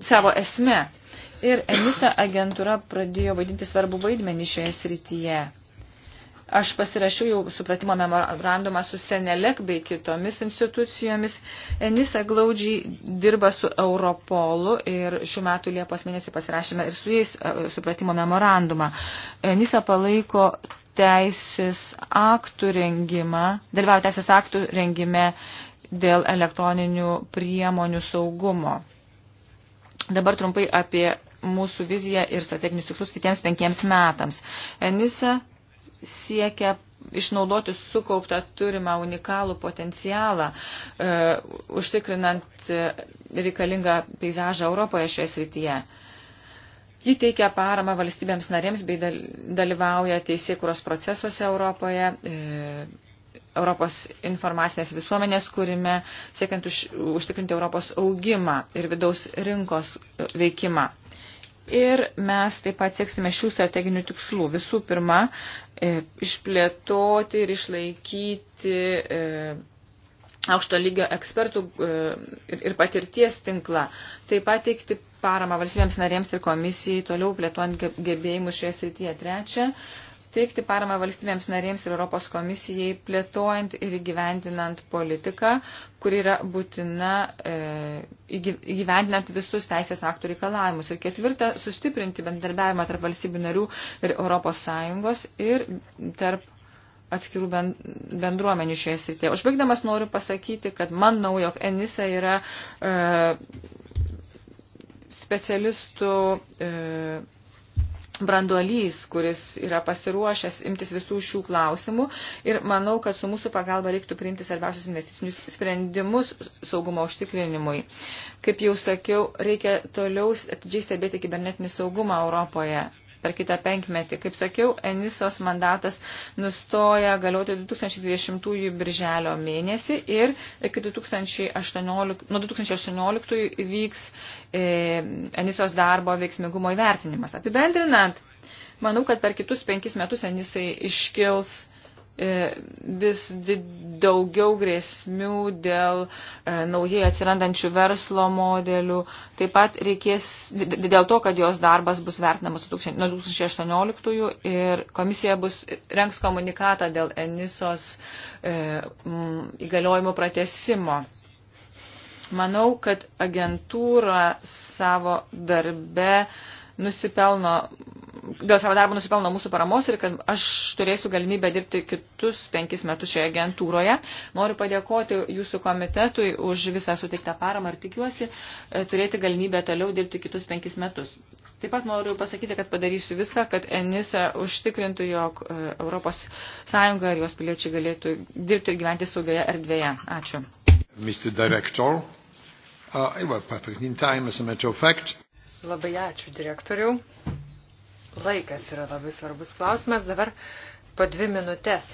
savo esme. Ir ENISA agentūra pradėjo vaidinti svarbu vaidmenį šioje srityje. Aš pasirašiau jau supratimo memorandumą su Senelek bei kitomis institucijomis. Enisa glaudžiai dirba su Europolu ir šių metų Liepos mėnesį pasirašėme ir su jais e, supratimo memorandumą. Enisa palaiko teisės aktų rengimą, dalyvauja teisės aktų rengime dėl elektroninių priemonių saugumo. Dabar trumpai apie mūsų viziją ir strateginius tikslus kitiems penkiems metams. Enisa siekia išnaudoti sukauptą turimą unikalų potencialą, e, užtikrinant e, reikalingą peizažą Europoje šioje srityje. Ji teikia paramą valstybėms narėms bei dalyvauja teisėkuros procesuose Europoje, e, Europos informacinės visuomenės, kurime siekiant už, užtikrinti Europos augimą ir vidaus rinkos e, veikimą. Ir mes taip pat sieksime šių strateginių tikslų. Visų pirma, e, išplėtoti ir išlaikyti e, aukšto lygio ekspertų e, ir patirties tinklą. Taip pat teikti paramą valstybėms narėms ir komisijai toliau plėtuojant gebėjimus šioje srityje. Trečia, teikti paramą valstybėms narėms ir Europos komisijai, plėtojant ir įgyvendinant politiką, kuri yra būtina e, įgyvendinant visus teisės aktų reikalavimus. Ir ketvirta, sustiprinti bendarbiavimą tarp valstybių narių ir Europos Sąjungos ir tarp atskirų bendruomenių šioje srityje. Užbaigdamas noriu pasakyti, kad man naujo, jog Enisa yra e, specialistų e, branduolys, kuris yra pasiruošęs imtis visų šių klausimų ir manau, kad su mūsų pagalba reiktų priimti svarbiausius investicinius sprendimus saugumo užtikrinimui. Kaip jau sakiau, reikia toliau atidžiai stebėti kibernetinį saugumą Europoje per kitą penkmetį. Kaip sakiau, Enisos mandatas nustoja galioti 2020 birželio mėnesį ir iki 2018, nuo 2018 vyks e, Enisos darbo veiksmingumo įvertinimas. Apibendrinant, manau, kad per kitus penkis metus Enisai iškils E, vis daugiau grėsmių dėl e, naujai atsirandančių verslo modelių. Taip pat reikės, dėl to, kad jos darbas bus vertinamas nuo 2018 ir komisija bus renks komunikatą dėl Enisos e, įgaliojimų pratesimo. Manau, kad agentūra savo darbe nusipelno dėl savo darbo nusipelno mūsų paramos ir kad aš turėsiu galimybę dirbti kitus penkis metus šioje agentūroje. Noriu padėkoti jūsų komitetui už visą suteiktą paramą ir tikiuosi e, turėti galimybę toliau dirbti kitus penkis metus. Taip pat noriu pasakyti, kad padarysiu viską, kad ENISA užtikrintų, jog e, Europos Sąjunga ir jos piliečiai galėtų dirbti ir gyventi saugioje erdvėje. Ačiū. Mr. Director, uh, I was perfect in time, as a matter of fact. Labai ačiū direktoriau. Laikas yra labai svarbus klausimas. Dabar po dvi minutės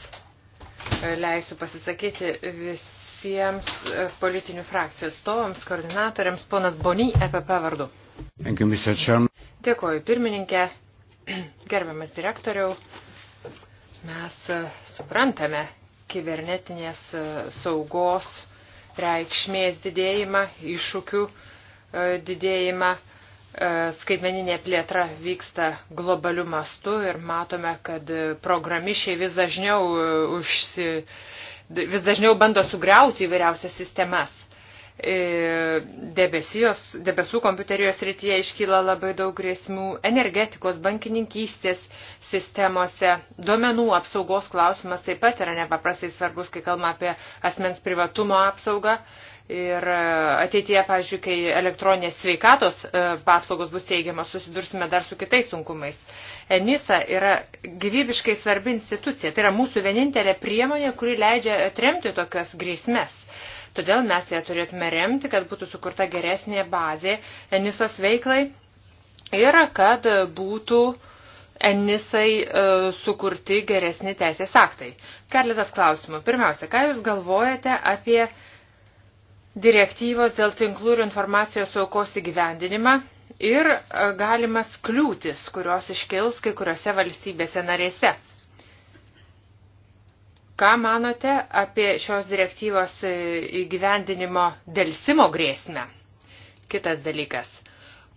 e, leisiu pasisakyti visiems e, politinių frakcijų atstovams, koordinatoriams, ponas Bony, EPP vardu. Dėkuoju, pirmininkė, *clears throat* gerbiamas direktoriau. Mes e, suprantame kibernetinės saugos reikšmės didėjimą, iššūkių didėjimą E, skaitmeninė plėtra vyksta globaliu mastu ir matome, kad programišiai vis dažniau, e, užsi, vis dažniau bando sugriauti įvairiausias sistemas. E, debesijos, debesų kompiuterijos rytyje iškyla labai daug grėsmių energetikos, bankininkystės sistemose. Duomenų apsaugos klausimas taip pat yra nepaprastai svarbus, kai kalbame apie asmens privatumo apsaugą Ir e, ateityje, pavyzdžiui, kai elektroninės sveikatos e, paslaugos bus teigiamas, susidursime dar su kitais sunkumais. ENISA yra gyvybiškai svarbi institucija. Tai yra mūsų vienintelė priemonė, kuri leidžia atremti tokias grėsmes. Todėl mes ją turėtume remti, kad būtų sukurta geresnė bazė ENISOS veiklai ir kad būtų Enisai e, sukurti geresni teisės aktai. Keletas klausimų. Pirmiausia, ką Jūs galvojate apie direktyvos dėl tinklų ir informacijos aukos įgyvendinimą ir e, galimas kliūtis, kurios iškils kai kuriuose valstybėse narėse. Ką manote apie šios direktyvos e, įgyvendinimo dėlsimo grėsmę? Kitas dalykas.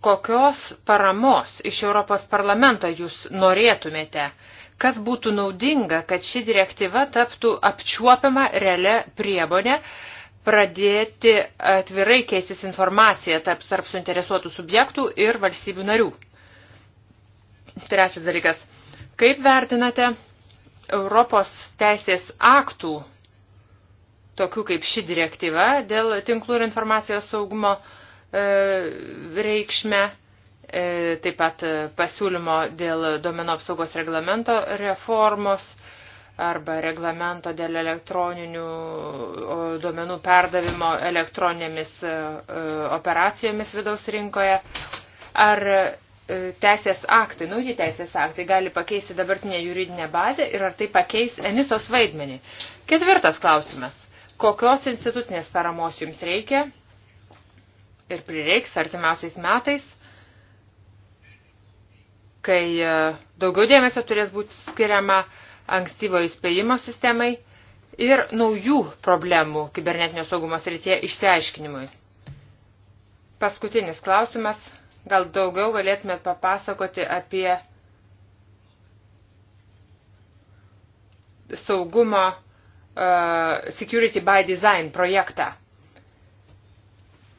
Kokios paramos iš Europos parlamento jūs norėtumėte? Kas būtų naudinga, kad ši direktyva taptų apčiuopiama realia priemonė, pradėti atvirai keistis informaciją tarp, tarp suinteresuotų subjektų ir valstybių narių. Trečias dalykas. Kaip vertinate Europos teisės aktų, tokių kaip ši direktyva, dėl tinklų ir informacijos saugumo e, reikšmę, e, taip pat e, pasiūlymo dėl domenų apsaugos reglamento reformos, arba reglamento dėl elektroninių duomenų perdavimo elektroninėmis e, e, operacijomis vidaus rinkoje. Ar e, teisės aktai, nauji teisės aktai gali pakeisti dabartinę juridinę bazę ir ar tai pakeis Enisos vaidmenį? Ketvirtas klausimas. Kokios institucinės paramos jums reikia ir prireiks artimiausiais metais? kai daugiau dėmesio turės būti skiriama uh, ankstyvo įspėjimo sistemai ir naujų problemų kibernetinio saugumo srityje išsiaiškinimui. Paskutinis klausimas. Gal daugiau galėtumėt papasakoti apie saugumo uh, Security by Design projektą.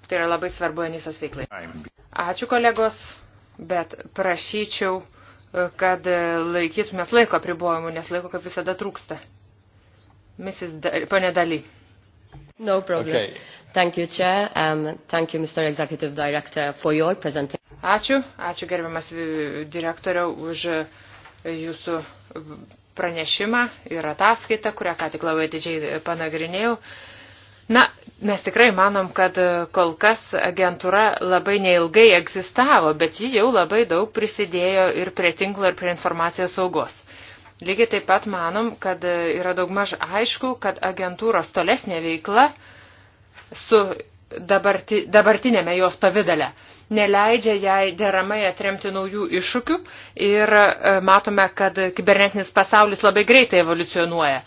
Tai yra labai svarbu Enisos veiklai. Ačiū kolegos, bet prašyčiau kad laikytumės laiko pribojimų, nes laiko kaip visada trūksta. Mrs. Da, ponė Daly. No problem. Okay. Thank you, Chair. Um, thank you, Mr. Executive Director, for your presentation. Ačiū, ačiū gerbiamas direktoriau už jūsų pranešimą ir ataskaitą, kurią ką tik labai didžiai panagrinėjau. Uh, Na, mes tikrai manom, kad kol kas agentūra labai neilgai egzistavo, bet ji jau labai daug prisidėjo ir prie tinklo, ir prie informacijos saugos. Lygiai taip pat manom, kad yra daugmaž aišku, kad agentūros tolesnė veikla su dabarti, dabartinėme jos pavydale neleidžia jai deramai atremti naujų iššūkių ir e, matome, kad kibernetinis pasaulis labai greitai evoliucionuoja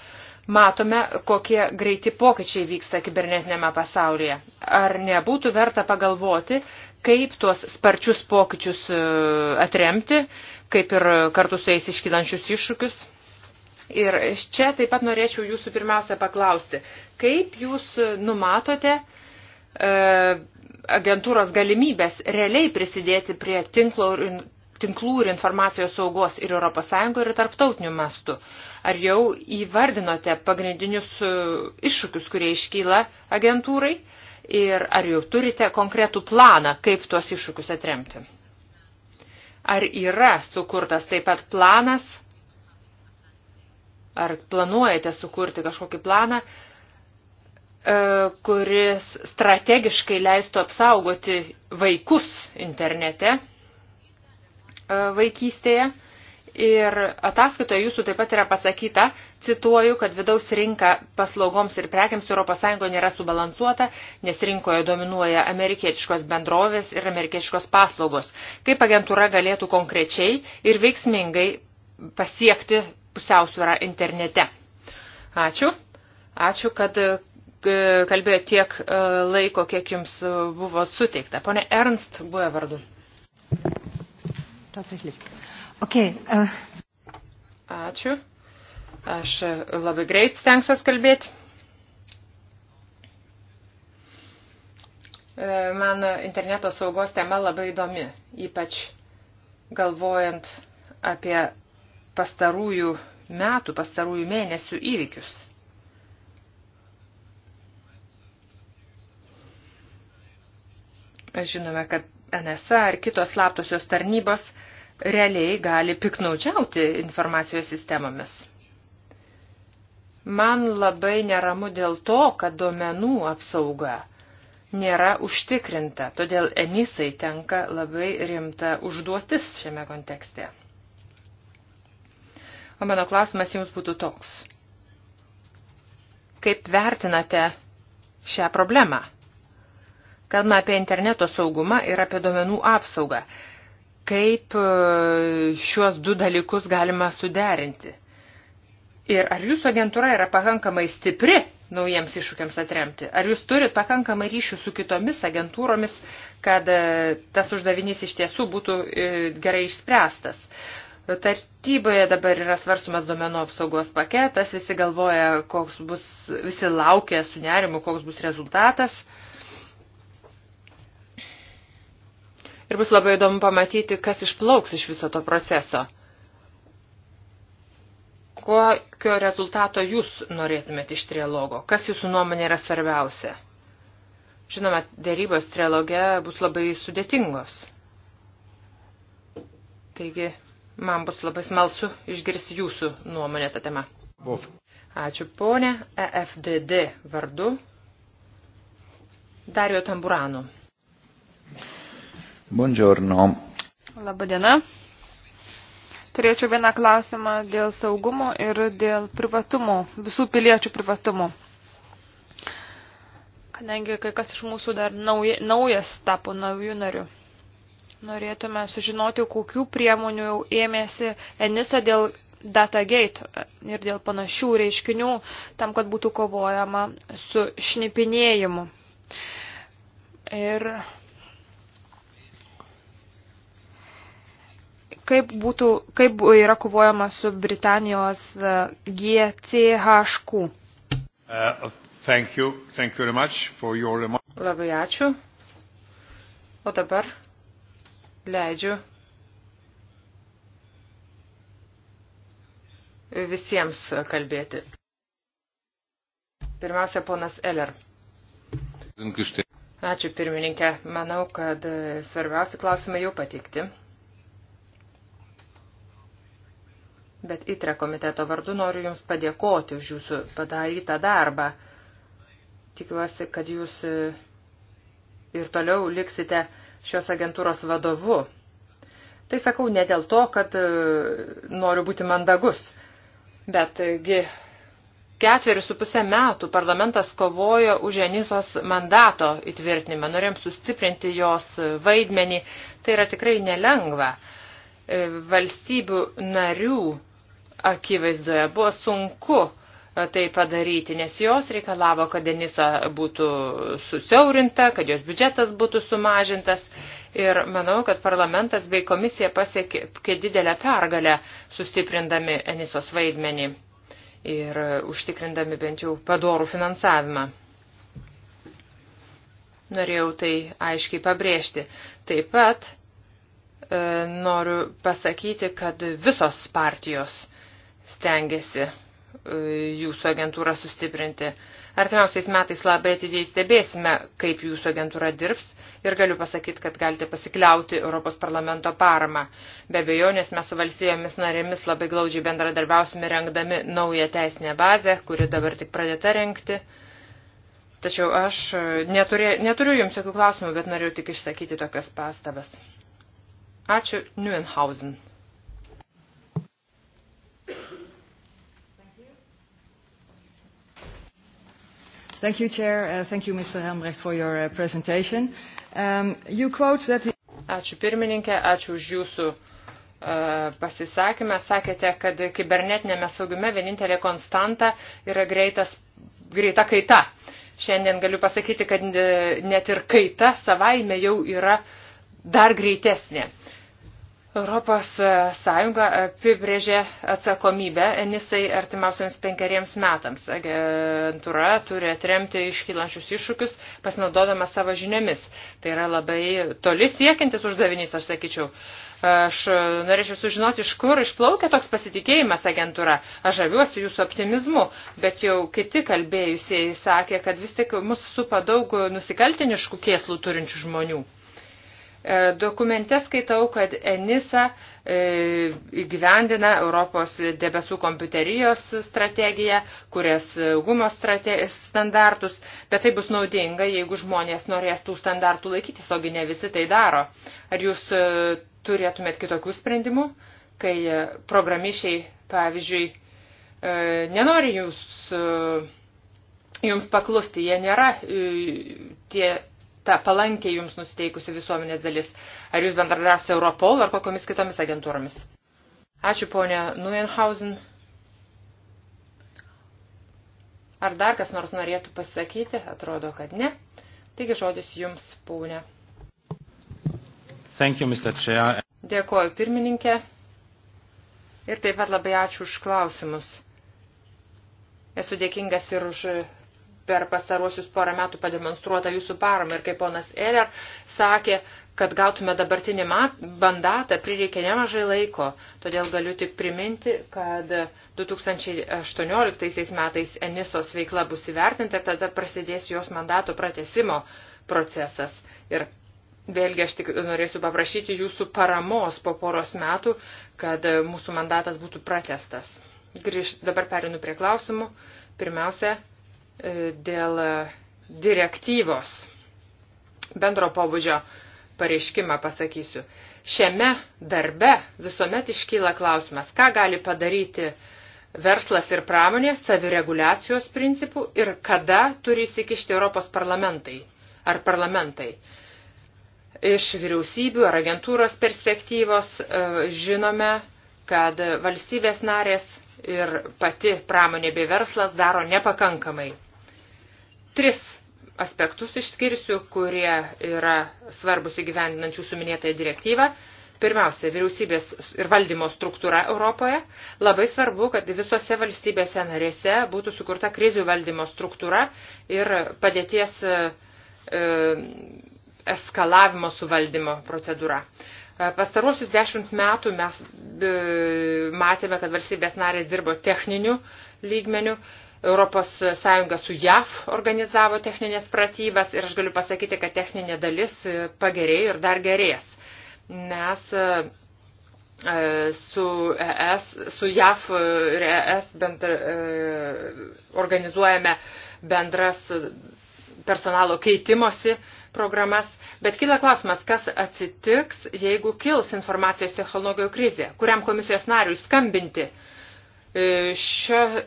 matome, kokie greiti pokyčiai vyksta kibernetinėme pasaulyje. Ar nebūtų verta pagalvoti, kaip tuos sparčius pokyčius e, atremti, kaip ir kartu su jais iškylančius iššūkius? Ir čia taip pat norėčiau jūsų pirmiausia paklausti, kaip jūs numatote e, agentūros galimybės realiai prisidėti prie tinklo tinklų ir informacijos saugos ir ES ir tarptautiniu mastu. Ar jau įvardinote pagrindinius e, iššūkius, kurie iškyla agentūrai? Ir ar jau turite konkretų planą, kaip tuos iššūkius atremti? Ar yra sukurtas taip pat planas? Ar planuojate sukurti kažkokį planą, e, kuris strategiškai leistų apsaugoti vaikus internete e, vaikystėje? Ir ataskaitoje jūsų taip pat yra pasakyta, cituoju, kad vidaus rinka paslaugoms ir prekiams ES nėra subalansuota, nes rinkoje dominuoja amerikietiškos bendrovės ir amerikietiškos paslaugos. Kaip agentūra galėtų konkrečiai ir veiksmingai pasiekti pusiausvyrą internete? Ačiū. Ačiū, kad e, kalbėjo tiek e, laiko, kiek jums buvo suteikta. Pone Ernst, buvo vardu. Tatsächlich. Okay, uh... Ačiū. Aš uh, labai greit stengsiuos kalbėti. Uh, man interneto saugos tema labai įdomi, ypač galvojant apie pastarųjų metų, pastarųjų mėnesių įvykius. Žinome, kad NSA ar kitos slaptosios tarnybos uh, realiai gali piknaučiauti informacijos sistemomis. Man labai neramu dėl to, kad duomenų apsauga nėra užtikrinta, todėl enisai tenka labai rimta užduotis šiame kontekste. O mano klausimas jums būtų toks. Kaip vertinate šią problemą? Kalbame apie interneto saugumą ir apie duomenų apsaugą. Kaip e, šiuos du dalykus galima suderinti? Ir ar jūsų agentūra yra pakankamai stipri naujiems iššūkiams atremti? Ar jūs turit pakankamai ryšių su kitomis agentūromis, kad e, tas uždavinys iš tiesų būtų e, gerai išspręstas? Tartyboje dabar yra svarstumas domenų apsaugos paketas, visi galvoja, koks bus, visi laukia su nerimu, koks bus rezultatas. Uh, ir bus labai įdomu pamatyti, kas išplauks iš viso to proceso. Kokio rezultato jūs norėtumėte iš trialogo? Kas jūsų nuomonė yra svarbiausia? Žinoma, dėrybos trialoge bus labai sudėtingos. Taigi, man bus labai smalsu išgirsti jūsų nuomonę tą temą. Buf. Ačiū ponė, EFDD vardu. Dario Tamburano. Buongiorno. Labadiena. Turėčiau vieną klausimą dėl saugumo ir dėl privatumo, visų piliečių privatumo. Kadangi kai kas iš mūsų dar nauja, naujas tapo naujų narių. Norėtume sužinoti, kokių priemonių jau ėmėsi Enisa dėl Datagate ir dėl panašių reiškinių, tam, kad būtų kovojama su šnipinėjimu. Ir kaip, būtų, kaip yra kovojama su Britanijos e, GCHQ. Uh, thank you. Thank you very much for your Labai ačiū. O dabar leidžiu visiems kalbėti. Pirmiausia, ponas Eller. Ačiū pirmininkė. Manau, kad e, svarbiausi klausimai jau patikti. bet ITRE komiteto vardu noriu Jums padėkoti už Jūsų padarytą darbą. Tikiuosi, kad Jūs e, ir toliau liksite šios agentūros vadovu. Tai sakau ne dėl to, kad e, noriu būti mandagus, betgi ketverius su pusę metų parlamentas kovojo už Janisos mandato įtvirtinimą. Norėjom sustiprinti jos vaidmenį. Tai yra tikrai nelengva e, valstybių narių akivaizdoje. Buvo sunku e, tai padaryti, nes jos reikalavo, kad Denisa būtų susiaurinta, kad jos biudžetas būtų sumažintas. Ir manau, kad parlamentas bei komisija pasiekė didelę pergalę, sustiprindami Enisos vaidmenį ir užtikrindami bent jau padorų finansavimą. Norėjau tai aiškiai pabrėžti. Taip pat e, noriu pasakyti, kad visos partijos stengiasi e, jūsų agentūrą sustiprinti. Artimiausiais metais labai atidžiai stebėsime, kaip jūsų agentūra dirbs ir galiu pasakyti, kad galite pasikliauti Europos parlamento parama. Be abejonės mes su valstybėmis narėmis labai glaudžiai bendradarbiausime rengdami naują teisinę bazę, kuri dabar tik pradėta rengti. Tačiau aš e, neturė, neturiu jums jokių klausimų, bet norėjau tik išsakyti tokias pastabas. Ačiū Neuenhausen. Thank you, Chair. Uh, thank you, Mr. Helmrecht, for your uh, presentation. Um, you quote that... The... Ačiū pirmininkė, ačiū už jūsų uh, pasisakymą. Sakėte, kad kibernetinėme saugume vienintelė konstanta yra greitas, greita kaita. Šiandien galiu pasakyti, kad uh, net ir kaita savaime jau yra dar greitesnė. Europos e, Sąjunga apibrėžė atsakomybę Enisai artimiausiams penkeriems metams. Agentūra turi atremti iškylančius iššūkius, pasinaudodama savo žiniomis. Tai yra labai toli siekiantis uždavinys, aš sakyčiau. Aš norėčiau sužinoti, iš kur išplaukia toks pasitikėjimas agentūra. Aš žaviuosi jūsų optimizmu, bet jau kiti kalbėjusieji sakė, kad vis tik mus supa daug nusikaltiniškų kėslų turinčių žmonių. E, dokumente skaitau, kad ENISA e, įgyvendina Europos debesų kompiuterijos strategiją, kurias gumo strate standartus, bet tai bus naudinga, jeigu žmonės norės tų standartų laikytis, ogi ne visi tai daro. Ar jūs e, turėtumėt kitokių sprendimų, kai programišiai, pavyzdžiui, nenori jūs, jums paklusti, jie nėra tie ta palankiai jums nusiteikusi visuomenės dalis? Ar jūs bendradarbiaus su Europol ar kokiomis kitomis agentūromis? Ačiū, ponė Nuenhausen. Ar dar kas nors norėtų pasakyti? Atrodo, kad ne. Taigi žodis jums, ponė. Thank you, Mr. Chair. Dėkoju, pirmininkė. Ir taip pat labai ačiū už klausimus. Esu dėkingas ir už per pastaruosius porą metų pademonstruotą jūsų paramą. Ir kaip ponas Eller sakė, kad gautume dabartinį mandatą, prireikė nemažai laiko. Todėl galiu tik priminti, kad 2018 metais Enisos veikla bus įvertinta ir tada prasidės jos mandato pratesimo procesas. Ir Vėlgi aš tik norėsiu paprašyti jūsų paramos po poros metų, kad mūsų mandatas būtų pratestas. Grįž, dabar perinu prie klausimų. Pirmiausia, E, dėl direktyvos bendro pobūdžio pareiškimą pasakysiu. Šiame darbe visuomet iškyla klausimas, ką gali padaryti verslas ir pramonė savireguliacijos principų ir kada turi įsikišti Europos parlamentai ar parlamentai. Iš vyriausybių ar agentūros perspektyvos e, žinome, kad valstybės narės ir pati pramonė bei verslas daro nepakankamai Tris aspektus išskirsiu, kurie yra svarbus įgyvendinančių suminėtąją direktyvą. Pirmiausia, vyriausybės ir valdymo struktūra Europoje. Labai svarbu, kad visose valstybėse narėse būtų sukurta krizių valdymo struktūra ir padėties e, e eskalavimo suvaldymo procedūra. E, pastaruosius dešimt metų mes e, matėme, kad valstybės narės dirbo techniniu lygmeniu ES su JAF organizavo techninės pratybas ir aš galiu pasakyti, kad techninė dalis e, pagerėjo ir dar gerės. Mes e, e, su, ES, su JAF ir ES bendra, organizuojame bendras personalo keitimosi programas, bet kyla klausimas, kas atsitiks, jeigu kils informacijos technologijų krizė, kuriam komisijos nariui skambinti, uh, E, šio e,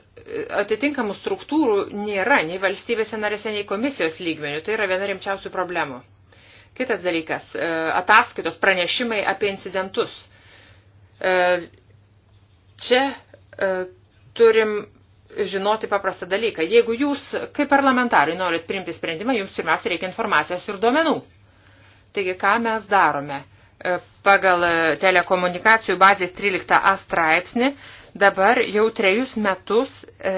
atitinkamų struktūrų nėra nei valstybėse narėse, nei komisijos lygmenių. Tai yra viena rimčiausių problemų. Kitas dalykas e, - ataskaitos, pranešimai apie incidentus. Čia turim žinoti paprastą dalyką. Jeigu jūs, kaip parlamentarai, norit priimti sprendimą, jums pirmiausia reikia informacijos ir duomenų. Taigi, ką mes darome? pagal e, telekomunikacijų bazės 13a straipsnį dabar jau trejus metus e,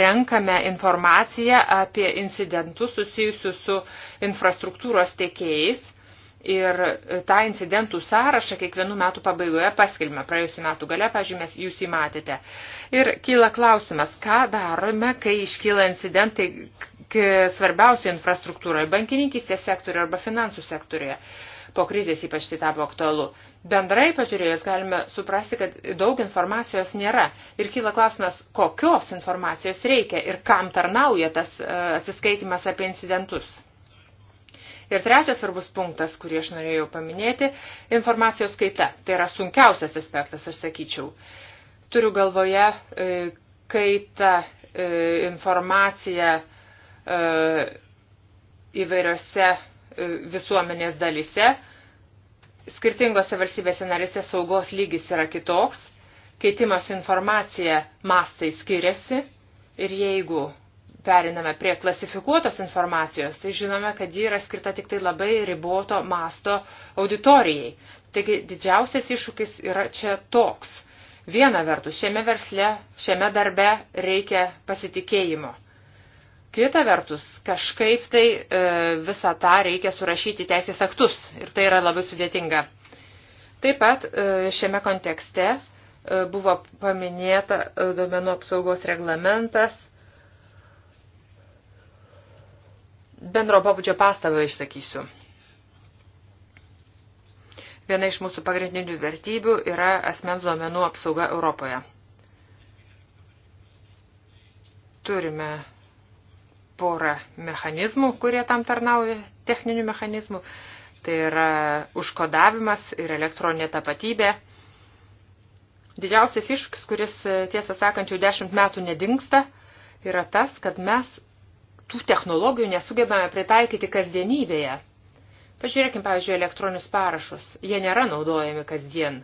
renkame informaciją apie incidentus susijusius su infrastruktūros tiekėjais ir e, tą incidentų sąrašą kiekvienų metų pabaigoje paskelbime. Praėjusiu metu gale, pažymės, jūs jį matėte. Ir kyla klausimas, ką darome, kai iškyla incidentai svarbiausia infrastruktūroje, bankininkystės sektoriuje arba finansų sektoriuje po krizės ypač tai tapo aktualu. Bendrai pažiūrėjus galime suprasti, kad daug informacijos nėra ir kyla klausimas, kokios informacijos reikia ir kam tarnauja tas e, atsiskaitimas apie incidentus. Ir trečias svarbus punktas, kurį aš norėjau paminėti - informacijos skaita. Tai yra sunkiausias aspektas, aš sakyčiau. Turiu galvoje, e, kaip ta e, informacija įvairiose E, visuomenės dalise. Skirtingose valstybėse narėse saugos lygis yra kitoks, keitimas informacija mastai skiriasi ir jeigu periname prie klasifikuotos informacijos, tai žinome, kad ji yra skirta tik tai labai riboto masto auditorijai. Taigi didžiausias iššūkis yra čia toks. Viena vertus, šiame versle, šiame darbe reikia pasitikėjimo Kita vertus, kažkaip tai e, visą tą reikia surašyti teisės aktus ir tai yra labai sudėtinga. Taip pat e, šiame kontekste e, buvo paminėta e, domenų apsaugos reglamentas, bendro pabudžio pastabą išsakysiu. Viena iš mūsų pagrindinių vertybių yra asmens duomenų apsauga Europoje. Turime porą mechanizmų, kurie tam tarnauja, techninių mechanizmų. Tai yra užkodavimas ir elektroninė tapatybė. Didžiausias iššūkis, kuris, tiesą sakant, jau dešimt metų nedingsta, yra tas, kad mes tų technologijų nesugebame pritaikyti kasdienybėje. Pažiūrėkime, pavyzdžiui, elektroninius parašus. Jie nėra naudojami kasdien.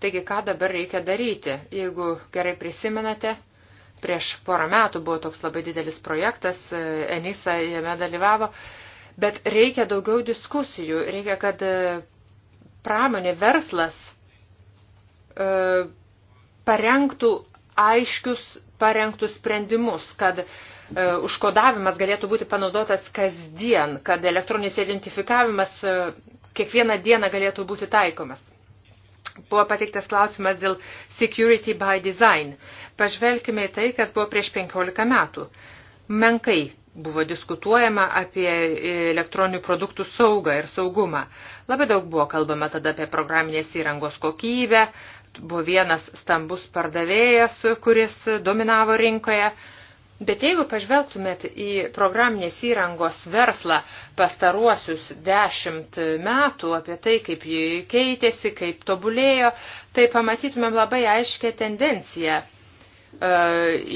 Taigi, ką dabar reikia daryti? Jeigu gerai prisimenate, Prieš porą metų buvo toks labai didelis projektas, e, Enisa jame dalyvavo, bet reikia daugiau diskusijų, reikia, kad e, pramonė, verslas e, parengtų aiškius parengtus sprendimus, kad užkodavimas galėtų būti panaudotas kasdien, kad elektroninis identifikavimas kiekvieną dieną galėtų būti taikomas. Buvo pateiktas klausimas dėl security by design. Pažvelkime į tai, kas buvo prieš 15 metų. Menkai buvo diskutuojama apie elektroninių produktų saugą ir saugumą. Labai daug buvo kalbama tada apie programinės įrangos kokybę, buvo vienas stambus pardavėjas, kuris dominavo rinkoje Bet jeigu pažvelgtumėt į programinės įrangos verslą pastaruosius dešimt metų, apie tai, kaip jį keitėsi, kaip tobulėjo, tai pamatytumėm labai aiškę tendenciją. E,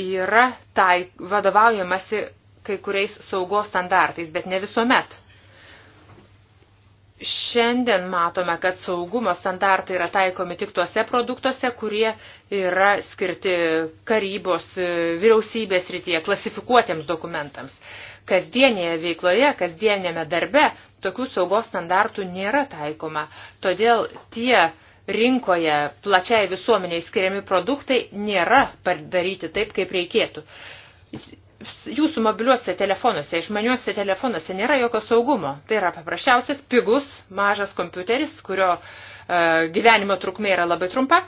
yra tai vadovaujamasi kai kuriais saugos standartais, bet ne visuomet. Šiandien matome, kad saugumo standartai yra taikomi tik tuose produktuose, kurie yra skirti karybos e, vyriausybės rytyje klasifikuotiems dokumentams. Kasdienėje veikloje, kasdienėme darbe tokių saugos standartų nėra taikoma. Todėl tie rinkoje plačiai visuomeniai skiriami produktai nėra padaryti taip, kaip reikėtų jūsų mobiliuose telefonuose, išmaniuose telefonuose nėra jokio saugumo. Tai yra paprasčiausias, pigus, mažas kompiuteris, kurio e, gyvenimo trukmė yra labai trumpa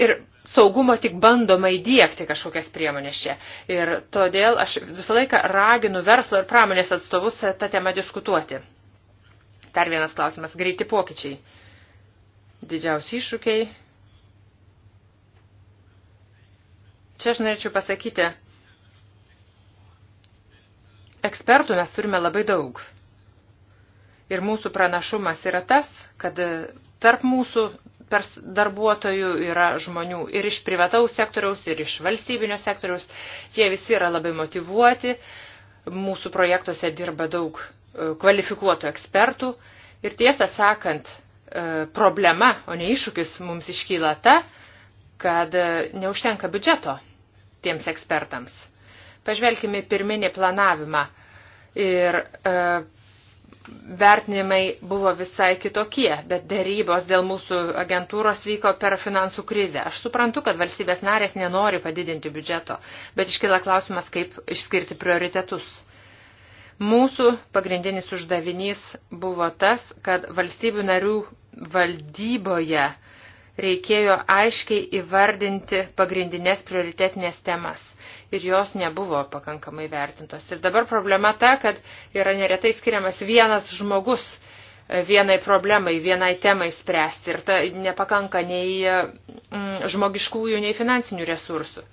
ir saugumo tik bandoma įdėkti kažkokias priemonės čia. Ir todėl aš visą laiką raginu verslo ir pramonės atstovus tą temą diskutuoti. Dar vienas klausimas - greiti pokyčiai. Didžiausi iššūkiai. Čia aš norėčiau pasakyti, Ekspertų mes turime labai daug. Ir mūsų pranašumas yra tas, kad tarp mūsų darbuotojų yra žmonių ir iš privataus sektoriaus, ir iš valstybinio sektoriaus. Jie visi yra labai motivuoti. Mūsų projektuose dirba daug e, kvalifikuotų ekspertų. Ir tiesą sakant, e, problema, o ne iššūkis mums iškyla ta, kad e, neužtenka biudžeto tiems ekspertams. Pažvelkime pirminį planavimą. Ir e, vertinimai buvo visai kitokie, bet dėrybos dėl mūsų agentūros vyko per finansų krizę. Aš suprantu, kad valstybės narės nenori padidinti biudžeto, bet iškila klausimas, kaip išskirti prioritetus. Mūsų pagrindinis uždavinys buvo tas, kad valstybių narių valdyboje reikėjo aiškiai įvardinti pagrindinės prioritetinės temas ir jos nebuvo pakankamai vertintos. Ir dabar problema ta, kad yra neretai skiriamas vienas žmogus e, vienai problemai, vienai temai spręsti ir ta nepakanka nei e, mm, žmogiškųjų, nei finansinių resursų.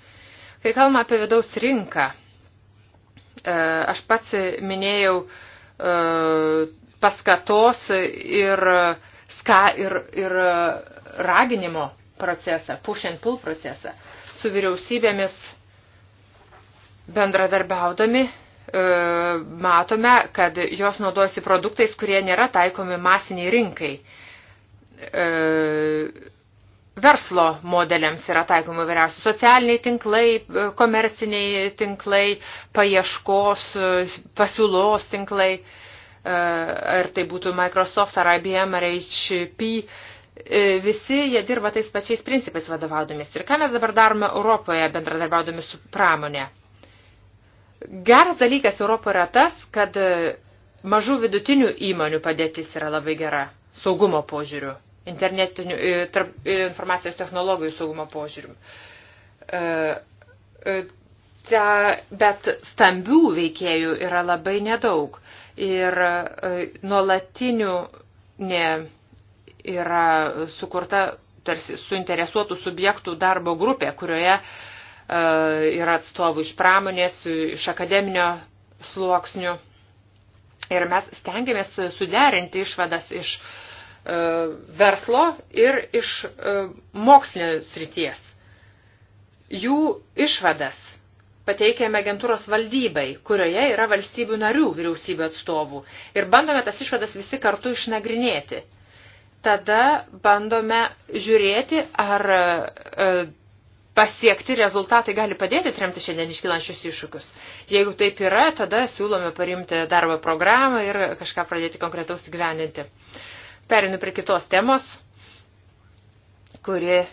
Kai kalbame apie vidaus rinką, e, aš pats minėjau paskatos ir, ska, ir, ir raginimo procesą, push and pull procesą su vyriausybėmis Bendradarbiaudami e, matome, kad jos naudosi produktais, kurie nėra taikomi masiniai rinkai. E, verslo modeliams yra taikomi vairiausi socialiniai tinklai, e, komerciniai tinklai, paieškos, pasiūlos tinklai, ar tai būtų Microsoft, ar IBM, ar HP, visi jie dirba tais pačiais principais vadovaudomis. Ir ką mes dabar darome Europoje bendradarbiaudami su pramonė? Geras dalykas Europoje yra tas, kad mažų vidutinių įmonių padėtis yra labai gera saugumo požiūriu, internetinių e, tarp, e, informacijos technologijų saugumo požiūriu. E, bet stambių veikėjų yra labai nedaug ir nuolatinių ne yra sukurta tarsi suinteresuotų subjektų darbo grupė, kurioje uh, E, yra atstovų iš pramonės, iš akademinio sluoksnių. Ir mes stengiamės suderinti išvadas iš e, verslo ir iš e, mokslinio srities. Jų išvadas pateikėme agentūros valdybai, kurioje yra valstybių narių vyriausybių atstovų. Ir bandome tas išvadas visi kartu išnagrinėti. Tada bandome žiūrėti, ar pasiekti rezultatai gali padėti tremti šiandien iškilančius iššūkius. Jeigu taip yra, tada siūlome parimti darbo programą ir kažką pradėti konkretaus gyveninti. Perinu prie kitos temos, kuri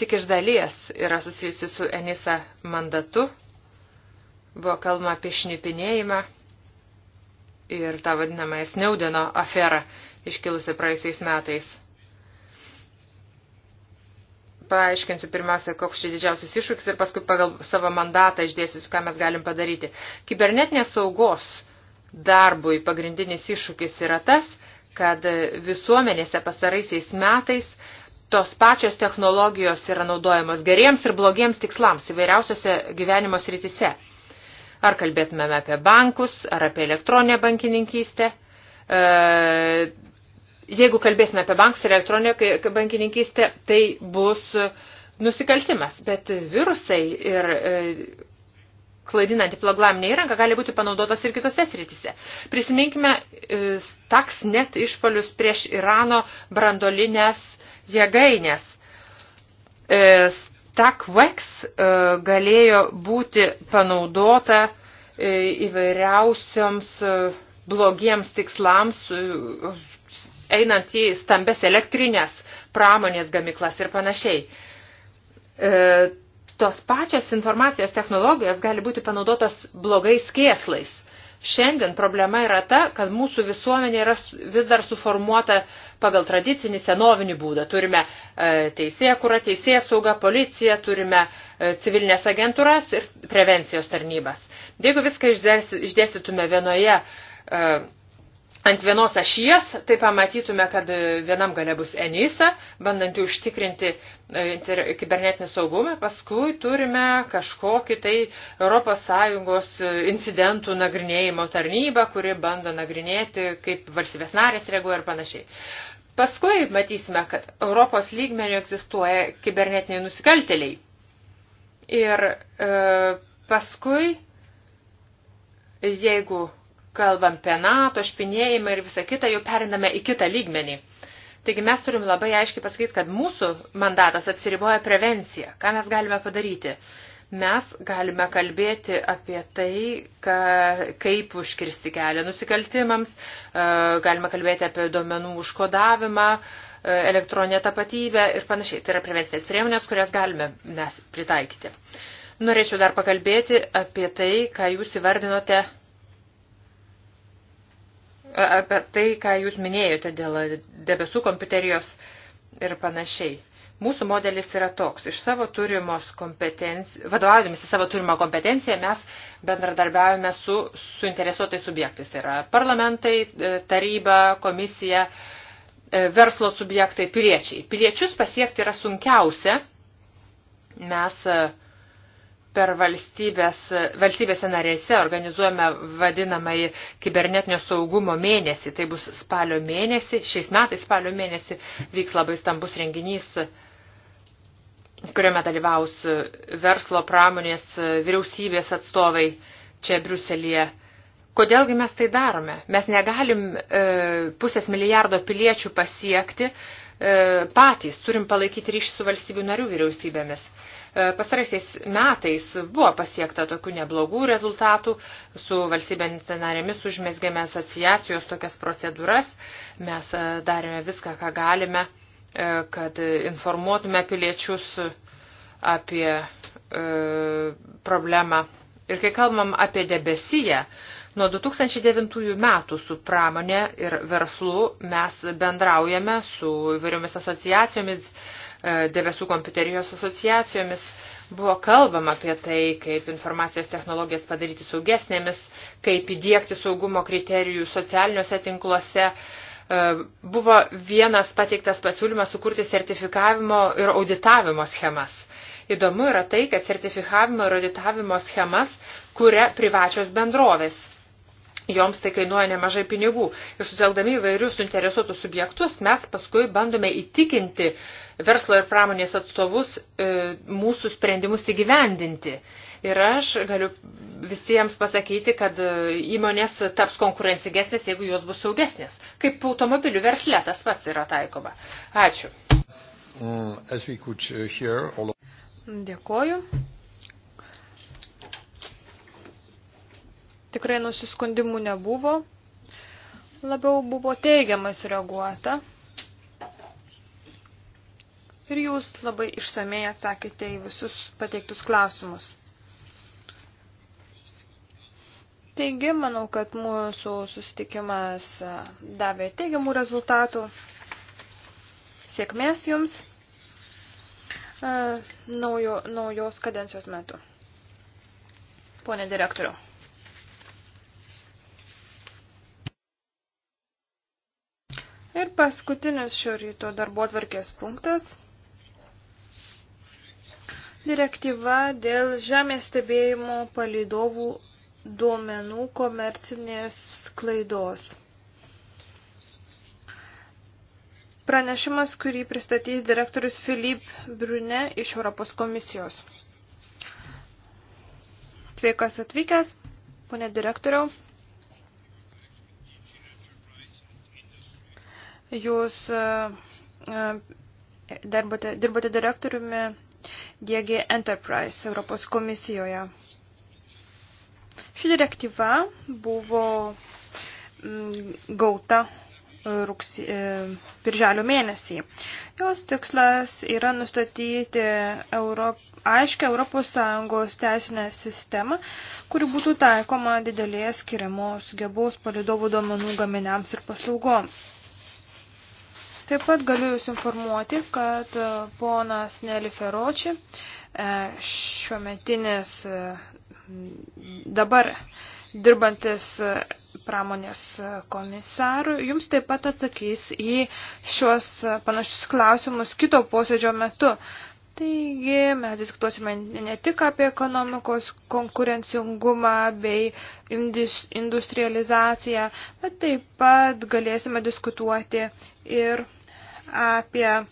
tik iš dalies yra susijusi su Enisa mandatu. Buvo kalba apie šnipinėjimą ir tą vadinamąją Snaudeno aferą iškilusi praeisiais metais paaiškinsiu pirmiausia, koks čia didžiausias iššūkis ir paskui pagal savo mandatą išdėsiu, ką mes galim padaryti. Kibernetinės saugos darbui pagrindinis iššūkis yra tas, kad visuomenėse pasaraisiais metais tos pačios technologijos yra naudojamos geriems ir blogiems tikslams įvairiausiose gyvenimo srityse. Ar kalbėtumėme apie bankus, ar apie elektroninę bankininkystę, e, jeigu kalbėsime apie bankus ir elektroninę bankininkystę, tai bus e, nusikaltimas. Bet virusai ir e, klaidinanti plaglaminė įranga gali būti panaudotas ir kitose srityse. Prisiminkime e, taks net išpolius prieš Irano brandolinės jėgainės. Stakvex galėjo būti panaudota įvairiausiams blogiems tikslams einant į stambes elektrinės, pramonės gamiklas ir panašiai. E, tos pačios informacijos technologijos gali būti panaudotos blogais kėslais. Šiandien problema yra ta, kad mūsų visuomenė yra vis dar suformuota pagal tradicinį senovinį būdą. Turime e, teisėją, kurą teisėją saugą, policiją, turime e, civilinės agentūras ir prevencijos tarnybas. Jeigu viską išdėstytume vienoje e, ant vienos ašies, tai pamatytume, kad e, vienam gale bus Enisa, bandantį užtikrinti e, kibernetinį saugumą, paskui turime kažkokį tai ES e, incidentų nagrinėjimo tarnybą, kuri bando nagrinėti, kaip valstybės narės reaguoja ir panašiai. Paskui matysime, kad Europos lygmenio egzistuoja kibernetiniai nusikalteliai. Ir e, paskui, jeigu kalbam apie NATO, špinėjimą ir visą kitą, jau periname į kitą lygmenį. Taigi mes turim labai aiškiai pasakyti, kad mūsų mandatas apsiriboja prevencija. Ką mes galime padaryti? Mes galime kalbėti apie tai, ka, kaip užkirsti kelią nusikaltimams, e, galime kalbėti apie duomenų užkodavimą, e, elektroninę tapatybę ir panašiai. Tai yra prevencinės priemonės, kurias galime mes pritaikyti. Norėčiau dar pakalbėti apie tai, ką jūs įvardinote apie tai, ką jūs minėjote dėl debesų kompiuterijos ir panašiai. Mūsų modelis yra toks. Iš savo turimos kompetencijos, vadovaudomisi savo turimą kompetenciją, mes bendradarbiavime su suinteresuotais subjektais. Tai yra parlamentai, e, taryba, komisija, e, verslo subjektai, piliečiai. Piliečius pasiekti yra sunkiausia. Mes uh, per valstybės, valstybėse narėse organizuojame vadinamąjį kibernetinio saugumo mėnesį. Tai bus spalio mėnesį, šiais metais spalio mėnesį vyks labai stambus renginys, kuriame dalyvaus verslo pramonės vyriausybės atstovai čia Briuselėje. Kodėlgi mes tai darome? Mes negalim e, pusės milijardo piliečių pasiekti e, patys, turim palaikyti ryšį su valstybių narių vyriausybėmis. E, Pasaraisiais metais buvo pasiekta tokių neblogų rezultatų, su valstybėmis narėmis užmėsgėme asociacijos tokias procedūras, mes e, darėme viską, ką galime, e, kad informuotume piliečius apie problemą. Ir kai kalbam apie debesiją, nuo 2009 metų su pramonė ir verslu mes bendraujame su įvairiomis asociacijomis, E, debesų kompiuterijos asociacijomis. Buvo kalbama apie tai, kaip informacijos technologijas padaryti saugesnėmis, kaip įdėkti saugumo kriterijų socialiniuose tinkluose. E, buvo vienas pateiktas pasiūlymas sukurti sertifikavimo ir auditavimo schemas. Įdomu yra tai, kad sertifikavimo ir auditavimo schemas kuria privačios bendrovės. Joms tai kainuoja nemažai pinigų. Ir suteldami įvairius suinteresuotus subjektus mes paskui bandome įtikinti uh, verslo ir pramonės atstovus e, mūsų sprendimus įgyvendinti. Ir aš galiu visiems pasakyti, kad e, įmonės taps konkurencingesnės, jeigu jos bus saugesnės. Kaip automobilių verslė tas pats yra taikoma. Ačiū. Mm, uh, Dėkoju. Tikrai nusiskundimų nebuvo. Labiau buvo teigiamas reaguota ir jūs labai išsamei atsakėte į visus pateiktus klausimus. Taigi, manau, kad mūsų susitikimas davė teigiamų rezultatų. Sėkmės jums naujo, naujos kadencijos metu. Pone direktoriu. Ir paskutinis šio ryto darbo atvarkės punktas. Direktyva dėl žemės stebėjimo palidovų duomenų komercinės klaidos. Pranešimas, kurį pristatys direktorius Filip Brune iš Europos komisijos. Sveikas atvykęs, ponė direktoriau. Jūs e, e, dirbate, dirbate direktoriumi DG Enterprise Europos komisijoje. Ši direktyva buvo mm, gauta rugsė, e, birželio mėnesį. Jos tikslas yra nustatyti Europ, aiškę ES teisinę sistemą, kuri būtų taikoma didelės skiriamos gebos palidovų duomenų gaminiams ir paslaugoms. Taip pat galiu Jūs informuoti, kad e, ponas Neli Feroči, e, šiuo metinis e, dabar dirbantis pramonės komisarų, Jums taip pat atsakys į šios panašius klausimus kito posėdžio metu. Taigi mes diskutuosime ne tik apie ekonomikos konkurencingumą bei industrializaciją, bet taip pat galėsime diskutuoti ir apie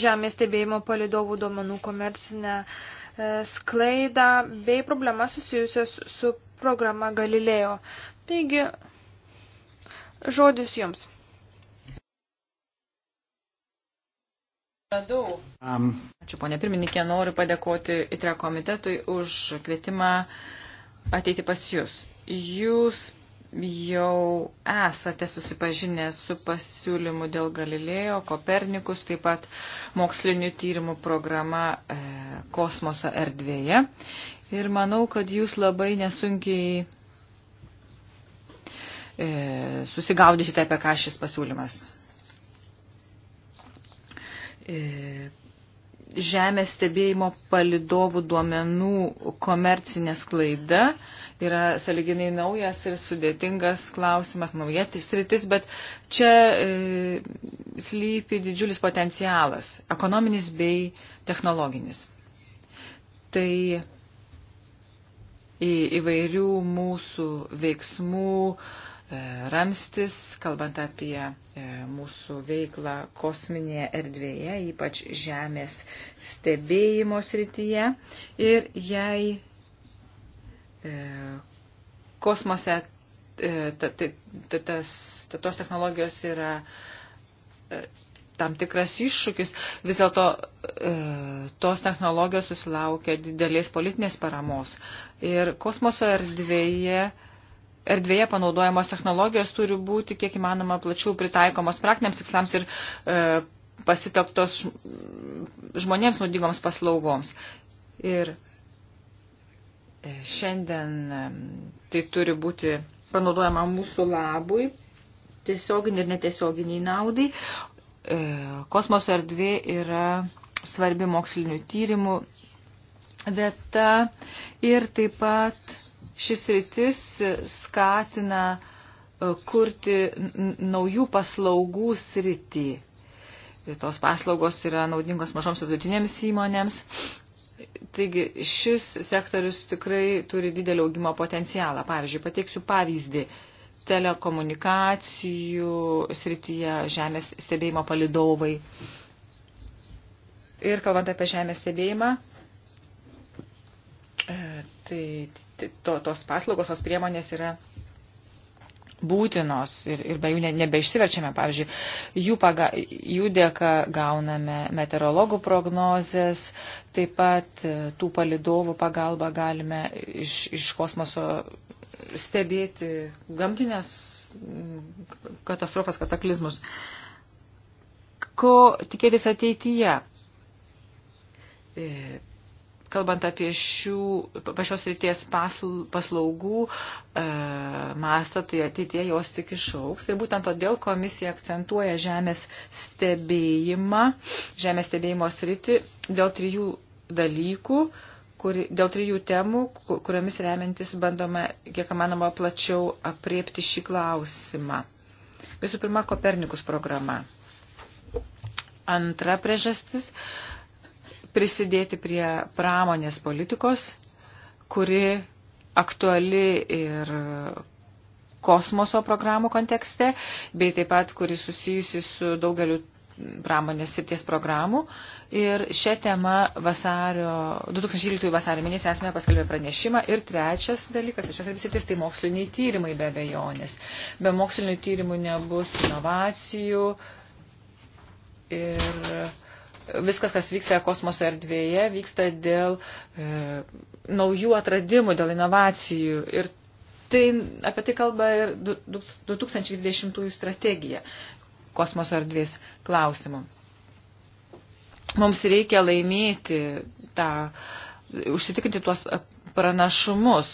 žemės stebėjimo palidovų duomenų komercinę e, sklaidą bei problemas susijusios su programa Galileo. Taigi, žodis jums. Um, Ačiū, ponė pirmininkė, noriu padėkoti ITRE komitetui už kvietimą ateiti pas jūs. Jūs jau esate susipažinę su pasiūlymu dėl Galilėjo, Kopernikus, taip pat mokslinių tyrimų programa e, kosmoso erdvėje. Ir manau, kad jūs labai nesunkiai e, susigaudysite, apie ką šis pasiūlymas. E, Žemės stebėjimo palidovų duomenų komercinė sklaida e, yra saliginai naujas ir sudėtingas klausimas, nauja sritis, bet čia e, slypi didžiulis potencialas - ekonominis bei technologinis. Tai į įvairių mūsų veiksmų e, ramstis, kalbant apie e, mūsų veiklą kosminėje erdvėje, ypač Žemės stebėjimo srityje. Ir jei E, kosmose e, tos technologijos yra e, tam tikras iššūkis. Vis dėlto tos technologijos susilaukia didelės politinės paramos. Ir kosmoso erdvėje erdvėje panaudojamos technologijos turi būti kiek įmanoma plačiau pritaikomos praktiniams tikslams ir e, pasitaptos žmonėms naudingoms paslaugoms. Ir E, šiandien e, tai turi būti panaudojama mūsų labui, tiesioginį ir netiesioginį naudai. E, kosmoso erdvė yra svarbi mokslinių tyrimų vieta ir taip pat šis rytis skatina kurti naujų paslaugų sritį. Tos paslaugos yra naudingos mažoms vidutinėms įmonėms Taigi šis sektorius tikrai turi didelį augimo potencialą. Pavyzdžiui, pateiksiu pavyzdį telekomunikacijų srityje žemės stebėjimo palidovai. Ir kalbant apie žemės stebėjimą, e, tai, tai to, tos paslaugos, tos priemonės yra būtinos ir, ir be jų ne, nebeišsiverčiame. Pavyzdžiui, jų, paga, jų dėka gauname meteorologų prognozes, taip pat e, tų palidovų pagalba galime iš, iš kosmoso stebėti gamtinės katastrofas, kataklizmus. Ko tikėtis ateityje? E, kalbant apie šių pačios ryties paslaugų e, mastą, tai ateitie jos tik išauks. Ir būtent todėl komisija akcentuoja žemės stebėjimą, žemės stebėjimo sritį dėl trijų dalykų, kur, dėl trijų temų, kuriomis remiantis bandoma, kiek manoma, plačiau apriepti šį klausimą. Visų pirma, Kopernikus programa. Antra priežastis prisidėti prie pramonės politikos, kuri aktuali ir kosmoso programų kontekste, bei taip pat, kuri susijusi su daugeliu pramonės srities programų. Ir šią temą vasario, 2012 vasario mėnesį esame paskelbę pranešimą. Ir trečias dalykas, trečias svarbis sritis, tai moksliniai tyrimai be abejonės. Be mokslinių tyrimų nebus inovacijų ir viskas, kas vyksta kosmoso erdvėje, vyksta dėl e, naujų atradimų, dėl inovacijų. Ir tai, apie tai kalba ir 2020 strategija kosmoso erdvės klausimų. Mums reikia laimėti tą, užsitikrinti tuos pranašumus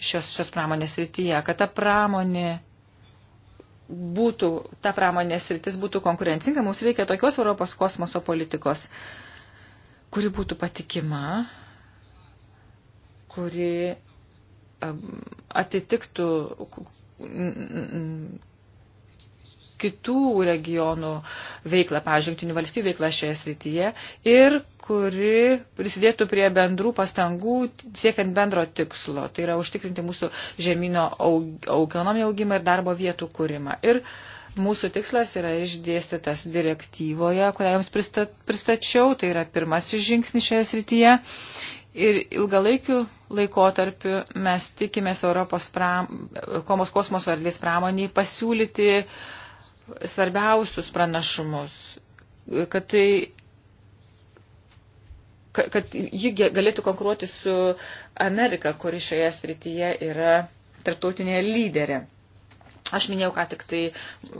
šios, šios pramonės rytyje, kad ta pramonė būtų ta pramonės rytis būtų konkurencinga, mums reikia tokios Europos kosmoso politikos, kuri būtų patikima, kuri atitiktų kitų regionų veiklą, pavyzdžiui, jungtinių valstybių veiklą šioje srityje ir kuri prisidėtų prie bendrų pastangų siekiant bendro tikslo, tai yra užtikrinti mūsų žemino ekonominį augimą ir darbo vietų kūrimą. Ir mūsų tikslas yra išdėstytas direktyvoje, kurią jums pristačiau, tai yra pirmasis žingsnis šioje srityje. Ir ilgalaikiu laikotarpiu mes tikimės Europos pram, komos kosmoso erdvės pramoniai pasiūlyti uh, svarbiausius pranašumus, kad tai kad ji galėtų konkuruoti su Amerika, kuri šioje srityje yra tarptautinė lyderė. Aš minėjau, ką tik tai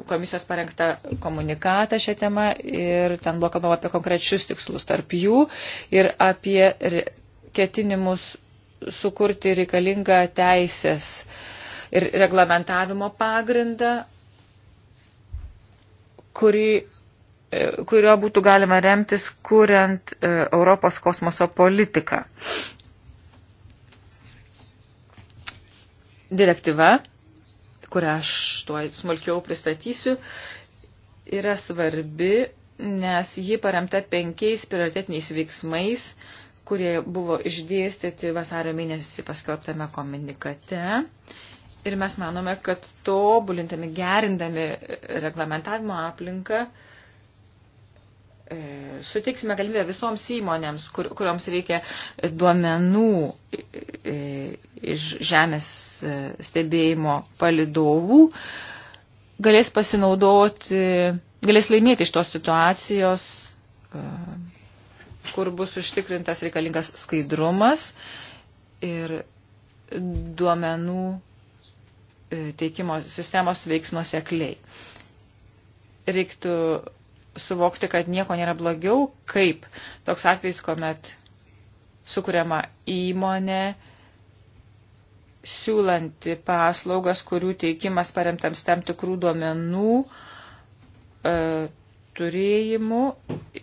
komisijos parengta komunikatą šią temą ir ten buvo kalbama apie konkrečius tikslus tarp jų ir apie ketinimus sukurti reikalingą teisės ir reglamentavimo pagrindą kuri, e, kurio būtų galima remtis, kuriant e, Europos kosmoso politiką. Direktyva, kurią aš tuo smulkiau pristatysiu, yra svarbi, nes ji paremta penkiais prioritetiniais veiksmais, kurie buvo išdėstyti vasario mėnesį paskelbtame komunikate. Ir mes manome, kad tobulintami, gerindami reglamentavimo aplinką, e, sutiksime galimybę visoms įmonėms, kur, kurioms reikia duomenų e, iš žemės e, stebėjimo palidovų, galės pasinaudoti, galės laimėti iš tos situacijos, kur bus užtikrintas reikalingas skaidrumas ir duomenų E, teikimo sistemos veiks nusekliai. Reiktų suvokti, kad nieko nėra blogiau, kaip toks atvejs, kuomet sukuriama įmonė, siūlanti paslaugas, kurių teikimas paremtams tam tikrų duomenų e, turėjimu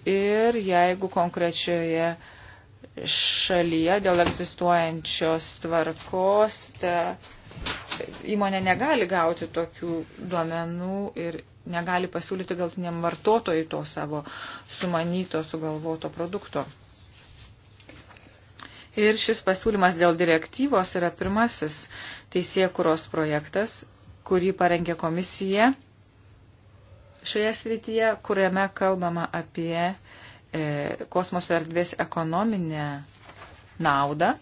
ir jeigu konkrečioje šalyje dėl egzistuojančios tvarkos ta įmonė negali gauti tokių duomenų ir negali pasiūlyti galtiniam vartotojui to savo sumanyto, sugalvoto produkto. Ir šis pasiūlymas dėl direktyvos yra pirmasis teisėkuros projektas, kurį parengė komisija šioje srityje, kuriame kalbama apie e, kosmoso erdvės ekonominę naudą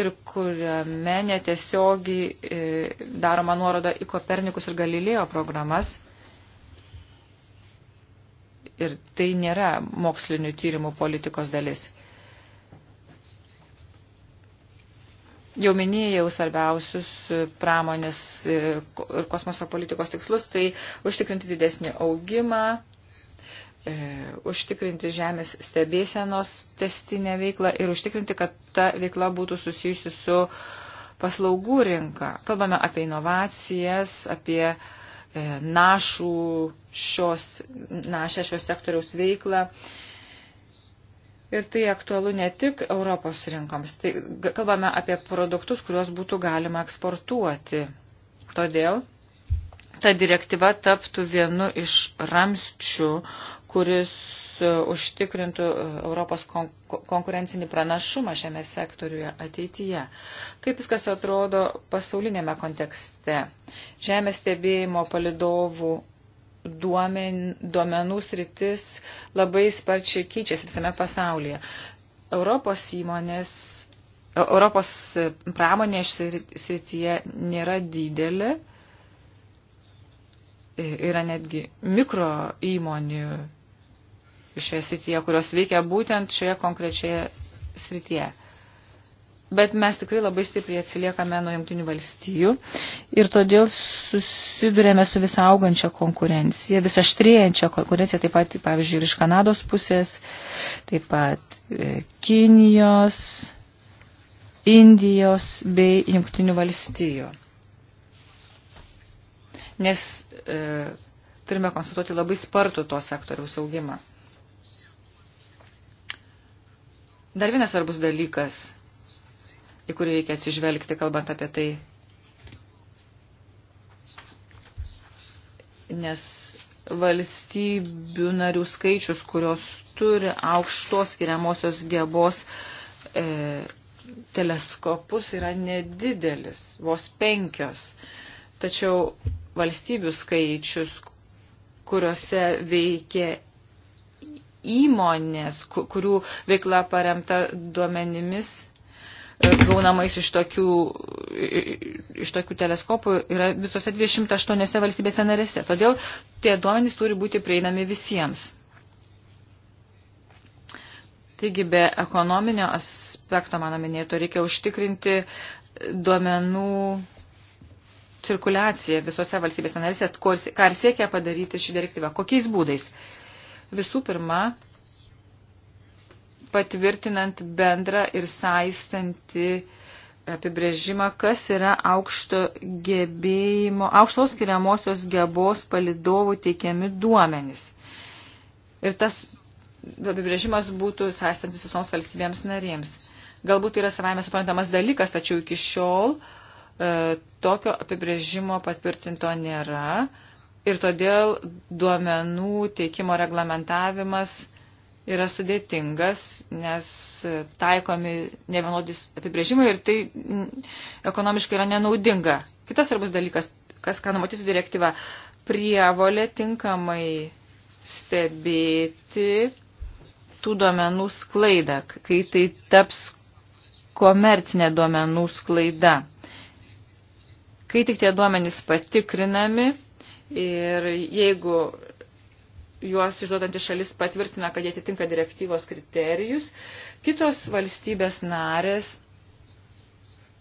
ir kuriame netiesiogiai e, daroma nuoroda į Kopernikus ir Galilėjo programas. Ir tai nėra mokslinių tyrimų politikos dalis. Jau minėjau svarbiausius pramonės e, ir kosmoso politikos tikslus, tai užtikrinti didesnį augimą, E, užtikrinti žemės stebėsenos testinę veiklą ir užtikrinti, kad ta veikla būtų susijusi su paslaugų rinka. Kalbame apie inovacijas, apie e, našų šios, našę šios sektoriaus veiklą. Ir tai aktualu ne tik Europos rinkoms. Tai kalbame apie produktus, kuriuos būtų galima eksportuoti. Todėl ta direktyva taptų vienu iš ramščių, kuris e, užtikrintų e, Europos konkurencinį pranašumą šiame sektoriuje ateityje. Kaip viskas atrodo pasaulinėme kontekste? Žemės stebėjimo palidovų duomen, duomenų sritis labai sparčiai keičiasi visame pasaulyje. Europos įmonės e, Europos pramonė srityje nėra didelė, yra netgi mikro įmonių šioje srityje, kurios veikia būtent šioje konkrečioje srityje. Bet mes tikrai labai stipriai atsiliekame nuo jungtinių valstijų ir todėl susidurėme su visą augančią konkurenciją, visą štrėjančią konkurenciją, taip pat, pavyzdžiui, ir iš Kanados pusės, taip pat e, Kinijos, Indijos bei jungtinių valstijų. Nes e, turime konstatuoti labai spartų to sektoriaus augimą. Dar vienas svarbus dalykas, į kurį reikia atsižvelgti, kalbant apie tai, nes valstybių narių skaičius, kurios turi aukštos skiriamosios gebos e, teleskopus, yra nedidelis, vos penkios. Tačiau valstybių skaičius, kuriuose veikia įmonės, kurių veikla paremta duomenimis e, gaunamais iš tokių, iš tokių teleskopų yra visose 208 valstybėse narėse. Todėl tie duomenys turi būti prieinami visiems. Taigi be ekonominio aspekto, mano minėto, reikia užtikrinti duomenų cirkuliaciją visose valstybėse narėse, ką ir siekia padaryti šį direktyvą. Kokiais būdais? Uh, Visų pirma, patvirtinant bendrą ir saistantį apibrėžimą, kas yra aukšto gebėjimo, aukštos skiriamosios gebos palidovų teikiami duomenys. Ir tas apibrėžimas būtų sąstantis visoms valstybėms narėms. Galbūt tai yra savaime suprantamas dalykas, tačiau iki šiol e, tokio apibrėžimo patvirtinto nėra. E, ir todėl duomenų teikimo reglamentavimas yra sudėtingas, nes taikomi nevienodis apibrėžimai ir tai ekonomiškai yra nenaudinga. Kitas svarbus dalykas, kas ką numatytų direktyva, prievolė tinkamai stebėti tų duomenų sklaidą, kai tai taps komercinė duomenų sklaida. Kai tik tie duomenys patikrinami, Ir jeigu juos išduodantis šalis patvirtina, kad jie atitinka direktyvos kriterijus, kitos valstybės narės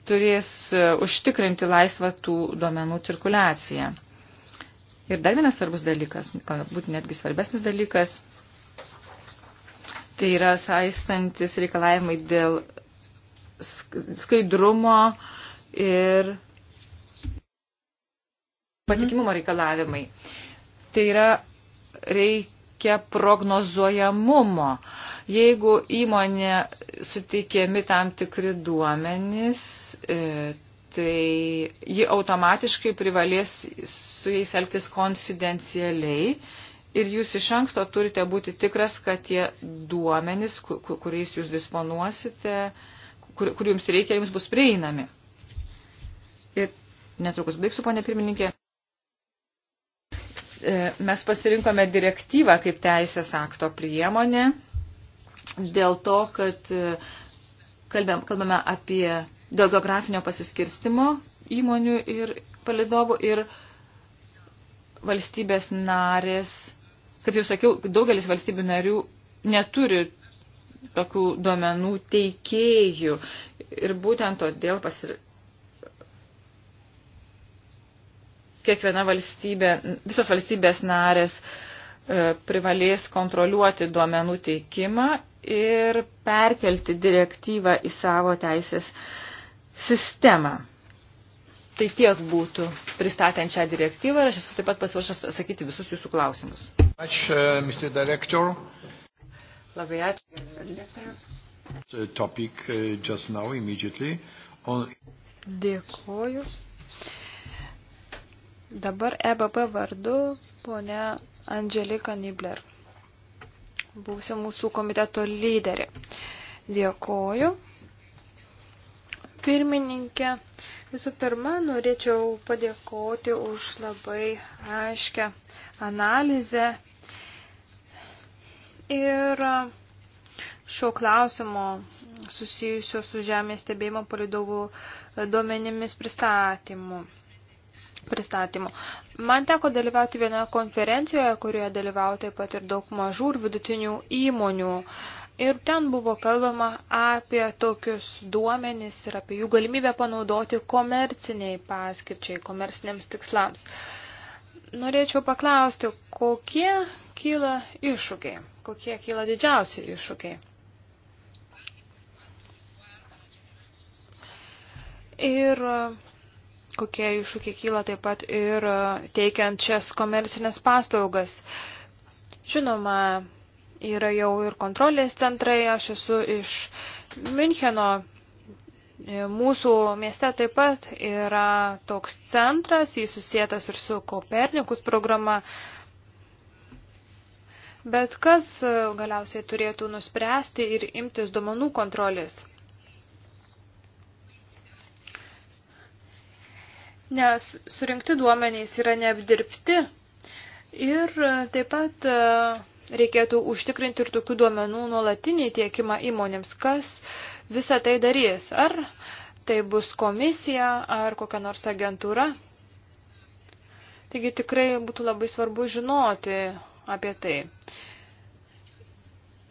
turės e, užtikrinti laisvą tų duomenų cirkuliaciją. Ir dar vienas svarbus dalykas, galbūt netgi svarbesnis dalykas, tai yra saistantis reikalavimai dėl skaidrumo ir patikimumo reikalavimai. Tai yra reikia prognozuojamumo. Jeigu įmonė suteikiami tam tikri duomenys, e, tai ji automatiškai privalės su jais elgtis konfidencialiai ir jūs iš anksto turite būti tikras, kad tie duomenys, kuriais jūs disponuosite, kur, kur jums reikia, jums bus prieinami. Ir netrukus baigsiu, ponė pirmininkė. E, mes pasirinkome direktyvą kaip teisės akto priemonę dėl to, kad e, kalbėm, kalbame apie dėl geografinio pasiskirstimo įmonių ir palidovų ir valstybės narės, kaip jau sakiau, daugelis valstybių narių neturi tokių duomenų teikėjų. Ir būtent todėl pasir... kiekviena valstybė, visos valstybės narės e, privalės kontroliuoti duomenų teikimą ir perkelti direktyvą į savo teisės sistemą. Tai tiek būtų pristatant šią direktyvą ir aš esu taip pat pasiruošęs atsakyti visus jūsų klausimus. Ačiū, e, Mr. Director. Labai ačiū, direktorius. Topic e, just now immediately. On... Dėkoju. Dabar EBP vardu ponia Angelika Nibler, būsio mūsų komiteto lyderė. Dėkoju. Pirmininkė, visų pirma, norėčiau padėkoti už labai aiškę analizę ir šio klausimo susijusio su žemės stebėjimo palidovų duomenimis pristatymu pristatymu. Man teko dalyvauti vienoje konferencijoje, kurioje dalyvauja taip pat ir daug mažų ir vidutinių įmonių. Ir ten buvo kalbama apie tokius duomenis ir apie jų galimybę panaudoti komerciniai paskirčiai, komerciniams tikslams. Norėčiau paklausti, kokie kyla iššūkiai, kokie kyla didžiausi iššūkiai. Ir kokie iššūkiai kyla taip pat ir e, teikiant šias komercinės paslaugas. Žinoma, yra jau ir kontrolės centrai, aš esu iš Müncheno. E, mūsų mieste taip pat yra toks centras, jis susijęs ir su Kopernikus programa. Bet kas e, galiausiai turėtų nuspręsti ir imtis duomenų kontrolės? nes surinkti duomenys yra neapdirbti ir e, taip pat e, reikėtų užtikrinti ir tokių duomenų nuolatinį tiekimą įmonėms, kas visą tai darys. Ar tai bus komisija, ar kokia nors agentūra. Taigi tikrai būtų labai svarbu žinoti apie tai.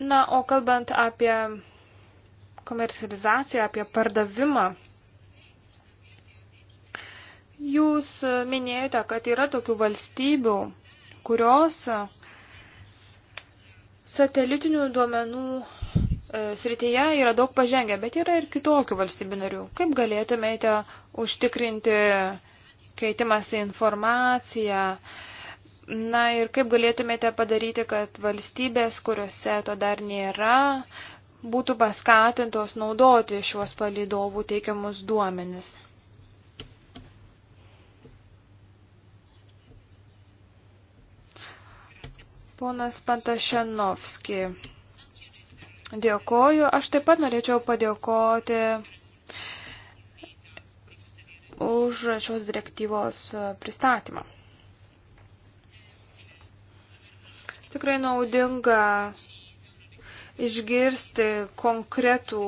Na, o kalbant apie komercializaciją, apie pardavimą, Jūs e, minėjote, kad yra tokių valstybių, kurios e, satelitinių duomenų e, srityje yra daug pažengę, bet yra ir kitokių valstybių narių. Kaip galėtumėte užtikrinti keitimąsi informaciją? Na ir kaip galėtumėte padaryti, kad valstybės, kuriuose to dar nėra, būtų paskatintos naudoti šiuos palydovų teikiamus duomenis? Ponas Pantašenovski. Dėkoju. Aš taip pat norėčiau padėkoti už šios direktyvos pristatymą. Tikrai naudinga išgirsti konkretų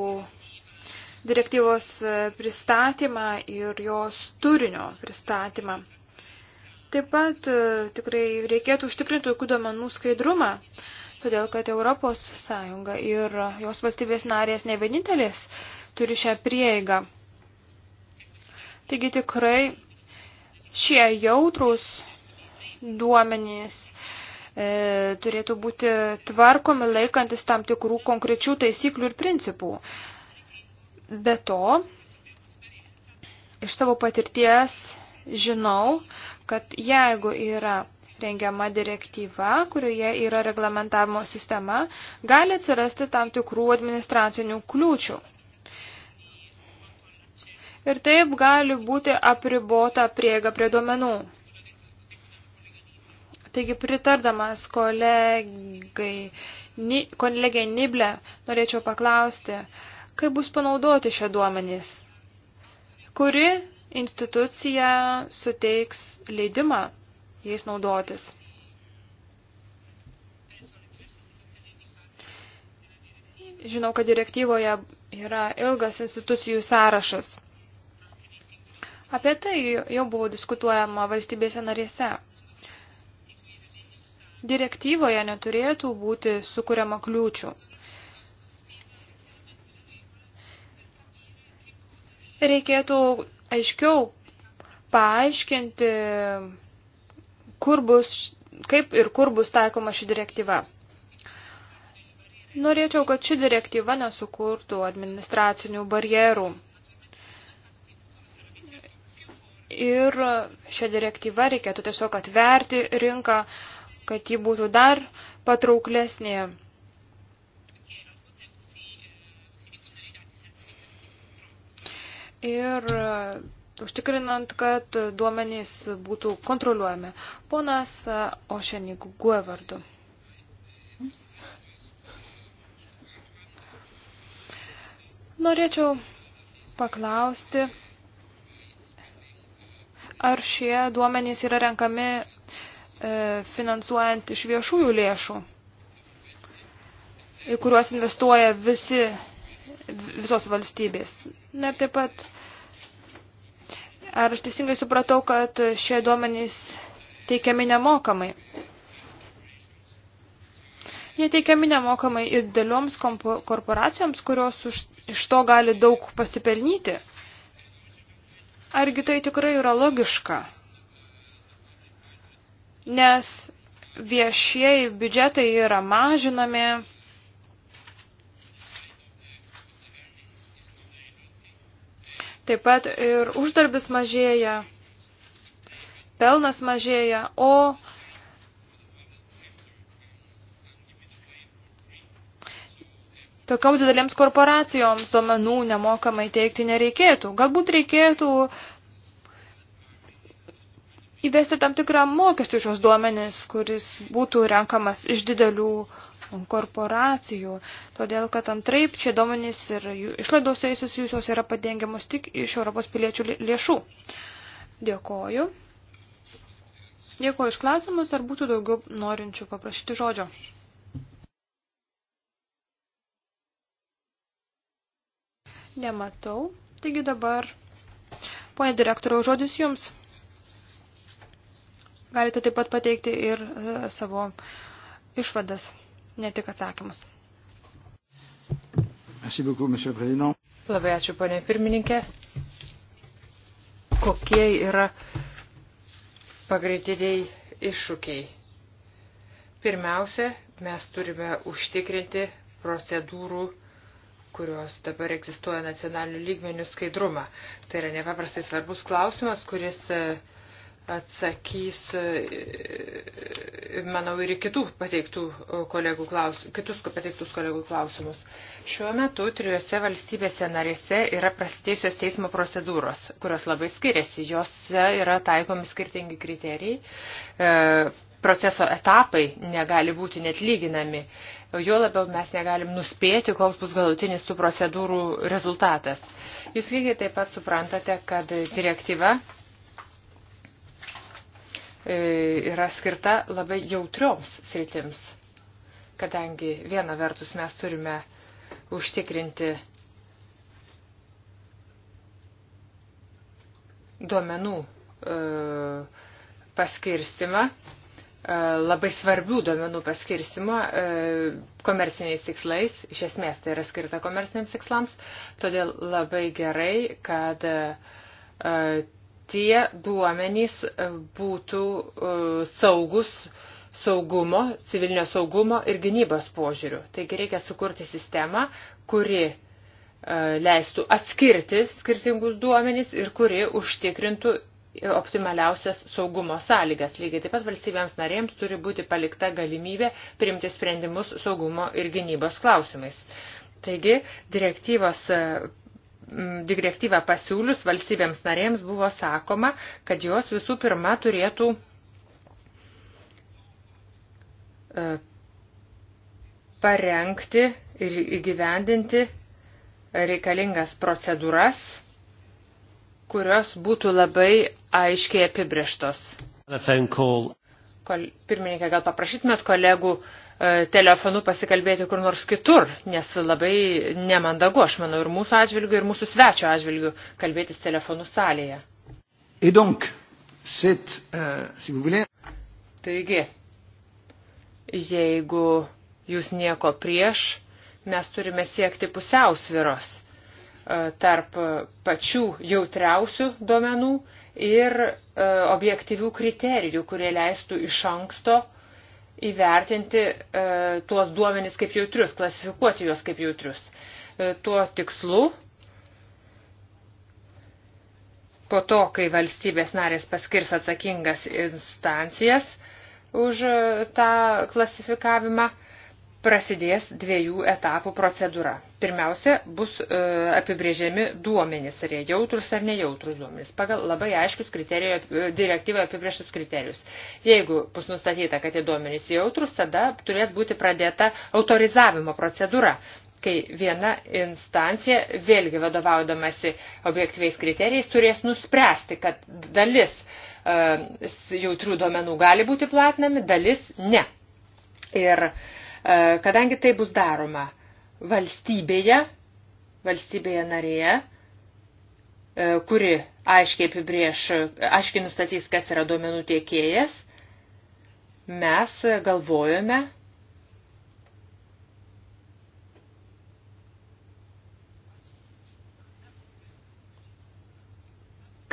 direktyvos pristatymą ir jos turinio pristatymą. Taip pat e, tikrai reikėtų užtikrinti tokių duomenų skaidrumą, todėl kad Europos Sąjunga ir jos valstybės narės ne vienintelės turi šią prieigą. Taigi tikrai šie jautrus duomenys e, turėtų būti tvarkomi laikantis tam tikrų konkrečių taisyklių ir principų. Be to, iš savo patirties žinau, kad jeigu yra rengiama direktyva, kurioje yra reglamentavimo sistema, gali atsirasti tam tikrų administracinių kliūčių. Ir taip gali būti apribota prieiga prie duomenų. Taigi pritardamas kolegai, kolegė Niblė, norėčiau paklausti, kaip bus panaudoti šie duomenys, kuri institucija suteiks leidimą jais naudotis. Žinau, kad direktyvoje yra ilgas institucijų sąrašas. Apie tai jau buvo diskutuojama valstybėse narėse. Direktyvoje neturėtų būti sukuriama kliūčių. Reikėtų aiškiau paaiškinti, kur bus, kaip ir kur bus taikoma ši direktyva. Norėčiau, kad ši direktyva nesukurtų administracinių barjerų. Ir šią direktyvą reikėtų tiesiog atverti rinką, kad ji būtų dar patrauklesnė ir e, užtikrinant, kad duomenys būtų kontroliuojami. Ponas e, Ošenik Guevardu. Norėčiau paklausti, ar šie duomenys yra renkami e, finansuojant iš viešųjų lėšų, į kuriuos investuoja visi visos valstybės. Na ir taip pat, ar aš teisingai supratau, kad šie duomenys teikiami nemokamai? Jie teikiami nemokamai ir dėlioms korporacijoms, kurios už, iš to gali daug pasipelnyti. Argi tai tikrai yra logiška? Nes viešieji biudžetai yra mažinami Taip pat ir uždarbis mažėja, pelnas mažėja, o Tokioms didelėms korporacijoms duomenų nemokamai teikti nereikėtų. Galbūt reikėtų įvesti tam tikrą mokestį šios duomenis, kuris būtų renkamas iš didelių korporacijų, todėl kad antraip šie duomenys ir išlaidos jais susijusios yra padengiamos tik iš Europos piliečių lėšų. Dėkoju. Dėkoju iš klausimus, ar būtų daugiau norinčių paprašyti žodžio. Nematau. Taigi dabar, ponė direktoriau, žodis jums. Galite taip pat pateikti ir e, savo išvadas ne tik atsakymus. Labai ačiū, ponė pirmininkė. Kokie yra pagrindiniai iššūkiai? Pirmiausia, mes turime užtikrinti procedūrų kurios dabar egzistuoja nacionaliniu lygmeniu skaidrumą. Tai yra nepaprastai svarbus klausimas, kuris uh, atsakys, manau, ir kitų pateiktų kolegų klausimus, kitus pateiktus kolegų klausimus. Šiuo metu trijose valstybėse narėse yra prasidėjusios teismo procedūros, kurios labai skiriasi. Jose yra taikomi skirtingi kriterijai. E, proceso etapai negali būti net lyginami. Juo labiau mes negalim nuspėti, koks bus galutinis tų procedūrų rezultatas. Jūs lygiai taip pat suprantate, kad direktyva E, yra skirta labai jautrioms sritims, kadangi viena vertus mes turime užtikrinti duomenų e, paskirstimą, e, labai svarbių duomenų paskirstimą komerciniais tikslais, iš esmės tai yra skirta komerciniams tikslams, todėl labai gerai, kad tie duomenys e, būtų e, saugus saugumo, civilinio saugumo ir gynybos požiūrių. Taigi reikia sukurti sistemą, kuri e, leistų atskirti skirtingus duomenys ir kuri užtikrintų optimaliausias saugumo sąlygas. Lygiai taip pat valstybėms narėms turi būti palikta galimybė priimti sprendimus saugumo ir gynybos klausimais. Taigi direktyvos Mm, direktyvą pasiūlius valstybėms narėms buvo sakoma, kad jos visų pirma turėtų e, parengti ir įgyvendinti reikalingas procedūras, kurios būtų labai aiškiai apibrieštos. Pirmininkė, gal paprašytumėt kolegų uh, E, telefonu pasikalbėti kur nors kitur, nes labai nemandagu, aš manau, ir mūsų atžvilgių, ir mūsų svečio atžvilgių kalbėtis telefonu salėje. Et donc, cette, euh, si vous voulez... Taigi, jeigu jūs nieko prieš, mes turime siekti pusiausviros e, tarp pačių jautriausių duomenų ir e, objektyvių kriterijų, kurie leistų iš anksto uh, įvertinti e, tuos duomenys kaip jautrius, klasifikuoti juos kaip jautrius. E, tuo tikslu, po to, kai valstybės narės paskirs atsakingas instancijas už e, tą klasifikavimą, e, prasidės dviejų etapų procedūra. Pirmiausia, bus e, apibrėžiami duomenys, ar jie jautrus ar nejautrus duomenys, pagal labai aiškius e, direktyvai apibrėžtus kriterijus. Jeigu bus nustatyta, kad tie duomenys jautrus, tada turės būti pradėta autorizavimo procedūra kai viena instancija, vėlgi vadovaudamasi objektyviais kriterijais, turės nuspręsti, kad dalis e, jautrių duomenų gali būti platinami, dalis ne. Ir uh, E, kadangi tai bus daroma valstybėje, valstybėje narėje, e, kuri aiškiai apibrieš, aiškiai nustatys, kas yra duomenų tiekėjas, mes galvojome,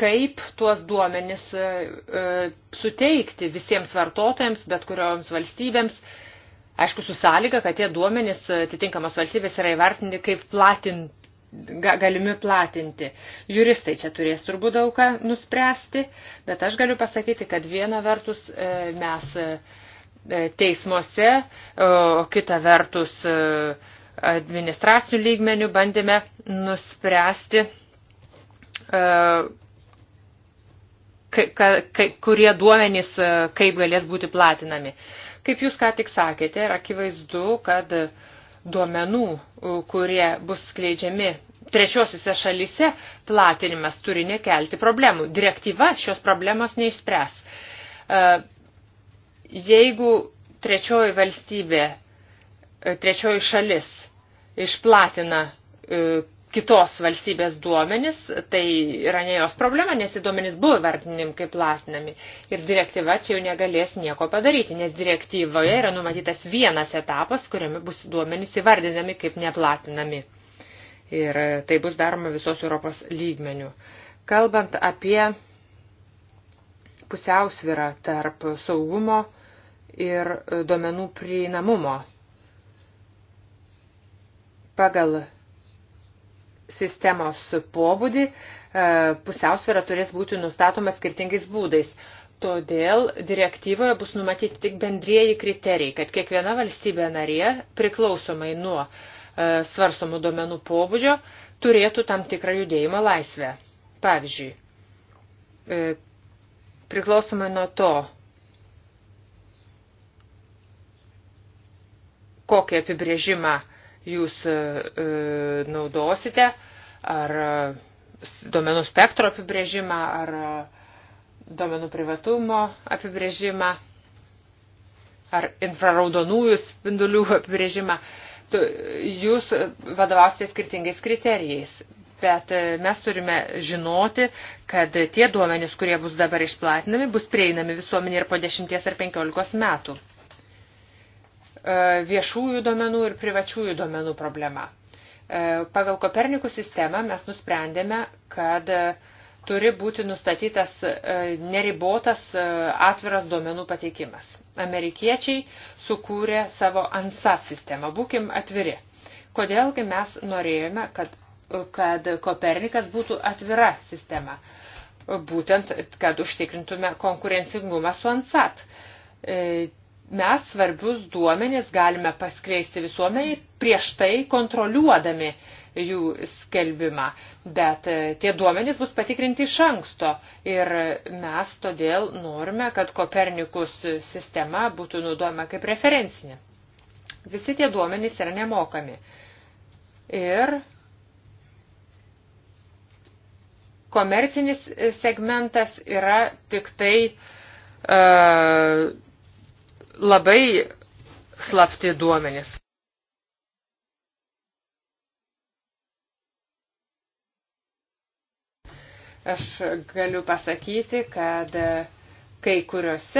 kaip tuos duomenis e, e, suteikti visiems vartotojams, bet kurioms valstybėms, e, Aišku, su sąlyga, kad tie duomenys atitinkamos valstybės yra įvertinti kaip platin, ga, galimi platinti. Juristai čia turės turbūt daug ką nuspręsti, bet aš galiu pasakyti, kad viena vertus e, mes e, teismuose, o kita vertus e, administracinių lygmenių bandėme nuspręsti, kurie duomenys kaip galės būti platinami. Kaip jūs ką tik sakėte, yra akivaizdu, kad duomenų, kurie bus skleidžiami trečiosiuose šalyse, platinimas turi nekelti problemų. Direktyva šios problemos neišspręs. E, jeigu trečioji valstybė, e, trečioji šalis išplatina e, kitos valstybės duomenis, tai yra ne jos problema, nes duomenys buvo vertinim kaip platinami. Ir direktyva čia jau negalės nieko padaryti, nes direktyvoje yra numatytas vienas etapas, kuriame bus duomenys įvardinami kaip neplatinami. Ir tai bus daroma visos Europos lygmenių. Kalbant apie pusiausvirą tarp saugumo ir duomenų prieinamumo. Pagal sistemos pobūdį, e, pusiausvėra turės būti nustatoma skirtingais būdais. Todėl direktyvoje bus numatyti tik bendrieji kriterijai, kad kiekviena valstybė narė priklausomai nuo e, svarstomų duomenų pobūdžio turėtų tam tikrą judėjimo laisvę. Pavyzdžiui, e, priklausomai nuo to, kokį apibrėžimą jūs e, e, naudosite, ar e, duomenų spektro apibrėžimą, ar duomenų privatumo apibrėžimą, ar infraraudonųjų spindulių *laughs* apibrėžimą. Jūs vadovausite skirtingais kriterijais, bet mes turime žinoti, kad tie duomenys, kurie bus dabar išplatinami, bus prieinami visuomenė ir po 10 ar 15 metų. E, viešųjų duomenų ir privačiųjų duomenų problema. E, pagal Kopernikų sistemą mes nusprendėme, kad e, turi būti nustatytas neribotas atviras duomenų pateikimas. Amerikiečiai sukūrė savo ANSA sistemą. Būkim atviri. Kodėlgi mes norėjome, kad, kad Kopernikas būtų atvira sistema? Būtent, kad užtikrintume konkurencingumą su ANSAT mes svarbius duomenys galime paskleisti visuomeniai prieš tai kontroliuodami jų skelbimą. Bet e, tie duomenys bus patikrinti iš anksto ir mes todėl norime, kad Kopernikus sistema būtų naudojama kaip referencinė. Visi tie duomenys yra nemokami. Ir komercinis segmentas yra tik tai uh, labai slapti duomenys. Aš galiu pasakyti, kad e, kai kuriuose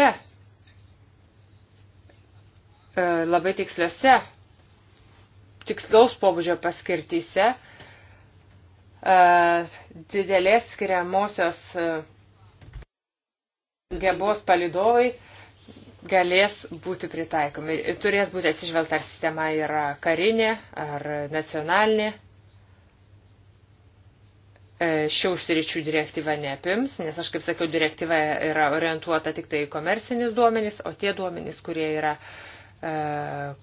e, labai tiksliuose, tikslaus pobūdžio paskirtyse e, didelės skiriamosios gebos palidovai galės būti pritaikomi. Ir turės būti atsižvelgta, ar sistema yra karinė, ar nacionalinė. E, Šiaus ryčių direktyva neapims, nes aš, kaip sakiau, direktyva yra orientuota tik tai į komercinius duomenys, o tie duomenys, kurie yra e,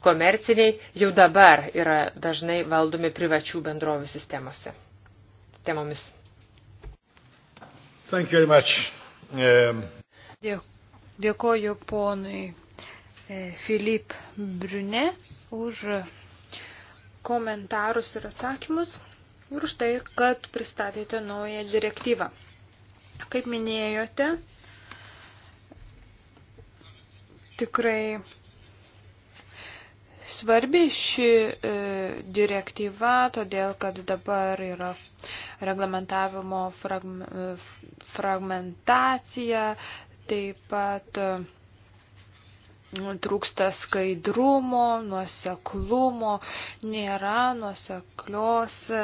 komerciniai, jau dabar yra dažnai valdomi privačių bendrovių sistemose. Temomis. Thank you very much. Um... Dėkui. Dėkoju ponui e, Filip Brune už komentarus ir atsakymus ir už tai, kad pristatėte naują direktyvą. Kaip minėjote, tikrai svarbi ši e, direktyva, todėl kad dabar yra reglamentavimo fragm, e, fragmentacija, Taip pat e, trūksta skaidrumo, nuoseklumo, nėra nuoseklios e,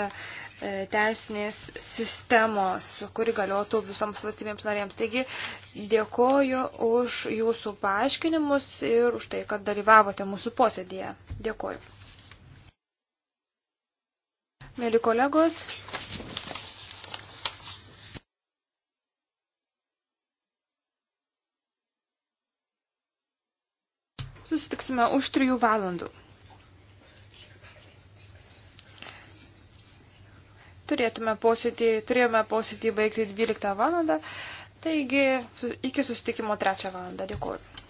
teisinės sistemos, kuri galiotų visoms valstybėms narėms. Taigi dėkoju už jūsų paaiškinimus ir už tai, kad dalyvavote mūsų posėdėje. Dėkoju. Mėly kolegos, Susitiksime už trijų valandų. Turėtume posėdį, turėjome posėdį baigti 12 valandą, taigi iki susitikimo 3 valandą. Dėkuoju.